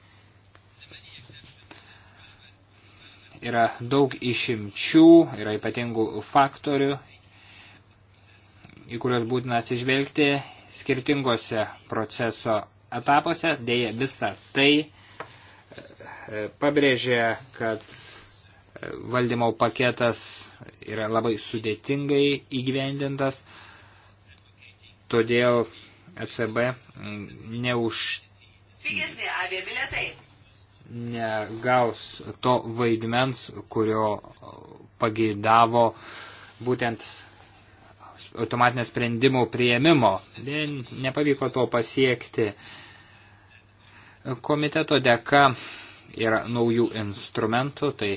Yra daug išimčių, yra ypatingų faktorių, į kuriuos būtina atsižvelgti skirtingose proceso etapuose. Dėja, visa tai e, pabrėžė, kad e, valdymo paketas yra labai sudėtingai įgyvendintas, todėl ECB mm, neuž... Pigesni avia biletai negaus to vaidmens, kurio pageidavo būtent automatinio sprendimų prieimimo. Nepavyko to pasiekti. Komiteto dėka yra naujų instrumentų, tai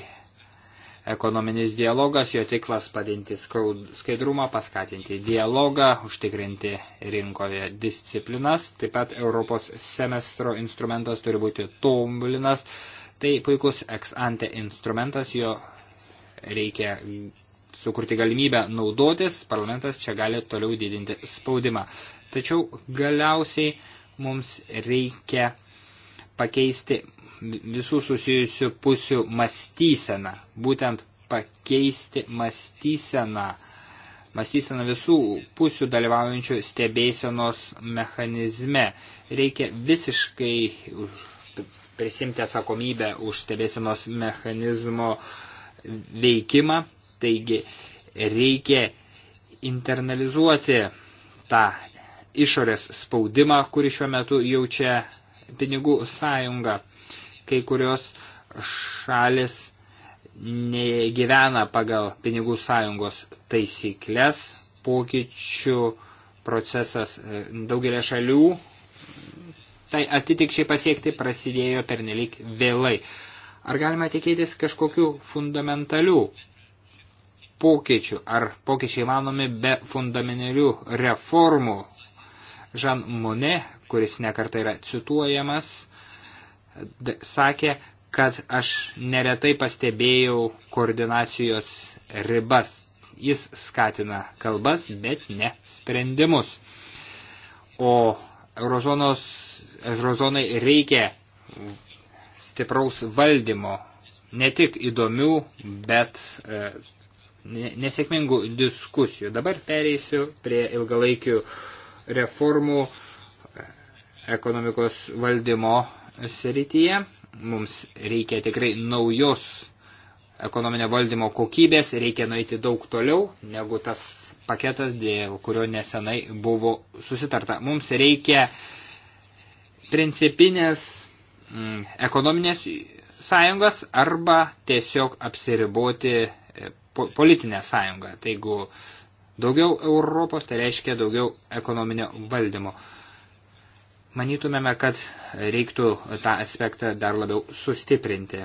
Ekonominis dialogas, jo tiklas padinti skaidrumą, paskatinti dialogą, užtikrinti rinkoje disciplinas. Taip pat Europos semestro instrumentas turi būti tobulinas. Tai puikus ex ante instrumentas, jo reikia sukurti galimybę naudotis, parlamentas čia gali toliau didinti spaudimą. Tačiau galiausiai mums reikia pakeisti visų susijusių pusių mąstyseną, būtent pakeisti mąstyseną, mąstyseną visų pusių dalyvaujančių stebėsenos mechanizme. Reikia visiškai prisimti atsakomybę už stebėsenos mechanizmo veikimą, taigi reikia internalizuoti tą išorės spaudimą, kurį šiuo metu jaučia pinigų sąjungą. Kai kurios šalis negyvena pagal pinigų sąjungos taisyklės, pokyčių procesas e, daugelė šalių, tai atitikščiai pasiekti prasidėjo pernelik vėlai. Ar galima tikėtis kažkokių fundamentalių pokyčių, ar pokyčiai manomi be fundamentalių reformų? Žan Mone kuris nekartai yra cituojamas, sakė, kad aš neretai pastebėjau koordinacijos ribas. Jis skatina kalbas, bet ne sprendimus. O eurozonos, eurozonai reikia stipraus valdymo, ne tik įdomių, bet e, nesėkmingų diskusijų. Dabar pereisiu prie ilgalaikių reformų ekonomikos valdymo srityje. Mums reikia tikrai naujos ekonominio valdymo kokybės, reikia nueiti daug toliau negu tas paketas, dėl kurio nesenai buvo susitarta. Mums reikia principinės mm, ekonominės sąjungas arba tiesiog apsiriboti e, po, politinę sąjungą. Tai jeigu daugiau Europos, tai reiškia daugiau ekonominio valdymo. Uh, Manytumėme, kad reiktų tą aspektą dar labiau sustiprinti.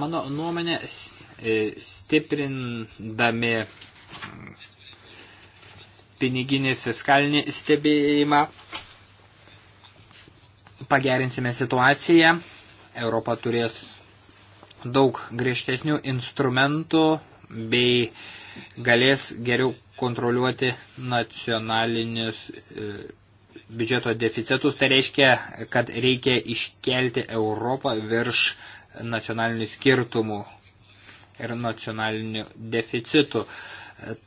Mano nuomonė, e, stiprindami piniginį fiskalinį stebėjimą, pagerinsime situaciją. Europa turės daug griežtesnių instrumentų bei galės geriau kontroliuoti nacionalinius e, biudžeto deficitus, tai reiškia, kad reikia iškelti Europą virš nacionalinių skirtumų ir nacionalinių deficitų.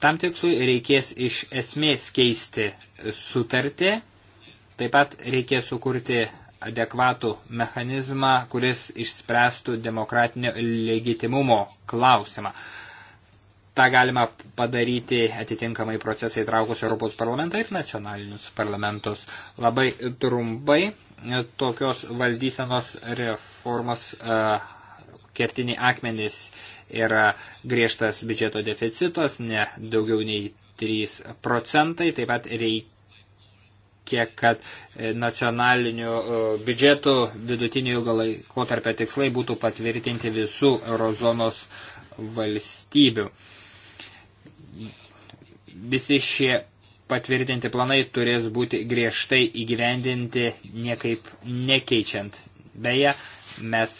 Tam tikslui reikės iš esmės keisti sutartį, taip pat reikės sukurti adekvatų mechanizmą, kuris išspręstų demokratinio legitimumo klausimą tą galima padaryti atitinkamai procesai traukus Europos parlamentą ir nacionalinius parlamentus. Labai trumpai tokios valdysenos reformos e, kertiniai akmenys yra griežtas biudžeto deficitas, ne daugiau nei 3 procentai, taip pat reikia kiek kad nacionalinių e, biudžetų vidutinio ilgo laiko tarp tikslai būtų patvirtinti visų eurozonos valstybių visi šie patvirtinti planai turės būti griežtai įgyvendinti niekaip nekeičiant. Beje, mes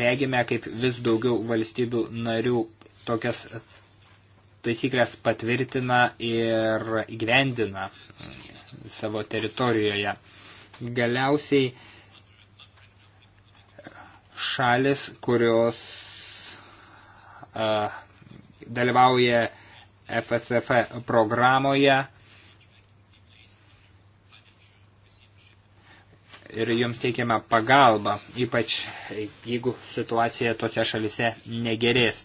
regime, kaip vis daugiau valstybių narių tokias taisyklės patvirtina ir įgyvendina savo teritorijoje. Galiausiai šalis, kurios a, dalyvauja FSF programoje. Ir jums teikiame pagalbą, ypač jeigu situacija tose šalise negerės.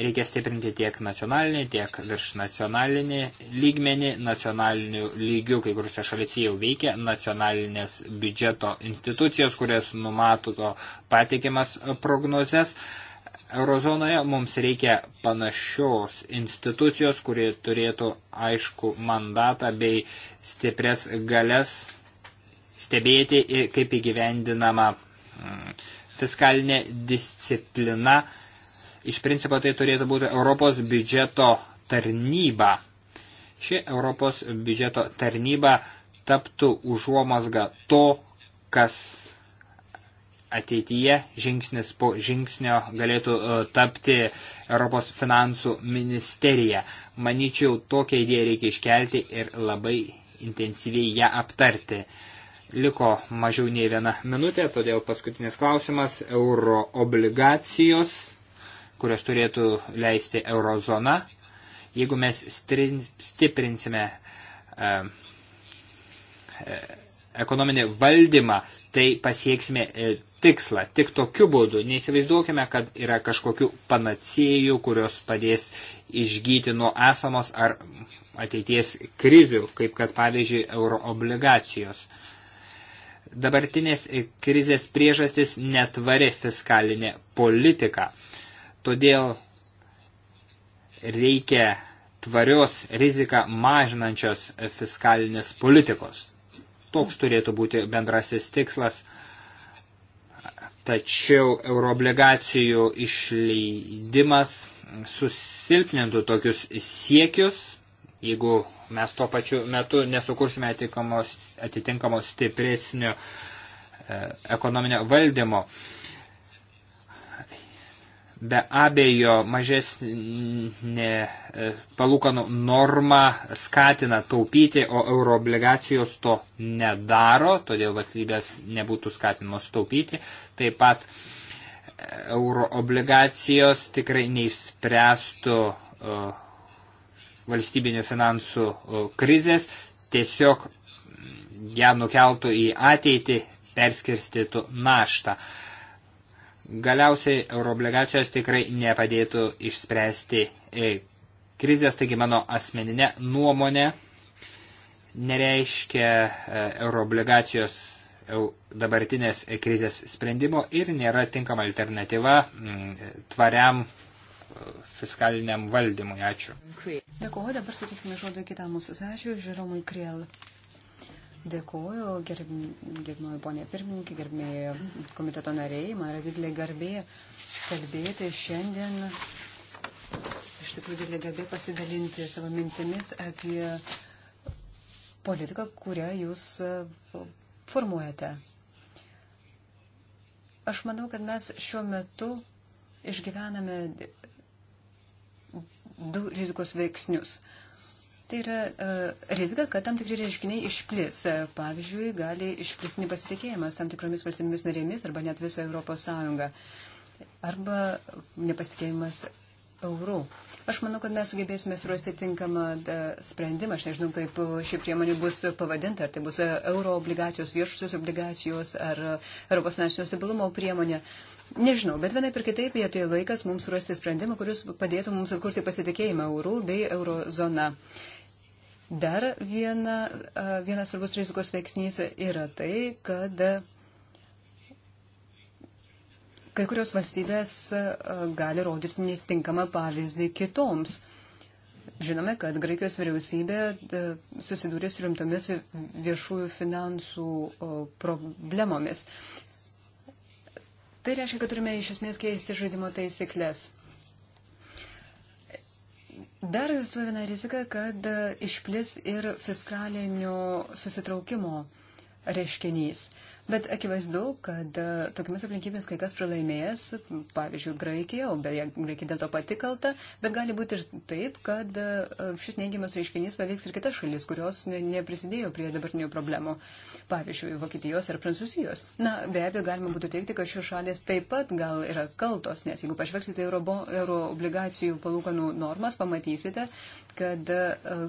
Reikia stiprinti tiek nacionalinį, tiek virš nacionalinį lygmenį, nacionalinių lygių, kai kuriuose šalise jau veikia nacionalinės biudžeto institucijos, kurias numato patikimas prognozes. Uh, Eurozonoje mums reikia panašios institucijos, kurie turėtų aišku mandatą bei stiprias galės stebėti, kaip įgyvendinama mm, fiskalinė disciplina. Iš principo tai turėtų būti Europos biudžeto tarnyba. Ši Europos biudžeto tarnyba taptų užuomasga to, kas ateityje žingsnis po žingsnio galėtų e, tapti Europos finansų ministerija. Manyčiau, tokią idėją reikia iškelti ir labai intensyviai ją aptarti. Liko mažiau nei viena minutė, todėl paskutinis klausimas - euro obligacijos, kurios turėtų leisti eurozona. Jeigu mes stiprinsime e, e, ekonominį valdymą, tai pasieksime e, tikslą. Tik tokiu būdu. Neįsivaizduokime, kad yra kažkokių panacėjų, kurios padės išgyti nuo esamos ar ateities krizių, kaip kad pavyzdžiui euroobligacijos. Dabartinės krizės priežastis netvari fiskalinė politika. Todėl reikia tvarios riziką mažinančios fiskalinės politikos. Toks turėtų būti bendrasis tikslas. Tačiau euroobligacijų išleidimas susilpnintų tokius siekius, jeigu mes tuo pačiu metu nesukursime atitinkamos, atitinkamos stipresnio e, ekonominio valdymo. E, Be abejo, mažesnė e, palūkanų norma skatina taupyti, o euroobligacijos to nedaro, todėl valstybės nebūtų skatinamos taupyti. Taip pat e, euroobligacijos tikrai neišspręstų e, valstybinių finansų krizės, tiesiog ją nukeltų į ateitį, perskirstytų naštą. Galiausiai euroobligacijos tikrai nepadėtų išspręsti e, krizės, taigi mano asmeninė nuomonė nereiškia e, euroobligacijos e, dabartinės krizės sprendimo ir nėra tinkama alternatyva tvariam fiskaliniam valdymui. Ačiū. Dėkuoju, dabar sutiksime žodį kitam mūsų svečiui, Žiromui Kriel. Dėkuoju, gerbimoji ponė pirmininkė, gerbimieji komiteto nariai. Man yra didelė garbė kalbėti šiandien. Iš tikrųjų, didelė garbė pasidalinti savo mintimis apie politiką, kurią jūs e, formuojate. Aš manau, kad mes šiuo metu išgyvename du rizikos veiksnius. Tai yra uh, rizika, kad tam tikri reiškiniai išplis. E, pavyzdžiui, gali išplisti nepasitikėjimas tam tikromis valstybėmis narėmis arba net visą Europos Sąjungą. Arba nepasitikėjimas eurų. Aš manau, kad mes sugebėsime surasti tinkamą e, sprendimą. Aš nežinau, kaip ši priemonė bus pavadinta. Ar tai bus euro obligacijos, viešusios obligacijos, ar Europos nacionalinio stabilumo priemonė. Nežinau, bet vienaip ir kitaip jie tai laikas mums surasti sprendimą, kuris padėtų mums atkurti pasitikėjimą eurų bei eurozoną. Dar viena, vienas svarbus rizikos veiksnys yra tai, kad kai kurios valstybės gali rodyti netinkamą pavyzdį kitoms. Žinome, kad Graikijos vyriausybė susidūrė su rimtomis viešųjų finansų problemomis. Tai reiškia, kad turime iš esmės keisti žaidimo taisyklės. Dar egzistuoja viena rizika, kad išplis ir fiskalinio susitraukimo uh, reiškinys. Bet akivaizdu, kad e, tokiamis aplinkybėmis kai kas pralaimėjęs, pavyzdžiui, Graikija, o beje, Graikija dėl to pati kalta, bet gali būti ir taip, kad e, šis neigiamas reiškinys paveiks ir kitas šalis, kurios neprisidėjo prie dabartinių problemų, pavyzdžiui, Vokietijos ar Prancūzijos. Na, be abejo, galima būtų teikti, kad šios šalės taip pat gal yra kaltos, nes jeigu pažvelgsite euro, euro obligacijų palūkanų normas, pamatysite, kad uh,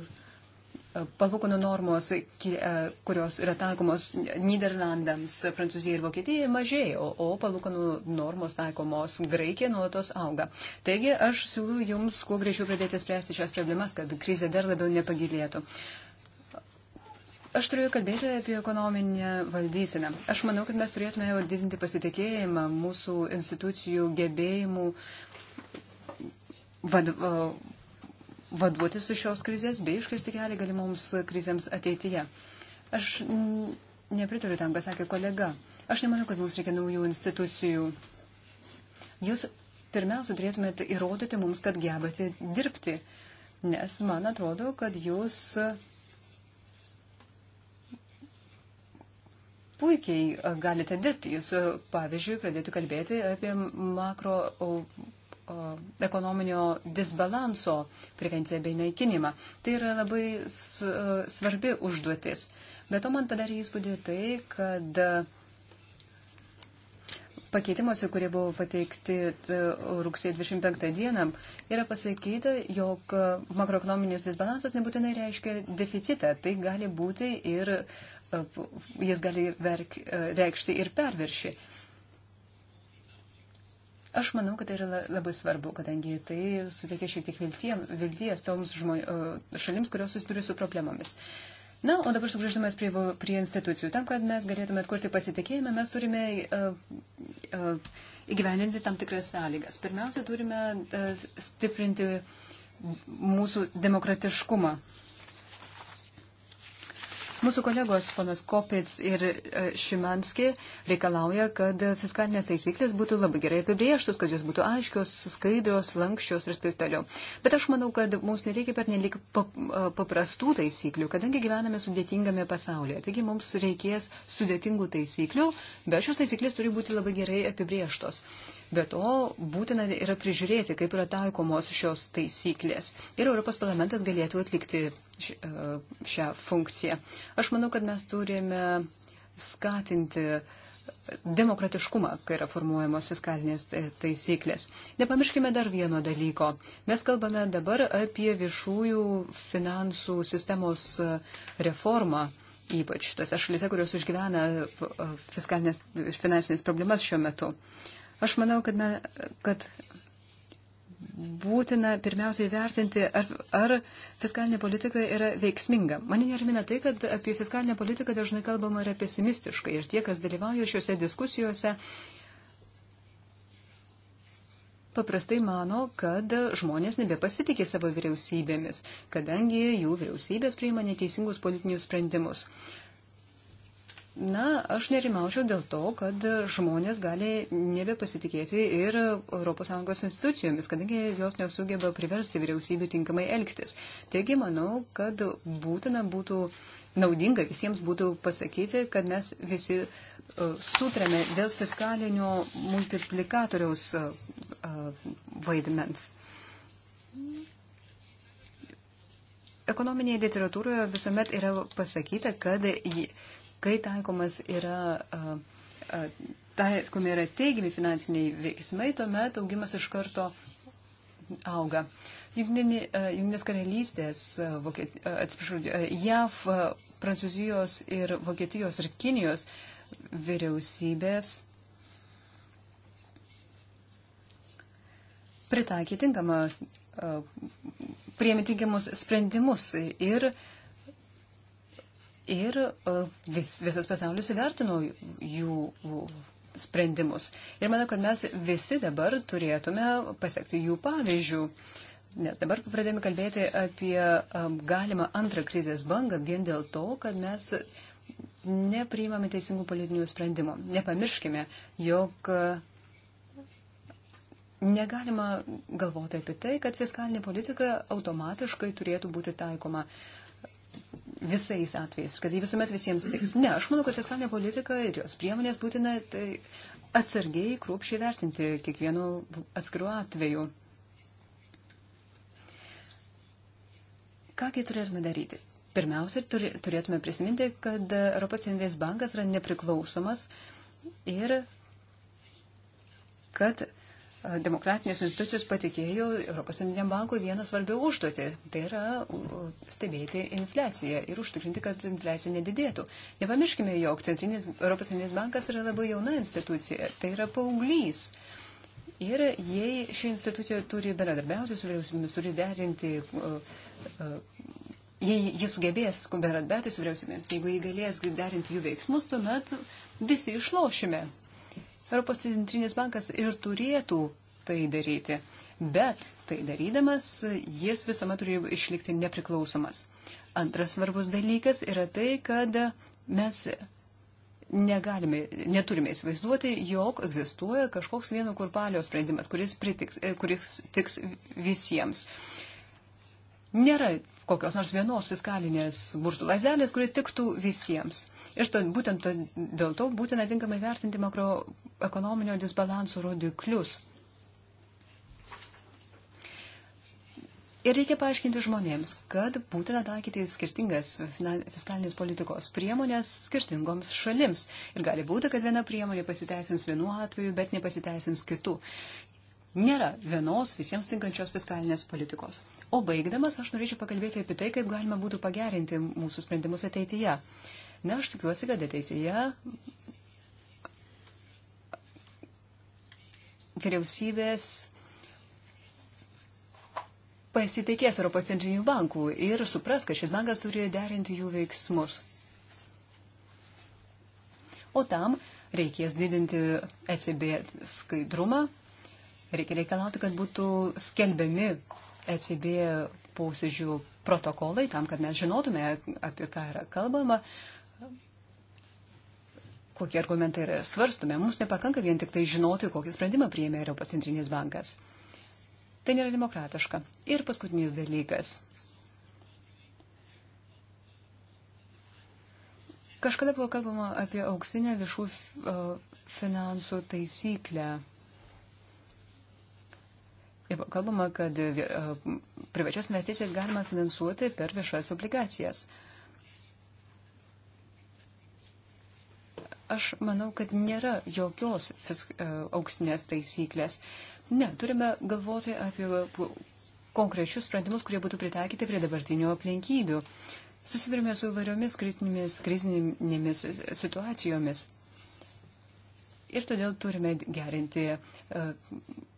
palūkanų normos, e, kurios yra taikomos Niderlandams, Prancūzijai ir Vokietijai, mažėjo, o palūkanų normos taikomos Graikija nuolatos auga. Taigi aš siūlau Jums kuo greičiau pradėti spręsti šias problemas, kad krizė dar labiau nepagilėtų. Aš turiu kalbėti apie ekonominę valdyseną. Aš manau, kad mes turėtume didinti pasitikėjimą mūsų institucijų gebėjimų vad, vaduotis iš šios krizės bei iškirsti kelią galimoms krizėms ateityje. Aš nepritariu tam, ką sakė kolega. Aš nemanau, kad mums reikia naujų institucijų. Jūs pirmiausia turėtumėte įrodyti mums, kad gebate dirbti, nes man atrodo, kad jūs puikiai galite dirbti. Jūs, pavyzdžiui, pradėti kalbėti apie makro ekonominio disbalanso prevenciją bei naikinimą. Tai yra labai e, svarbi užduotis. Bet to man padarė įspūdį tai, kad pakeitimuose, kurie buvo pateikti e, rugsėjo 25 dieną, yra pasakyta, jog makroekonominis disbalansas nebūtinai reiškia deficitą. Tai gali būti ir, e, jis gali verk, reikšti ir perviršį. Aš manau, kad tai yra labai svarbu, kadangi tai suteikia šiek tiek vilties, vilties toms žmo, šalims, kurios susiduria su problemomis. Na, o dabar sugrįždamas prie, prie institucijų. Tam, kad mes galėtume atkurti pasitikėjimą, mes turime uh, e, uh, e, įgyveninti tam tikras sąlygas. Pirmiausia, turime uh, stiprinti mūsų demokratiškumą. Uh, Mūsų kolegos ponas Kopits ir e, Šimanski reikalauja, kad fiskalinės taisyklės būtų labai gerai apibrieštos, kad jos būtų aiškios, skaidrios, lankščios ir taip toliau. Bet aš manau, kad mums nereikia per nelik e, paprastų taisyklių, kadangi gyvename sudėtingame pasaulyje. Taigi mums reikės sudėtingų taisyklių, bet šios taisyklės turi būti labai gerai apibrieštos. Be to, būtina yra prižiūrėti, kaip yra taikomos šios taisyklės. Ir Europos parlamentas galėtų atlikti e, šią funkciją. Aš manau, kad mes turime skatinti demokratiškumą, kai yra formuojamos fiskalinės e, taisyklės. Nepamirškime dar vieno dalyko. Mes kalbame dabar apie viešųjų finansų sistemos e, reformą, ypač tose šalise, kurios išgyvena finansinės problemas šiuo metu. Aš manau, kad, me, kad būtina pirmiausiai vertinti, ar, ar fiskalinė politika yra veiksminga. Mane nervina tai, kad apie fiskalinę politiką dažnai kalbama yra pesimistiškai ir tie, kas dalyvauja šiuose diskusijuose, paprastai mano, kad žmonės nebepasitikė savo vyriausybėmis, kadangi jų vyriausybės priima neteisingus politinius sprendimus. Na, aš nerimaučiau dėl to, kad žmonės gali nebepasitikėti ir ES institucijomis, kadangi jos nesugeba priversti vyriausybių tinkamai elgtis. Taigi, manau, kad būtina būtų naudinga visiems būtų pasakyti, kad mes visi uh, e, sutrėme dėl fiskalinio multiplikatoriaus uh, uh, vaidmens. Ekonominėje literatūroje visuomet yra pasakyta, kad jį kai taikomas yra, taikomi yra teigiami finansiniai veiksmai, tuomet augimas iš karto auga. Junktinės karalystės, atsiprašau, JAV, Prancūzijos ir Vokietijos ir Kinijos vyriausybės pritaikė tinkamą, priemi tinkamus sprendimus ir uh, ir e, vis, visas pasaulis įvertino jų sprendimus. Ir manau, kad mes visi dabar turėtume pasiekti jų pavyzdžių. Nes dabar pradėjome kalbėti apie e, galimą antrą krizės bangą vien dėl to, kad mes nepriimame teisingų politinių sprendimų. Nepamirškime, jog e, negalima galvoti apie tai, kad fiskalinė politika automatiškai turėtų būti taikoma uh, visais atvejais, kad ji visuomet visiems tiks. Ne, aš manau, kad fiskalinė politika ir jos priemonės būtina tai atsargiai, kruopšiai vertinti kiekvienu atskiru atveju. Kągi turėtume daryti? Pirmiausia, turėtume prisiminti, kad Europos Centrinis bankas yra nepriklausomas ir kad demokratinės institucijos patikėjo Europos Centriniam bankui vieną svarbią užduotį. Tai yra stebėti infliaciją ir užtikrinti, kad infliacija nedidėtų. Nepamirškime, jog Centrinis, Europos Centrinis bankas yra labai jauna institucija. Tai yra paauglys. Ir jei ši institucija turi bendradarbiauti su vyriausybėmis, turi derinti. Uh, uh, Jei jis sugebės bendradarbiauti su vyriausybėms, jeigu jį galės derinti jų veiksmus, tuomet visi išlošime. Europos centrinis bankas ir turėtų tai daryti. Bet tai darydamas jis visuomet turi išlikti nepriklausomas. Antras svarbus dalykas yra tai, kad mes negalime, neturime įsivaizduoti, jog egzistuoja kažkoks vieno kurpalio sprendimas, kuris, pritiks, kuris tiks visiems. Uh, nėra kokios nors vienos fiskalinės burtų lasdelės, kuri tiktų visiems. Ir to, būtent to, dėl to būtina tinkamai vertinti makroekonominio disbalansų rodiklius. Ir reikia paaiškinti žmonėms, kad būtina taikyti skirtingas fiskalinės politikos priemonės skirtingoms šalims. Ir gali būti, kad viena priemonė pasiteisins vienu atveju, bet nepasiteisins kitų nėra vienos visiems tinkančios fiskalinės politikos. O baigdamas, aš norėčiau pakalbėti apie tai, kaip galima būtų pagerinti mūsų sprendimus ateityje. Na, aš tikiuosi, kad ateityje vyriausybės pasitikės Europos centrinių bankų ir supras, kad šis bankas turi derinti jų veiksmus. O tam reikės didinti ECB skaidrumą, Reikia reikalauti, kad būtų skelbiami ECB posėdžių protokolai tam, kad mes žinotume, apie ką yra kalbama, kokie argumentai yra svarstume. Mums nepakanka vien tik tai žinoti, kokį sprendimą priėmė Europos centrinis bankas. Tai nėra demokratiška. Ir paskutinis dalykas. Kažkada buvo kalbama apie auksinę viešų uh, finansų taisyklę kalbama, kad e, privačias investicijas galima finansuoti per viešas obligacijas. Aš manau, kad nėra jokios fisk, e, auksinės taisyklės. Ne, turime galvoti apie konkrečius sprendimus, kurie būtų pritaikyti prie dabartinių aplinkybių. Susidurime su įvairiomis kritinėmis, krizinėmis situacijomis. Ir todėl turime gerinti uh,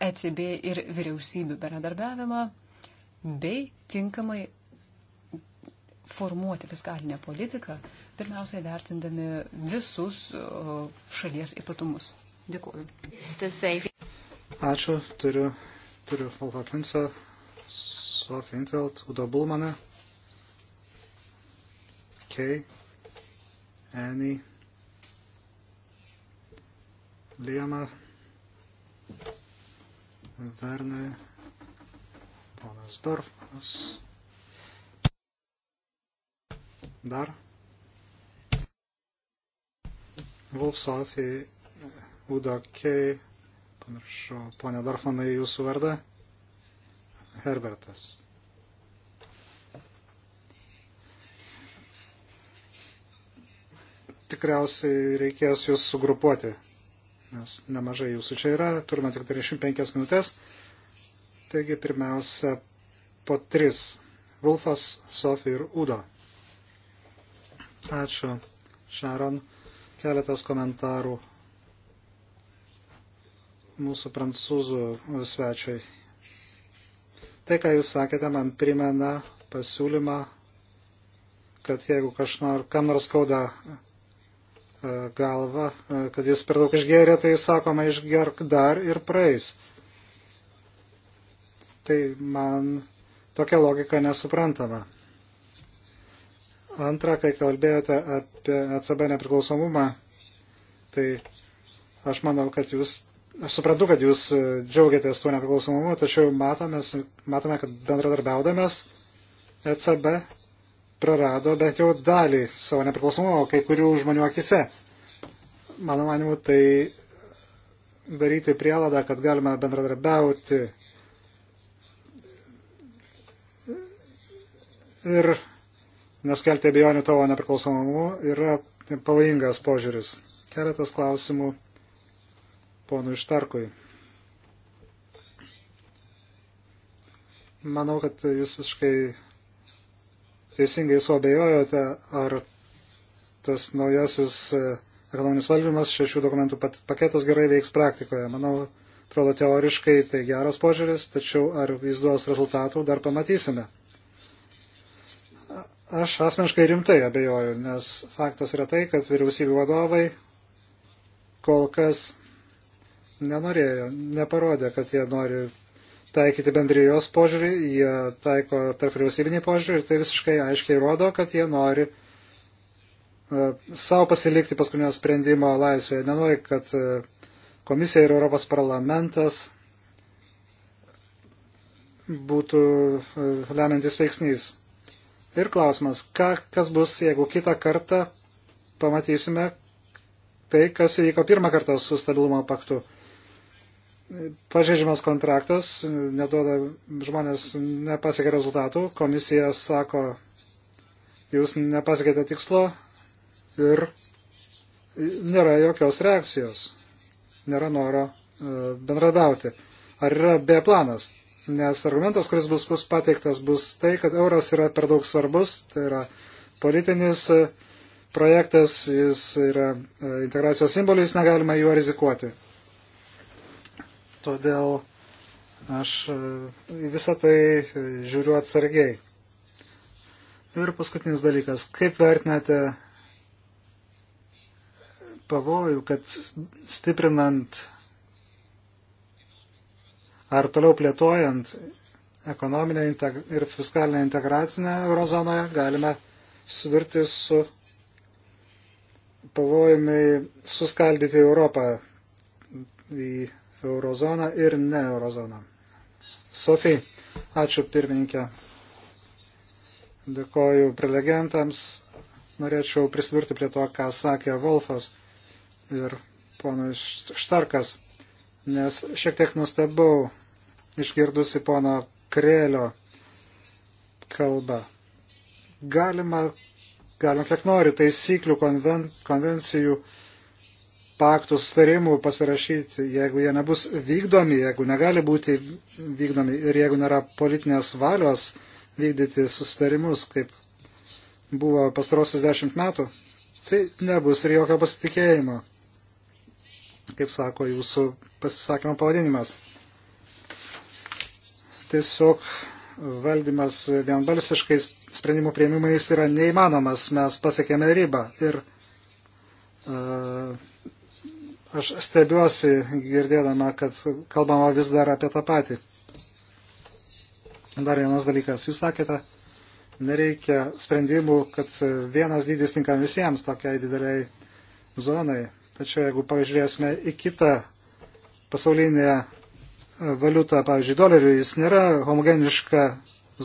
ECB ir vyriausybių bendradarbiavimą bei tinkamai formuoti fiskalinę politiką, pirmiausiai vertindami visus šalies ypatumus. Dėkuoju. Ačiū, turiu, turiu Falfa Klinsą, Sofie Intveld, Udo Bulmaną, Kay, Annie, Liamą. Verneri, ponas Dorfmanas. Dar. Wolf Sofija, Udo Kei, pamiršau, ponė Dorfmanai, jūsų vardą. Herbertas. Tikriausiai reikės jūs sugrupuoti nes nemažai jūsų čia yra, turime tik 35 minutės. Taigi pirmiausia po tris. Vulfas, Sofija ir Udo. Ačiū, Šaron. Keletas komentarų mūsų prancūzų svečiai. Tai, ką jūs sakėte, man primena pasiūlymą, kad jeigu kažkam nors skauda galvą, e, kad jis per daug išgėrė, tai sakoma, išgerk dar ir praeis. Tai man tokia logika nesuprantama. Antra, kai kalbėjote apie ECB nepriklausomumą, tai aš manau, kad jūs, aš suprantu, kad jūs džiaugiatės tuo nepriklausomumu, tačiau matomės, matome, kad bendradarbiaudamės ECB prarado bent jau dalį savo nepriklausomumo kai kurių žmonių akise. Mano manimu, tai daryti prielaidą, kad galima bendradarbiauti ir neskelti abejonių tavo nepriklausomumu yra pavojingas požiūris. Keletas klausimų ponui Štarkui. Manau, kad jūs visiškai teisingai suabejojote, ar tas naujasis e, ekonominis valdymas šešių dokumentų paketas gerai veiks praktikoje. Manau, atrodo teoriškai tai geras požiūris, tačiau ar jis duos rezultatų, dar pamatysime. Aš asmeniškai rimtai abejoju, nes faktas yra tai, kad vyriausybių vadovai kol kas nenorėjo, neparodė, kad jie nori taikyti bendrijos požiūrį, jie taiko tarp vyriausybinį požiūrį ir tai visiškai aiškiai rodo, kad jie nori e, savo pasilikti paskutinio sprendimo laisvėje. Nenori, kad e, komisija ir Europos parlamentas būtų e, lemiantis veiksnys. Ir klausimas, ką, kas bus, jeigu kitą kartą pamatysime tai, kas įvyko pirmą kartą su stabilumo paktu pažeidžiamas kontraktas, neduoda, žmonės nepasiekia rezultatų, komisija sako, jūs nepasiekėte tikslo ir nėra jokios reakcijos, nėra noro e, bendradauti. Ar yra B planas? Nes argumentas, kuris bus, bus pateiktas, bus tai, kad euras yra per daug svarbus, tai yra politinis e, projektas, jis yra e, integracijos simbolis, negalima juo rizikuoti. Todėl aš e, visą tai e, žiūriu atsargiai. Ir paskutinis dalykas. Kaip vertinate pavojų, kad stiprinant ar toliau plėtojant ekonominę ir fiskalinę integracinę eurozonoje galime susidurti su pavojumi suskaldyti Europą į eurozoną ir ne eurozoną. Sofija, ačiū pirmininkė. Dėkoju prelegentams. Norėčiau prisidurti prie to, ką sakė Wolfas ir ponas Štarkas, nes šiek tiek nustebau išgirdusi pono Krėlio kalbą. Galima, galima kiek nori, taisyklių, konven, konvencijų paktų sustarimų pasirašyti, jeigu jie nebus vykdomi, jeigu negali būti vykdomi ir jeigu nėra politinės valios vykdyti sustarimus, kaip buvo pastarosius dešimt metų, tai nebus ir jokio pasitikėjimo, kaip sako jūsų pasisakymo pavadinimas. Tiesiog valdymas vienbalsiškais sprendimų prieimimais yra neįmanomas, mes pasiekėme ribą ir uh, Aš stebiuosi girdėdama, kad kalbama vis dar apie tą patį. Dar vienas dalykas. Jūs sakėte, nereikia sprendimų, kad vienas dydis tinka visiems tokiai dideliai zonai. Tačiau jeigu pažiūrėsime į kitą pasaulinę valiutą, pavyzdžiui, dolerių, jis nėra homogeniška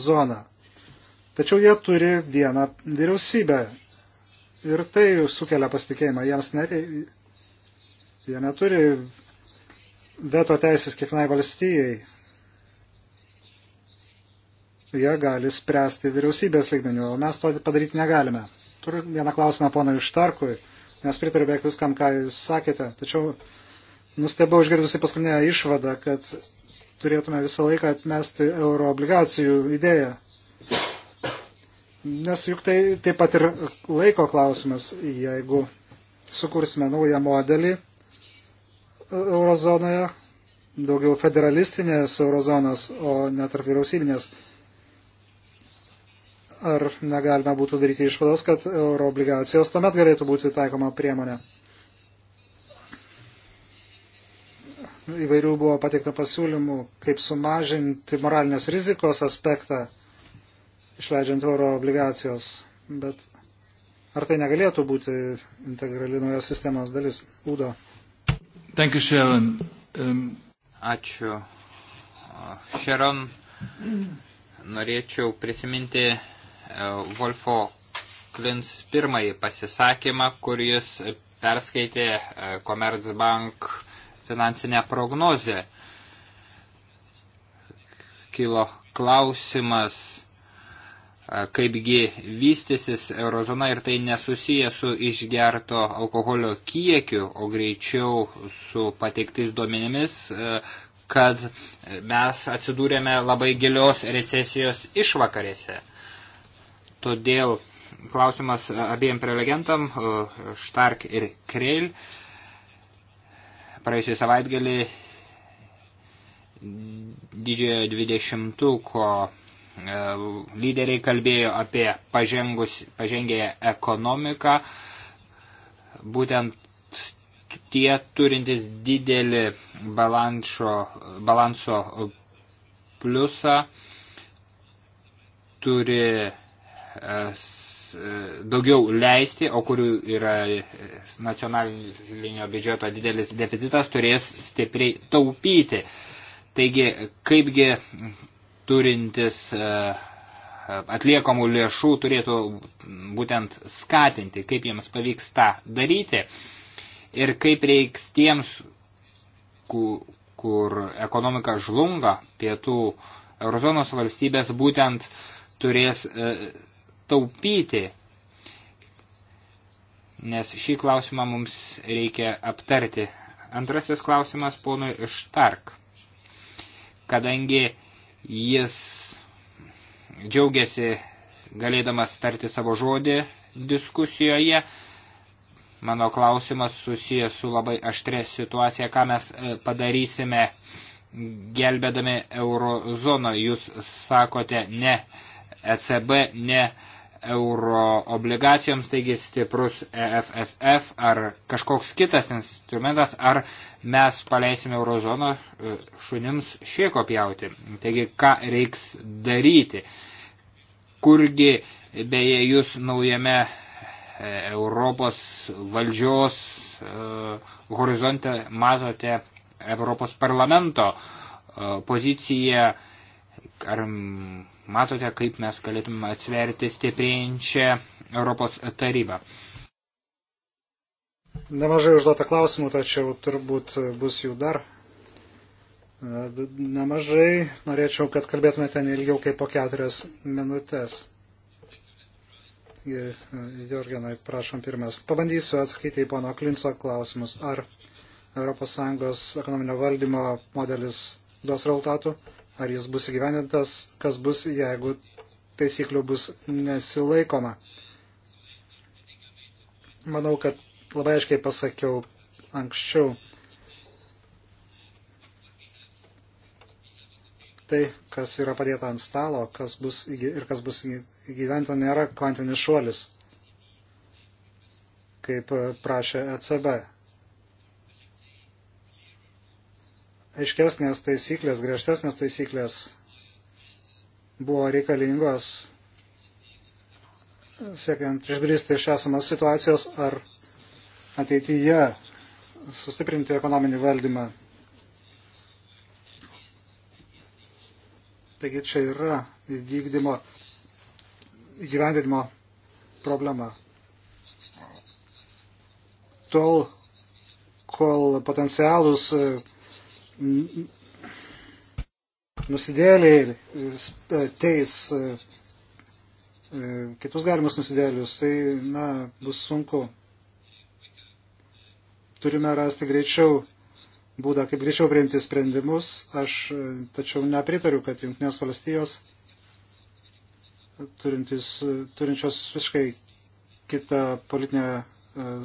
zona. Tačiau jie turi vieną vyriausybę. Ir tai sukelia pasitikėjimą. Jiems nereikia Jie neturi veto teisės kiekvienai valstijai. Jie gali spręsti vyriausybės lygmenių, o mes to padaryti negalime. Turiu vieną klausimą ponui Štarkui, nes pritariu beveik viskam, ką jūs sakėte. Tačiau nustebau išgirdusi paskutinę išvadą, kad turėtume visą laiką atmesti euro obligacijų idėją. Nes juk tai taip pat ir laiko klausimas, jeigu sukursime naują modelį eurozonoje, daugiau federalistinės eurozonos, o ne tarp vyriausybinės. Ar negalime būtų daryti išvados, kad euroobligacijos tuomet galėtų būti taikoma priemonė? Įvairių buvo pateikta pasiūlymų, kaip sumažinti moralinės rizikos aspektą, išleidžiant euroobligacijos, bet ar tai negalėtų būti integrali naujos sistemos dalis? Udo. Thank you, Sharon. Um... Ačiū. Sharon, norėčiau prisiminti uh, Wolfo Klins pirmąjį pasisakymą, kur jis perskaitė uh, Commerzbank finansinę prognozę. Kilo klausimas, kaipgi vystysis eurozona ir tai nesusiję su išgerto alkoholio kiekiu, o greičiau su pateiktais duomenimis, kad mes atsidūrėme labai gilios recesijos išvakarėse. Todėl klausimas abiem prelegentam, Štark ir Kreil. Praėjusią savaitgalį didžiojo dvidešimtuko E, lyderiai kalbėjo apie pažengus, pažengę ekonomiką, būtent tie turintys didelį balanso, balanso pliusą turi e, e, daugiau leisti, o kurių yra nacionalinio biudžeto didelis deficitas, turės stipriai taupyti. Taigi, kaipgi turintis e, atliekamų lėšų turėtų būtent skatinti, kaip jiems pavyks tą daryti ir kaip reiks tiems, kur, kur ekonomika žlunga, pietų eurozonos valstybės būtent turės e, taupyti, nes šį klausimą mums reikia aptarti. Antrasis klausimas ponui Štark. Kadangi Jis džiaugiasi galėdamas tarti savo žodį diskusijoje. Mano klausimas susijęs su labai aštrė situacija, ką mes e, padarysime gelbėdami eurozoną. Jūs sakote ne ECB, ne euro obligacijoms, taigi stiprus EFSF ar kažkoks kitas instrumentas, ar mes paleisime eurozoną e, šunims šieko pjauti. Taigi, ką reiks daryti? Kurgi, beje, jūs naujame e, Europos valdžios e, horizonte matote Europos parlamento poziciją, ar matote, kaip mes galėtume atsverti stiprėjančią Europos tarybą. Nemažai užduota klausimų, tačiau turbūt bus jų dar. E, nemažai. Norėčiau, kad kalbėtumėte ne ilgiau kaip po keturias minutės. E, Jorgenai, prašom pirmas. Pabandysiu atsakyti į pono Klinso klausimus. Ar ES ekonominio valdymo modelis duos rezultatų? ar jis bus įgyvendintas, kas bus, jeigu taisyklių bus nesilaikoma. Manau, kad labai aiškiai pasakiau anksčiau. Tai, kas yra padėta ant stalo kas bus, ir kas bus įgyventa, nėra kvantinis šuolis, kaip e, prašė ECB aiškesnės taisyklės, griežtesnės taisyklės buvo reikalingos siekiant išbristi iš esamos situacijos ar ateityje sustiprinti ekonominį valdymą. Taigi čia yra vykdymo įgyvendinimo problema. Tol, kol potencialus nusidėliai e, teis e, e, kitus galimus nusidėlius, tai na, bus sunku. Turime rasti greičiau būdą, kaip greičiau priimti sprendimus. Aš tačiau nepritariu, kad Junktinės valstijos turintis, turinčios visiškai kitą politinę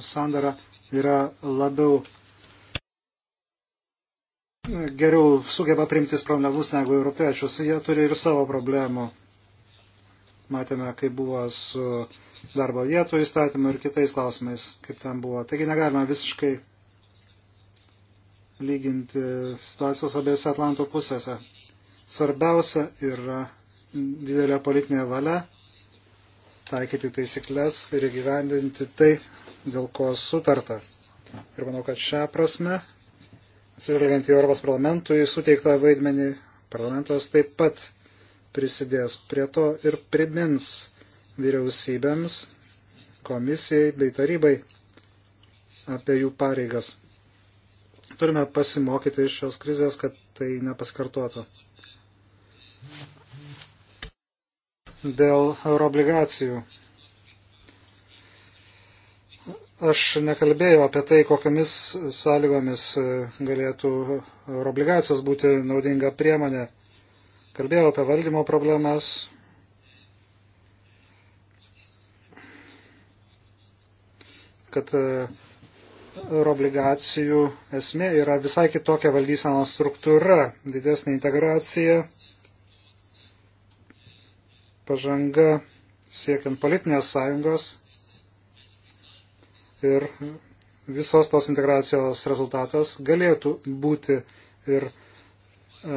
sandarą yra labiau geriau sugeba primti sprendimus negu europiečius. Jie turi ir savo problemų. Matėme, kaip buvo su darbo vietų įstatymu ir kitais klausimais, kaip ten buvo. Taigi negalima visiškai lyginti situacijos abiejose Atlanto pusėse. Svarbiausia yra didelė politinė valia taikyti taisyklės ir įgyvendinti tai, dėl ko sutarta. Ir manau, kad šią prasme atsižvelgiant į Europos parlamentui suteiktą vaidmenį, parlamentas taip pat prisidės prie to ir primins vyriausybėms, komisijai bei tarybai apie jų pareigas. Turime pasimokyti iš šios krizės, kad tai nepaskartotų. Dėl euroobligacijų Aš nekalbėjau apie tai, kokiamis sąlygomis e, galėtų obligacijas būti naudinga priemonė. Kalbėjau apie valdymo problemas. kad e, obligacijų esmė yra visai kitokia valdysenos struktūra, didesnė integracija, pažanga siekiant politinės sąjungos ir visos tos integracijos rezultatas galėtų būti ir e,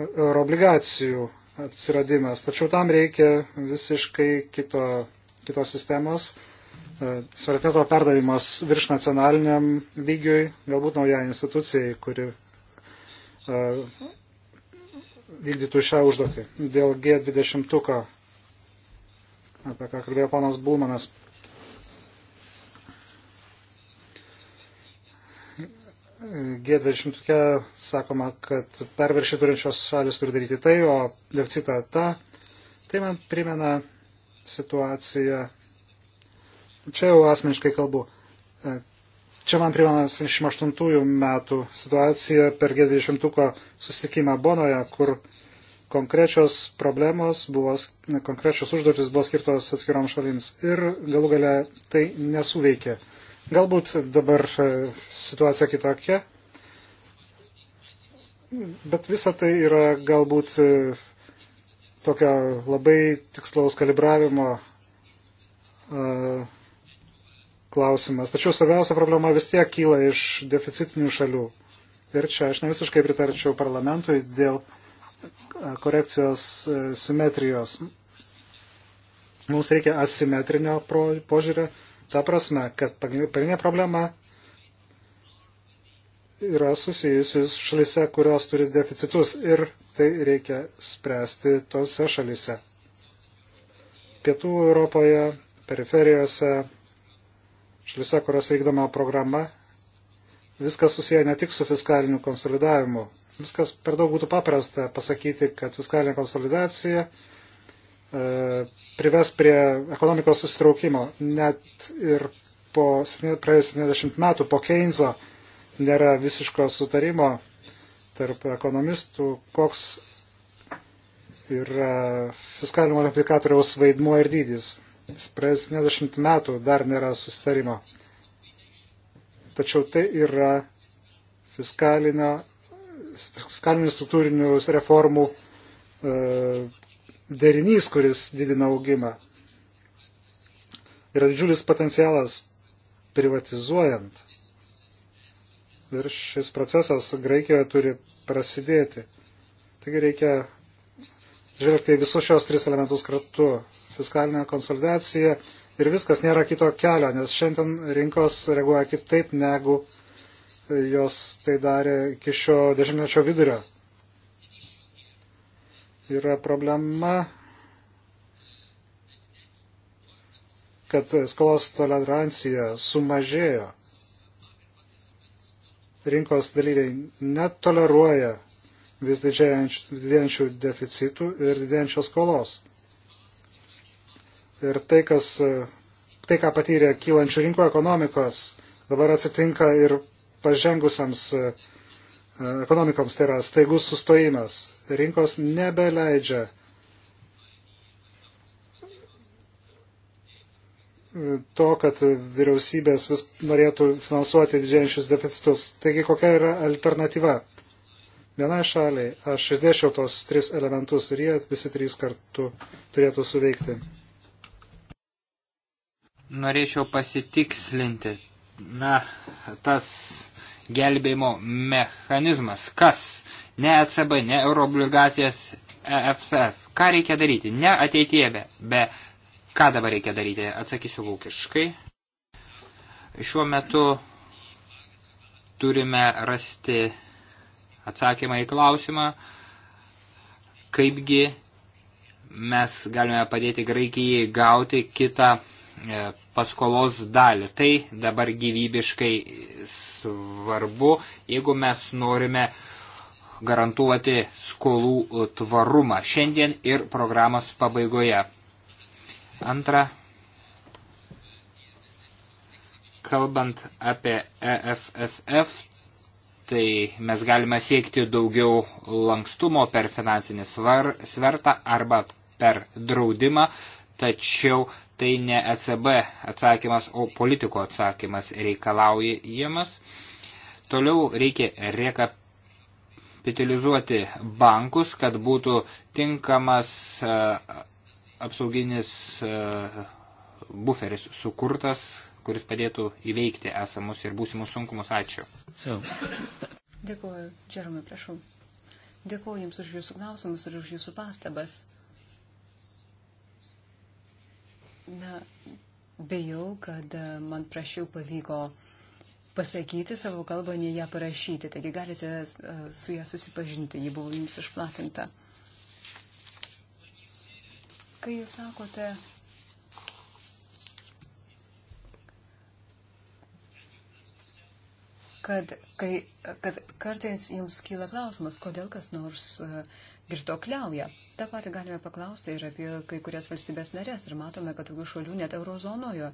euroobligacijų atsiradimas. Tačiau tam reikia visiškai kito, kitos sistemos, e, suvereniteto perdavimas virš nacionaliniam lygiui, galbūt naujai institucijai, kuri e, vykdytų šią užduotį. Dėl G20, apie ką kalbėjo panas Bulmanas, G20 sakoma, kad perviršį turinčios šalis turi daryti tai, o deficitą tą. Tai man primena situaciją. Čia jau asmeniškai kalbu. Čia man primena 78 metų situacija per G20 susitikimą Bonoje, kur konkrečios problemos buvo, konkrečios užduotis buvo skirtos atskiroms šalims ir galų gale tai nesuveikė. Galbūt dabar e, situacija kitokia, bet visa tai yra galbūt e, tokio labai tikslaus kalibravimo e, klausimas. Tačiau svarbiausia problema vis tiek kyla iš deficitinių šalių. Ir čia aš ne visiškai pritarčiau parlamentui dėl korekcijos simetrijos. Mums reikia asimetrinio požiūrio Ta prasme, kad pagrindinė problema yra susijusius šalise, kurios turi deficitus ir tai reikia spręsti tose šalise. Pietų Europoje, periferijose, šalise, kurios veikdama programa, viskas susiję ne tik su fiskaliniu konsolidavimu. Viskas per daug būtų paprasta pasakyti, kad fiskalinė konsolidacija E, prives prie ekonomikos susitraukimo. Net ir po praėjus 70 metų po Keynes'o nėra visiško sutarimo tarp ekonomistų, koks yra fiskalinio multiplikatoriaus vaidmuo ir dydis. Praėjus 70 metų dar nėra susitarimo. Tačiau tai yra fiskalinių struktūrinių reformų e, derinys, kuris didina augimą. Yra didžiulis potencialas privatizuojant. Ir šis procesas Graikijoje turi prasidėti. Taigi reikia žvelgti visus šios tris elementus kartu. Fiskalinė konsolidacija ir viskas nėra kito kelio, nes šiandien rinkos reaguoja kitaip negu jos tai darė iki šio dešimtmečio vidurio yra problema, kad skolos tolerancija sumažėjo. Rinkos dalyviai netoleruoja vis didėjančių deficitų ir didėjančios skolos. Ir tai, kas, tai, ką patyrė kylančių rinkų ekonomikos, dabar atsitinka ir pažengusiams uh, ekonomikoms, tai yra staigus sustojimas. Rinkos nebeleidžia e, to, kad vyriausybės vis norėtų finansuoti didėjančius deficitus. Taigi kokia yra alternatyva? Vienai šaliai aš išdėšiau tos tris elementus ir jie visi trys kartu turėtų suveikti. Norėčiau pasitikslinti. Na, tas gelbėjimo mechanizmas. Kas? Ne ECB, ne euroobligacijas EFSF. Ką reikia daryti? Ne ateityje, be, be ką dabar reikia daryti? Atsakysiu lūkiškai. Šiuo metu turime rasti atsakymą į klausimą, kaipgi mes galime padėti Graikijai gauti kitą E, paskolos dalį. Tai dabar gyvybiškai svarbu, jeigu mes norime garantuoti skolų tvarumą šiandien ir programos pabaigoje. Antra, kalbant apie EFSF, tai mes galime siekti daugiau lankstumo per finansinį svar, svertą arba per draudimą, tačiau tai ne ECB atsakymas, o politiko atsakymas reikalaujamas. Toliau reikia rekapitalizuoti bankus, kad būtų tinkamas e, apsauginis e, buferis sukurtas, kuris padėtų įveikti esamus ir būsimus sunkumus. Ačiū. So. Dėkuoju, Džeromai, prašau. Dėkuoju Jums už Jūsų klausimus ir už Jūsų pastabas. Na, bejau, kad e, man prašiau pavyko pasakyti savo kalbą, nei ją parašyti. Taigi galite e, su ją susipažinti, ji buvo jums išplatinta. Kai jūs sakote, kad, kai, kad kartais jums kyla klausimas, kodėl kas nors e, girtokliauja. Uh, Ta pati galime paklausti ir apie kai kurias valstybės narės. Ir matome, kad tokių šalių net eurozonoje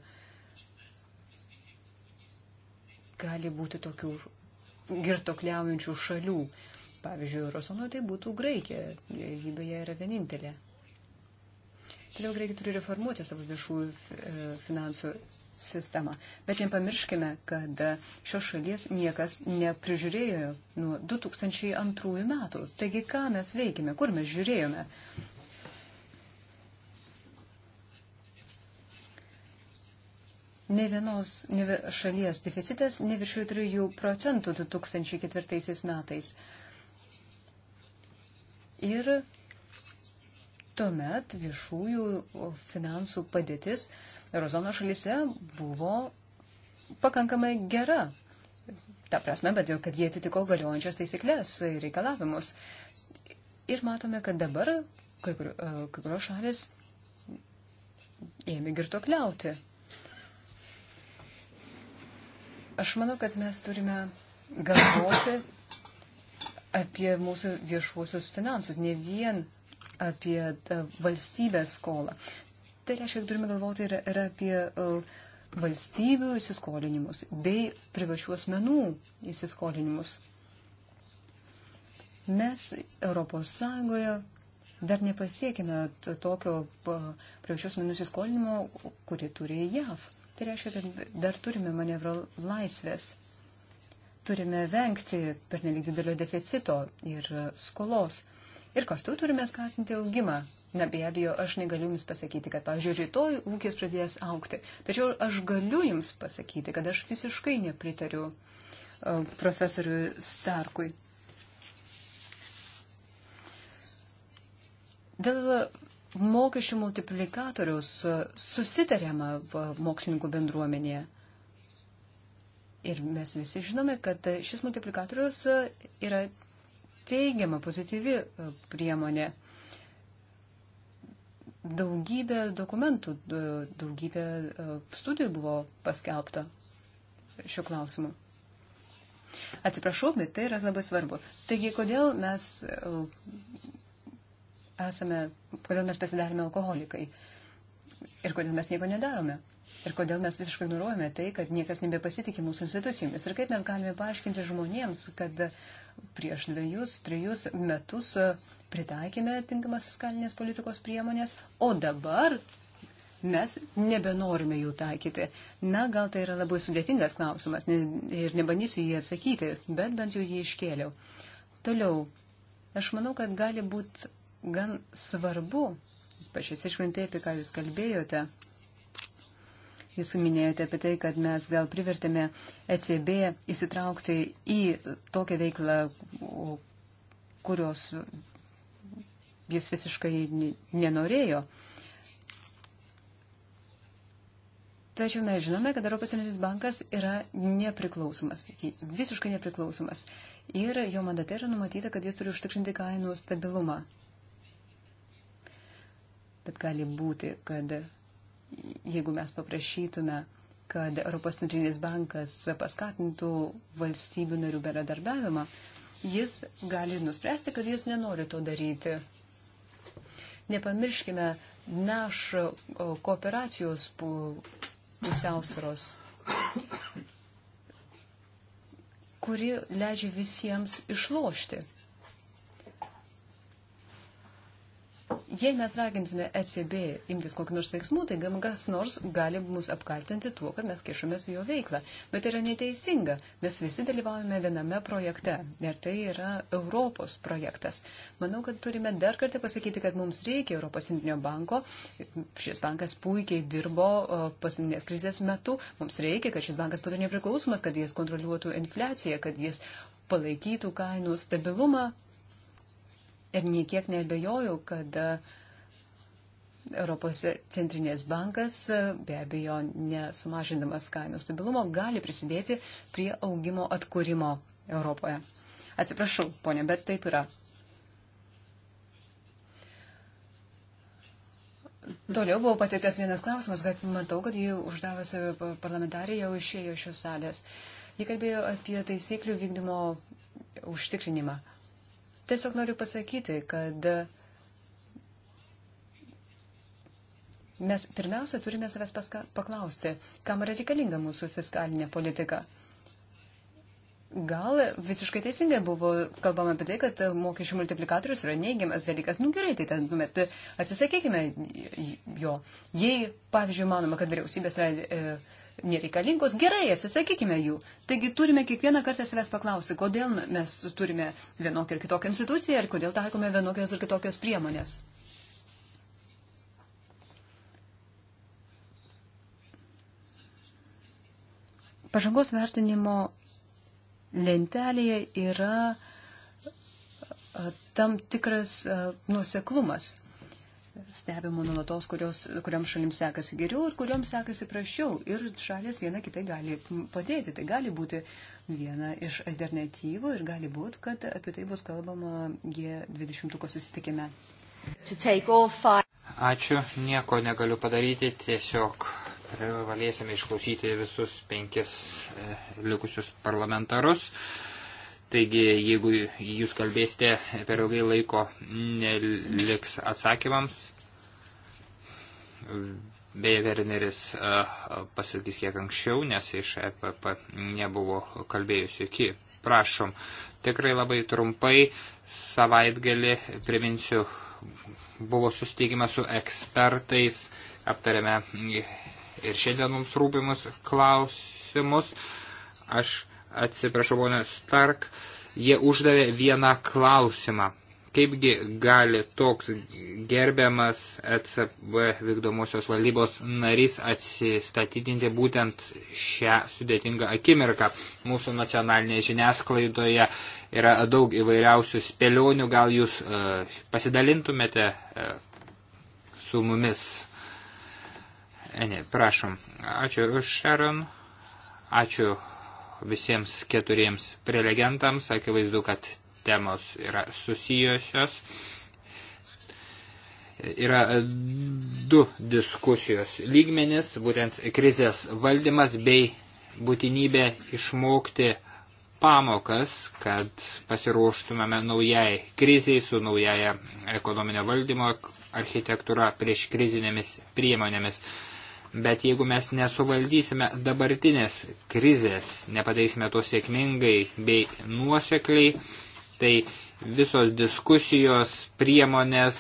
gali būti tokių girtokliaujančių šalių. Pavyzdžiui, eurozonoje tai būtų Graikija. Ji beje yra vienintelė. Toliau Graikija turi reformuoti savo viešųjų e, finansų sistemą. Bet nepamirškime, kad šios šalies niekas neprižiūrėjo nuo 2002 metų. Taigi, ką mes veikime, kur mes žiūrėjome? Ne vienos ne šalies deficitas neviršių 3 procentų 2004 metais. Ir tuomet viešųjų finansų padėtis Eurozono šalyse buvo pakankamai gera. Ta prasme, bet jau, kad jie atitiko galiojančias taisyklės ir reikalavimus. Ir matome, kad dabar kai, kur, e, kai kurios šalis ėmė girto kliauti. Aš manau, kad mes turime galvoti apie mūsų viešuosius finansus, ne vien apie e, valstybės skolą. Tai reiškia, kad turime galvoti ir, ir apie e, valstybių įsiskolinimus bei privačių asmenų įsiskolinimus. Mes Europos Sąjungoje dar nepasiekime tokio privačių asmenų įsiskolinimo, kurį turi JAV. Tai reiškia, kad dar turime manevro laisvės turime vengti pernelik didelio deficito ir skolos ir kartu turime skatinti augimą. Na be abejo, aš negaliu Jums pasakyti, kad, pavyzdžiui, rytoj ūkis pradės aukti. Tačiau aš galiu Jums pasakyti, kad aš visiškai nepritariu e, profesoriui Starkui. Dėl mokesčių multiplikatorius e, susitarėma mokslininkų bendruomenėje. Ir mes visi žinome, kad šis multiplikatorius e, yra teigiama, pozityvi e, priemonė. Daugybė dokumentų, e, daugybė e, studijų buvo paskelbta šiuo klausimu. Atsiprašau, bet tai yra labai svarbu. Taigi, kodėl mes esame, kodėl mes pasidarėme alkoholikai ir kodėl mes nieko nedarome. Ir kodėl mes visiškai ignoruojame tai, kad niekas nebepasitikė mūsų institucijomis. Ir kaip mes galime paaiškinti žmonėms, kad prieš dviejus, trejus metus e, pritaikėme tinkamas fiskalinės politikos priemonės, o dabar mes nebenorime jų taikyti. Na, gal tai yra labai sudėtingas klausimas ir nebandysiu jį atsakyti, bet bent jau jį iškėliau. Toliau, aš manau, kad gali būti gan svarbu, ypač atsižvelgiant tai, apie ką jūs kalbėjote, Jūs minėjote apie tai, kad mes gal privertėme ECB įsitraukti į tokią veiklą, kurios jis visiškai nenorėjo. Tačiau mes žinome, kad Europos Centrinis bankas yra nepriklausomas, visiškai nepriklausomas. Ir jo mandate yra numatyta, kad jis turi užtikrinti kainų stabilumą. Bet gali būti, kad jeigu mes paprašytume, kad Europos centrinis bankas paskatintų valstybių narių bendradarbiavimą, jis gali nuspręsti, kad jis nenori to daryti. Nepamirškime naš kooperacijos pusiausvėros, kuri leidžia visiems išlošti. Jei mes raginsime ECB imtis kokių nors veiksmų, tai kas nors gali mus apkaltinti tuo, kad mes kišamės į jo veiklą. Bet tai yra neteisinga. Mes visi dalyvaujame viename projekte. Ir tai yra Europos projektas. Manau, kad turime dar kartą pasakyti, kad mums reikia Europos centrinio banko. Šis bankas puikiai dirbo pasaulinės krizės metu. Mums reikia, kad šis bankas būtų nepriklausomas, kad jis kontroliuotų infliaciją, kad jis palaikytų kainų stabilumą Ir niekiek nebejoju, kad e, Europos centrinės bankas, e, be abejo, nesumažindamas kainų stabilumo, gali prisidėti prie augimo atkūrimo Europoje. Atsiprašau, ponė, bet taip yra. Toliau buvo pateiktas vienas klausimas, bet matau, kad jį uždavusi parlamentarė jau išėjo iš šios salės. Jie kalbėjo apie taisyklių vykdymo užtikrinimą. Uh, Tiesiog noriu pasakyti, kad mes pirmiausia turime savęs paklausti, kam reikalinga mūsų fiskalinė politika. Gal visiškai teisingai buvo kalbama apie tai, kad mokesčių multiplikatorius yra neigiamas dalykas. Nu gerai, tai ten tuomet nu, atsisakykime jo. Jei, pavyzdžiui, manoma, kad vyriausybės yra e, nereikalingos, gerai, atsisakykime jų. Taigi turime kiekvieną kartą savęs paklausti, kodėl mes turime vienokią ir kitokią instituciją ir kodėl taikome vienokias ir kitokias priemonės. Pažangos vertinimo lentelėje yra tam tikras nuseklumas. Stebimo nulatos, kuriam šalims sekasi geriau ir kuriam sekasi prašiau. Ir šalis viena kitai gali padėti. Tai gali būti viena iš alternatyvų ir gali būti, kad apie tai bus kalbama G20 susitikime. Ačiū, nieko negaliu padaryti, tiesiog privalėsime išklausyti visus penkis e, likusius parlamentarus. Taigi, jeigu jūs kalbėsite per ilgai laiko, neliks atsakymams. Beje, Werneris e, pasakys kiek anksčiau, nes iš EPP nebuvo kalbėjusi iki. Prašom, tikrai labai trumpai savaitgalį priminsiu, buvo susitikimas su ekspertais, aptarėme ir šiandien mums rūpimus klausimus. Aš atsiprašau, ponė Stark, jie uždavė vieną klausimą. Kaipgi gali toks gerbiamas ECB vykdomosios valdybos narys atsistatydinti būtent šią sudėtingą akimirką? Mūsų nacionalinėje žiniasklaidoje yra daug įvairiausių spėlionių, gal jūs uh, pasidalintumėte uh, su mumis? Ne, prašom. Ačiū Sharon, ačiū visiems keturiems prelegentams, akivaizdu, kad temos yra susijusios. Yra du diskusijos lygmenis, būtent krizės valdymas bei būtinybė išmokti pamokas, kad pasiruoštumėme naujai kriziai su naujaja ekonominio valdymo architektūra prieš krizinėmis priemonėmis. Bet jeigu mes nesuvaldysime dabartinės krizės, nepadarysime to sėkmingai bei nuosekliai, tai visos diskusijos, priemonės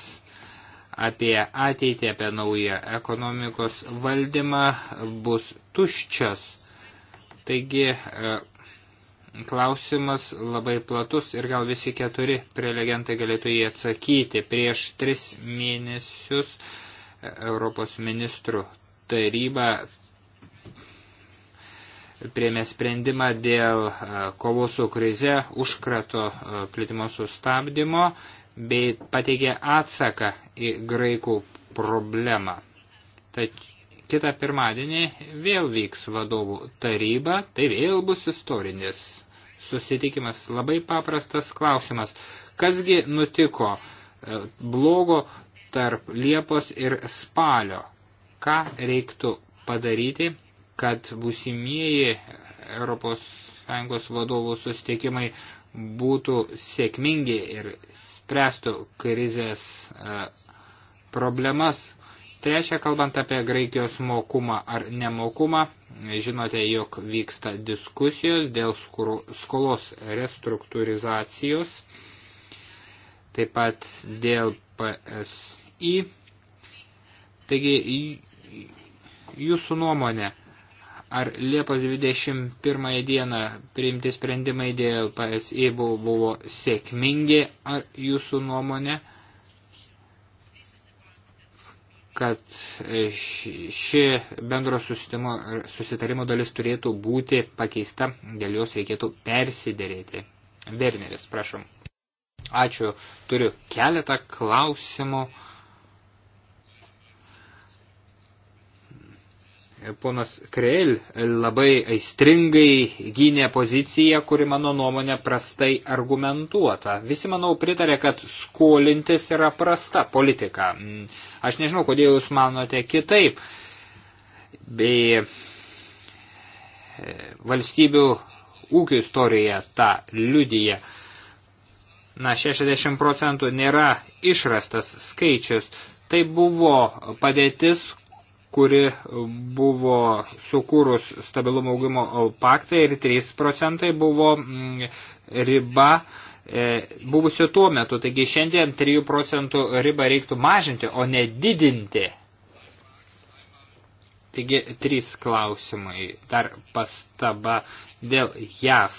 apie ateitį, apie naują ekonomikos valdymą bus tuščios. Taigi e, klausimas labai platus ir gal visi keturi prelegentai galėtų jį atsakyti. Prieš tris mėnesius Europos ministrų taryba priemė sprendimą dėl e, kovos su krize užkrato e, plitimo sustabdymo bei pateikė atsaką į graikų problemą. Tad kitą pirmadienį vėl vyks vadovų taryba, tai vėl bus istorinis susitikimas. Labai paprastas klausimas. Kasgi nutiko e, blogo tarp Liepos ir spalio? ką reiktų padaryti, kad būsimieji ES vadovų susitikimai būtų sėkmingi ir spręstų krizės e, problemas. Trečia, kalbant apie Graikijos mokumą ar nemokumą, žinote, jog vyksta diskusijos dėl skolos restruktūrizacijos, taip pat dėl PSI. Taigi jūsų nuomonė, ar Liepos 21 dieną priimti sprendimai dėl PSI buvo, buvo sėkmingi, ar jūsų nuomonė, kad ši bendro susitarimo dalis turėtų būti pakeista, dėl jos reikėtų persidėrėti. Werneris, prašom. Ačiū. Turiu keletą klausimų. Uh, ponas Kreil labai aistringai gynė poziciją, kuri mano nuomonė prastai argumentuota. Visi, manau, pritarė, kad skolintis yra prasta politika. Mm, aš nežinau, kodėl jūs manote kitaip. Bei e, valstybių ūkių istorija tą liudyje. Na, 60 procentų nėra išrastas skaičius. Tai buvo padėtis, kuri buvo sukūrus stabilumo augimo paktą ir 3 procentai buvo mm, riba e, buvusio tuo metu. Taigi šiandien 3 procentų ribą reiktų mažinti, o ne didinti. Taigi trys klausimai. Dar pastaba dėl JAV.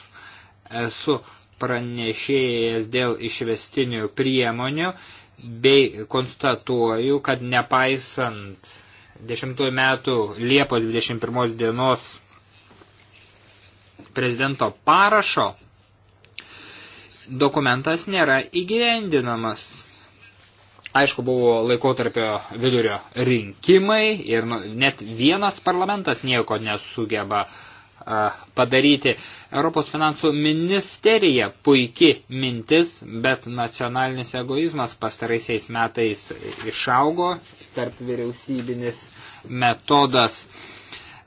Esu pranešėjas dėl išvestinių priemonių bei konstatuoju, kad nepaisant 10 metų Liepo 21 dienos prezidento parašo, dokumentas nėra įgyvendinamas. Aišku, buvo laikotarpio vidurio rinkimai ir nu, net vienas parlamentas nieko nesugeba padaryti. Europos finansų ministerija puiki mintis, bet nacionalinis egoizmas pastaraisiais metais išaugo tarp vyriausybinis metodas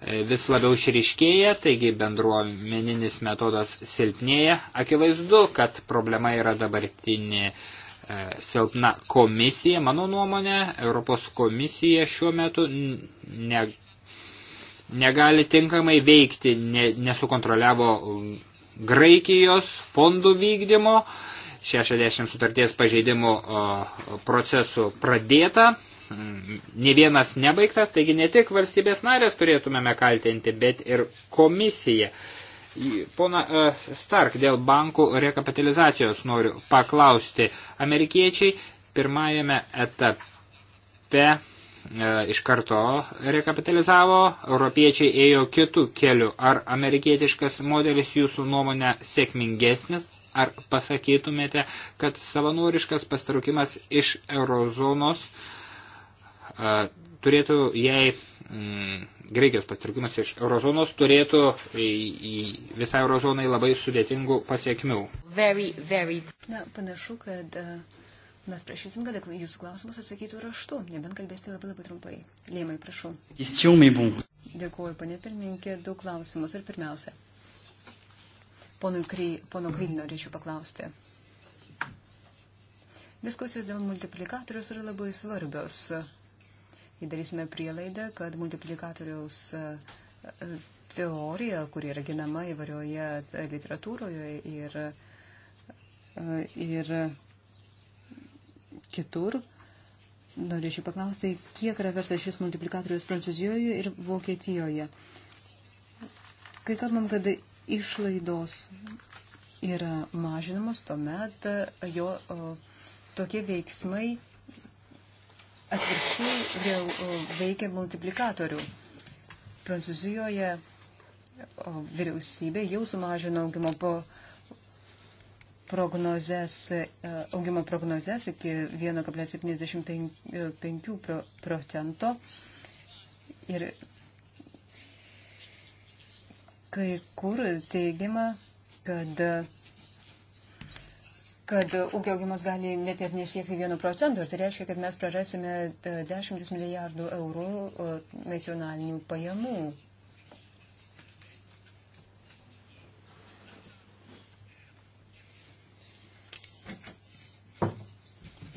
e, vis labiau išriškėja, taigi bendruomeninis metodas silpnėja. Akivaizdu, kad problema yra dabartinė e, silpna komisija. Mano nuomonė, Europos komisija šiuo metu ne, negali tinkamai veikti, ne, nesukontroliavo Graikijos fondų vykdymo, 60 sutarties pažeidimo procesų pradėta, Mm, ne vienas nebaigta, taigi ne tik valstybės narės turėtumėme kaltinti, bet ir komisiją. Pona e, Stark, dėl bankų rekapitalizacijos noriu paklausti. Amerikiečiai pirmajame etape e, iš karto rekapitalizavo, europiečiai ėjo kitų kelių. Ar amerikietiškas modelis jūsų nuomonė sėkmingesnis? Ar pasakytumėte, kad savanoriškas pastraukimas iš eurozonos e, turėtų, jei mm, Graikijos pastrikimas iš eurozonos turėtų į, į visą eurozonai labai sudėtingų pasiekmių. Very, very. Na, panašu, kad uh, mes prašysim, kad jūsų klausimus atsakytų raštu, nebent kalbėsite labai labai trumpai. Lėmai, prašau. Dėkuoju, panė pirmininkė, du klausimus ir pirmiausia. Pono Krylį norėčiau paklausti. Diskusijos dėl multiplikatorius yra labai svarbios. Uh, darysime prielaidą, kad multiplikatoriaus e, e, teorija, kuri yra ginama įvarioje e, literatūroje ir, ir kitur, norėčiau paklausti, kiek yra vertas šis multiplikatorius Prancūzijoje ir Vokietijoje. Kai kalbam, kad išlaidos yra mažinamos, tuomet jo o, tokie veiksmai atvirkščiai vėl veikia multiplikatorių. Prancūzijoje vyriausybė jau sumažino augimo po prognozes, e, augimo prognozes iki 1,75 e, procento. Ir kai kur teigiama, kad kad ūkio augimas gali net ir nesiekti 1 procentų ir tai reiškia, kad mes prarasime 10 e, milijardų eurų e, nacionalinių pajamų.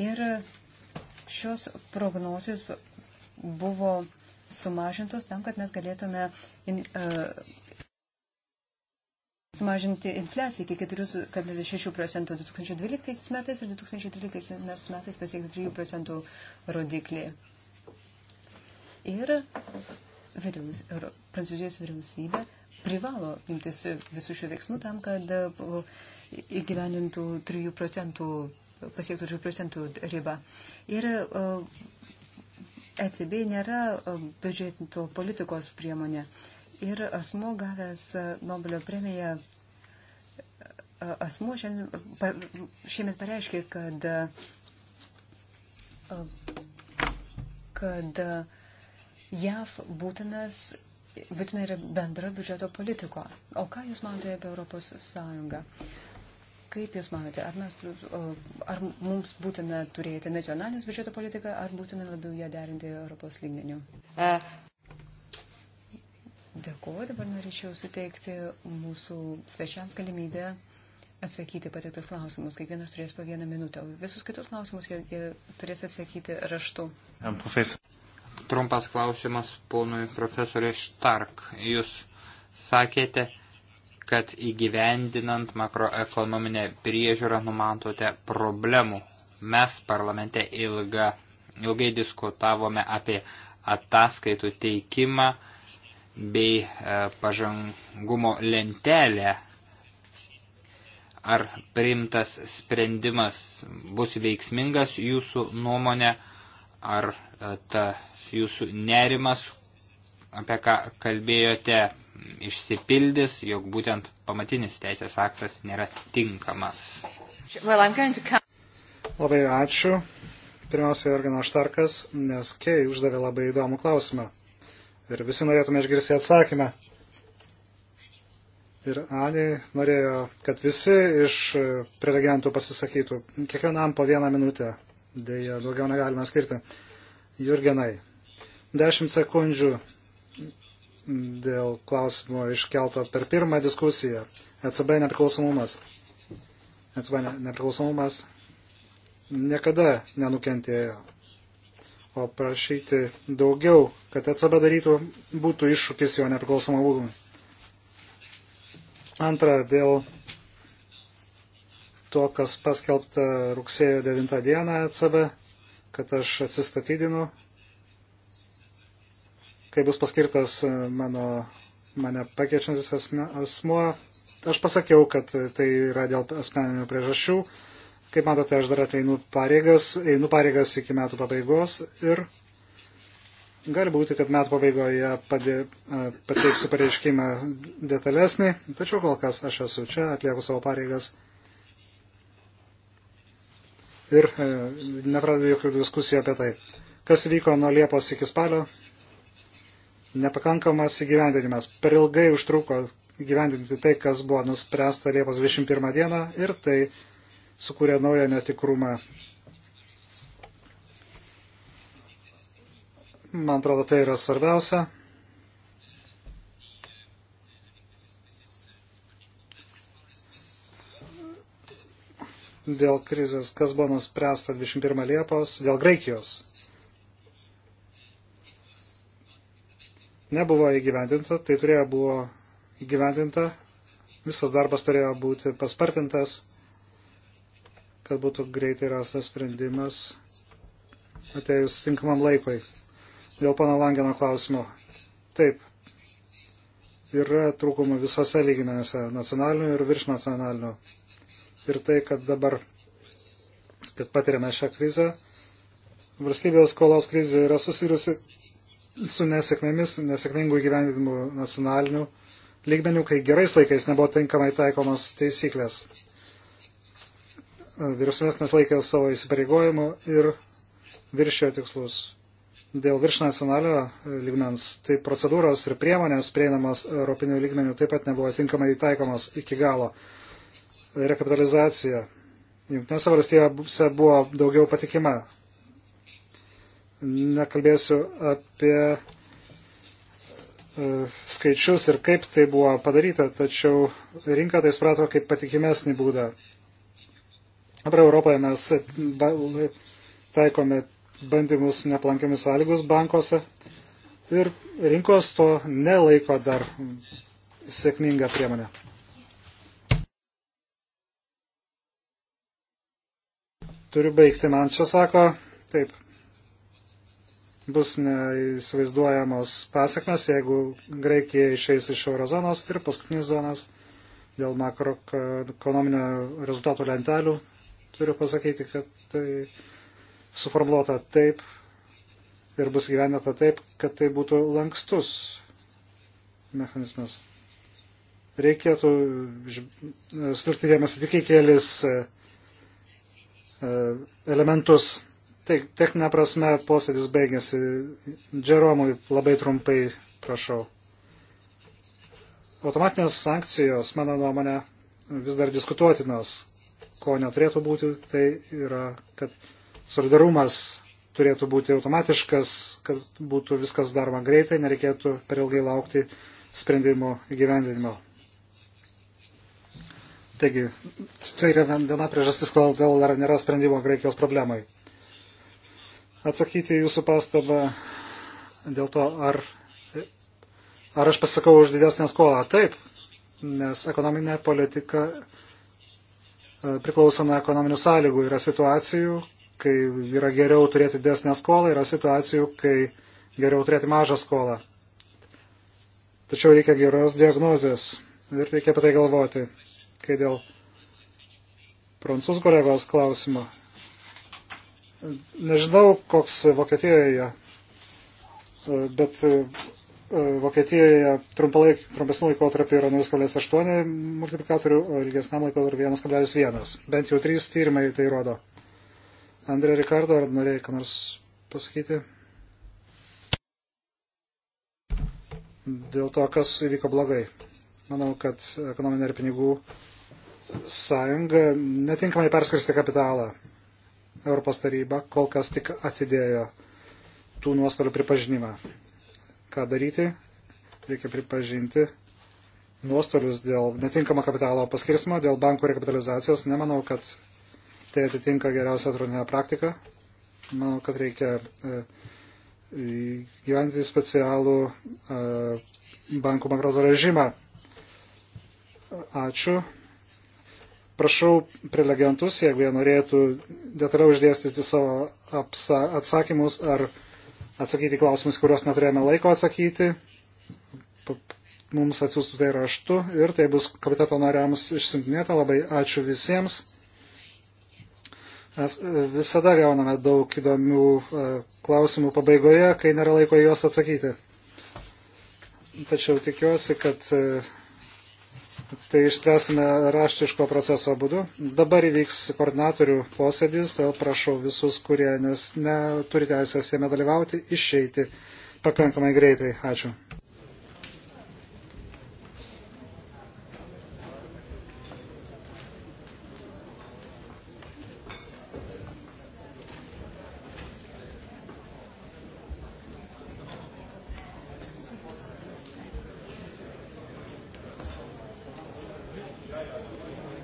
Ir šios prognozijos buvo sumažintos tam, kad mes galėtume in, uh, sumažinti infliaciją iki 4,6 procentų 2012 metais ir 2013 metais pasiekti 3 procentų rodiklį. Ir vyriaus, Prancūzijos vyriausybė privalo imtis visų šių veiksmų tam, kad įgyvenintų 3 procentų, pasiektų 3 procentų ribą. Ir ECB e nėra e, biudžeto politikos priemonė. Uh, Ir asmo gavęs e, Nobelio premiją, e, asmo šiandien, šiemet pareiškė, kad, e, kad JAV būtinas, būtina yra bendra biudžeto politiko. O ką Jūs manote apie Europos Sąjungą? Kaip Jūs manote, ar, mes, ar mums būtina turėti nacionalinės biudžeto politiką, ar būtina labiau ją derinti Europos lygmeniu? Uh, Dėkuoju, dabar norėčiau suteikti mūsų svečiams galimybę atsakyti pateiktus klausimus. Kiekvienas turės po vieną minutę. Visus kitus klausimus jie, jie turės atsakyti raštu. Trumpas klausimas ponui profesorė Štark. Jūs sakėte, kad įgyvendinant makroekonominę priežiūrą numantote problemų. Mes parlamente ilga, ilgai diskutavome apie ataskaitų teikimą bei e, pažangumo lentelę, ar priimtas sprendimas bus veiksmingas jūsų nuomonė, ar e, ta jūsų nerimas, apie ką kalbėjote, išsipildys, jog būtent pamatinis teisės aktas nėra tinkamas. Well, to... Labai ačiū. Pirmiausia, Jorganas Štarkas, nes Kei uždavė labai įdomų klausimą. Ir visi norėtume išgirsti atsakymą. Ir Ani norėjo, kad visi iš prelegentų pasisakytų. Kiekvienam po vieną minutę. Deja, daugiau negalime skirti. Jurgenai, 10 sekundžių dėl klausimo iškelto per pirmą diskusiją. ECB nepriklausomumas. ECB nepriklausomumas niekada nenukentėjo o prašyti daugiau, kad ECB darytų, būtų iššūkis jo nepriklausomą būdumui. Antra, dėl to, kas paskelbta rugsėjo 9 dieną ECB, kad aš atsistatydinu, kai bus paskirtas mano, mane pakeičiantis asmuo. Aš pasakiau, kad tai yra dėl asmeninių priežasčių Kaip matote, aš dar ateinu pareigas, einu pareigas iki metų pabaigos ir gali būti, kad metų pabaigoje padė, pateiksiu pareiškimą detalesnį, tačiau kol kas aš esu čia, atlieku savo pareigas ir e, nepradedu jokių diskusijų apie tai. Kas vyko nuo Liepos iki spalio? Nepakankamas įgyvendinimas. Per ilgai užtruko įgyvendinti tai, kas buvo nuspręsta Liepos 21 dieną ir tai sukūrė naują netikrumą. Man atrodo, tai yra svarbiausia. Dėl krizės, kas buvo nuspręsta 21 Liepos, dėl Graikijos. Nebuvo įgyvendinta, tai turėjo buvo įgyvendinta, visas darbas turėjo būti paspartintas kad būtų greitai rastas sprendimas atėjus tinkamam laikui. Dėl pana Langeno klausimo. Taip, yra trūkumų visose lygmenėse, nacionalinių ir viršnacionalinių. Ir tai, kad dabar, kad patiriame šią krizę, valstybės skolos krizė yra susirusi su nesėkmėmis, nesėkmingų gyvenimų nacionalinių lygmenių, kai gerais laikais nebuvo tinkamai taikomos taisyklės. E, vyriausybės neslaikė savo įsipareigojimų ir viršėjo tikslus. Dėl virš nacionalinio e, lygmens, tai procedūros ir priemonės prieinamos europinių lygmenių taip pat nebuvo tinkamai taikomos iki galo. Rekapitalizacija. Junktinėse valstybėse buvo daugiau patikima. Nekalbėsiu apie e, skaičius ir kaip tai buvo padaryta, tačiau rinka tai suprato kaip patikimesnį būdą. Dabar Europoje mes taikome bandymus neplankiamis sąlygus bankuose ir rinkos to nelaiko dar sėkminga priemonė. Turiu baigti, man čia sako, taip, bus neįsivaizduojamos pasiekmes, jeigu Graikija išeis iš eurozonos ir paskutinis zonas dėl makroekonominio rezultatų lentelių turiu pasakyti, kad tai suformuoluota taip ir bus gyvenata taip, kad tai būtų lankstus mechanizmas. Reikėtų sutilpti dėmesį tik į kelis e, e, elementus. Tai techninė prasme posėdis baigėsi. Džeromui labai trumpai prašau. Automatinės sankcijos, mano nuomonė, vis dar diskutuotinos ko neturėtų būti, tai yra, kad solidarumas turėtų būti automatiškas, kad būtų viskas daroma greitai, nereikėtų per ilgai laukti sprendimo įgyvendinimo. Taigi, tai yra viena priežastis, kodėl dar nėra sprendimo Graikijos problemai. Atsakyti jūsų pastabą dėl to, ar, ar aš pasakau už didesnę skolą. Taip, nes ekonominė politika E, priklauso nuo ekonominių sąlygų. Yra situacijų, kai yra geriau turėti desnę skolą, yra situacijų, kai geriau turėti mažą skolą. Tačiau reikia geros diagnozės ir reikia apie tai galvoti. Kai dėl prancūzų kolegos klausimo. Nežinau, koks Vokietijoje, e, bet e, E, Vokietijoje trumpesnį laikotarpį yra 0,8 multiplikatorių, o ilgesnam laikotarpį 1,1. Bent jau trys tyrimai tai rodo. Andrė Rikardo, ar norėjai ką nors pasakyti? Dėl to, kas įvyko blogai. Manau, kad ekonominė ir pinigų sąjunga netinkamai perskirsti kapitalą. Europos taryba kol kas tik atidėjo tų nuostolių pripažinimą ką daryti. Reikia pripažinti nuostolius dėl netinkamo kapitalo paskirstimo, dėl bankų rekapitalizacijos. Nemanau, kad tai atitinka geriausią atrodinę praktiką. Manau, kad reikia e, gyventi specialų e, bankų bankroto režimą. Ačiū. Prašau prelegentus, jeigu jie norėtų detaliau išdėstyti savo apsa, atsakymus ar atsakyti klausimus, kuriuos neturėjome laiko atsakyti. Mums atsiųstų tai raštu ir tai bus komiteto nariams išsintinėta. Labai ačiū visiems. Mes e, visada gauname daug įdomių e, klausimų pabaigoje, kai nėra laiko juos atsakyti. Tačiau tikiuosi, kad e, tai išspręsime raštiško proceso būdu. Dabar įvyks koordinatorių posėdis, todėl prašau visus, kurie nes neturi teisės jame dalyvauti, išeiti pakankamai greitai. Ačiū.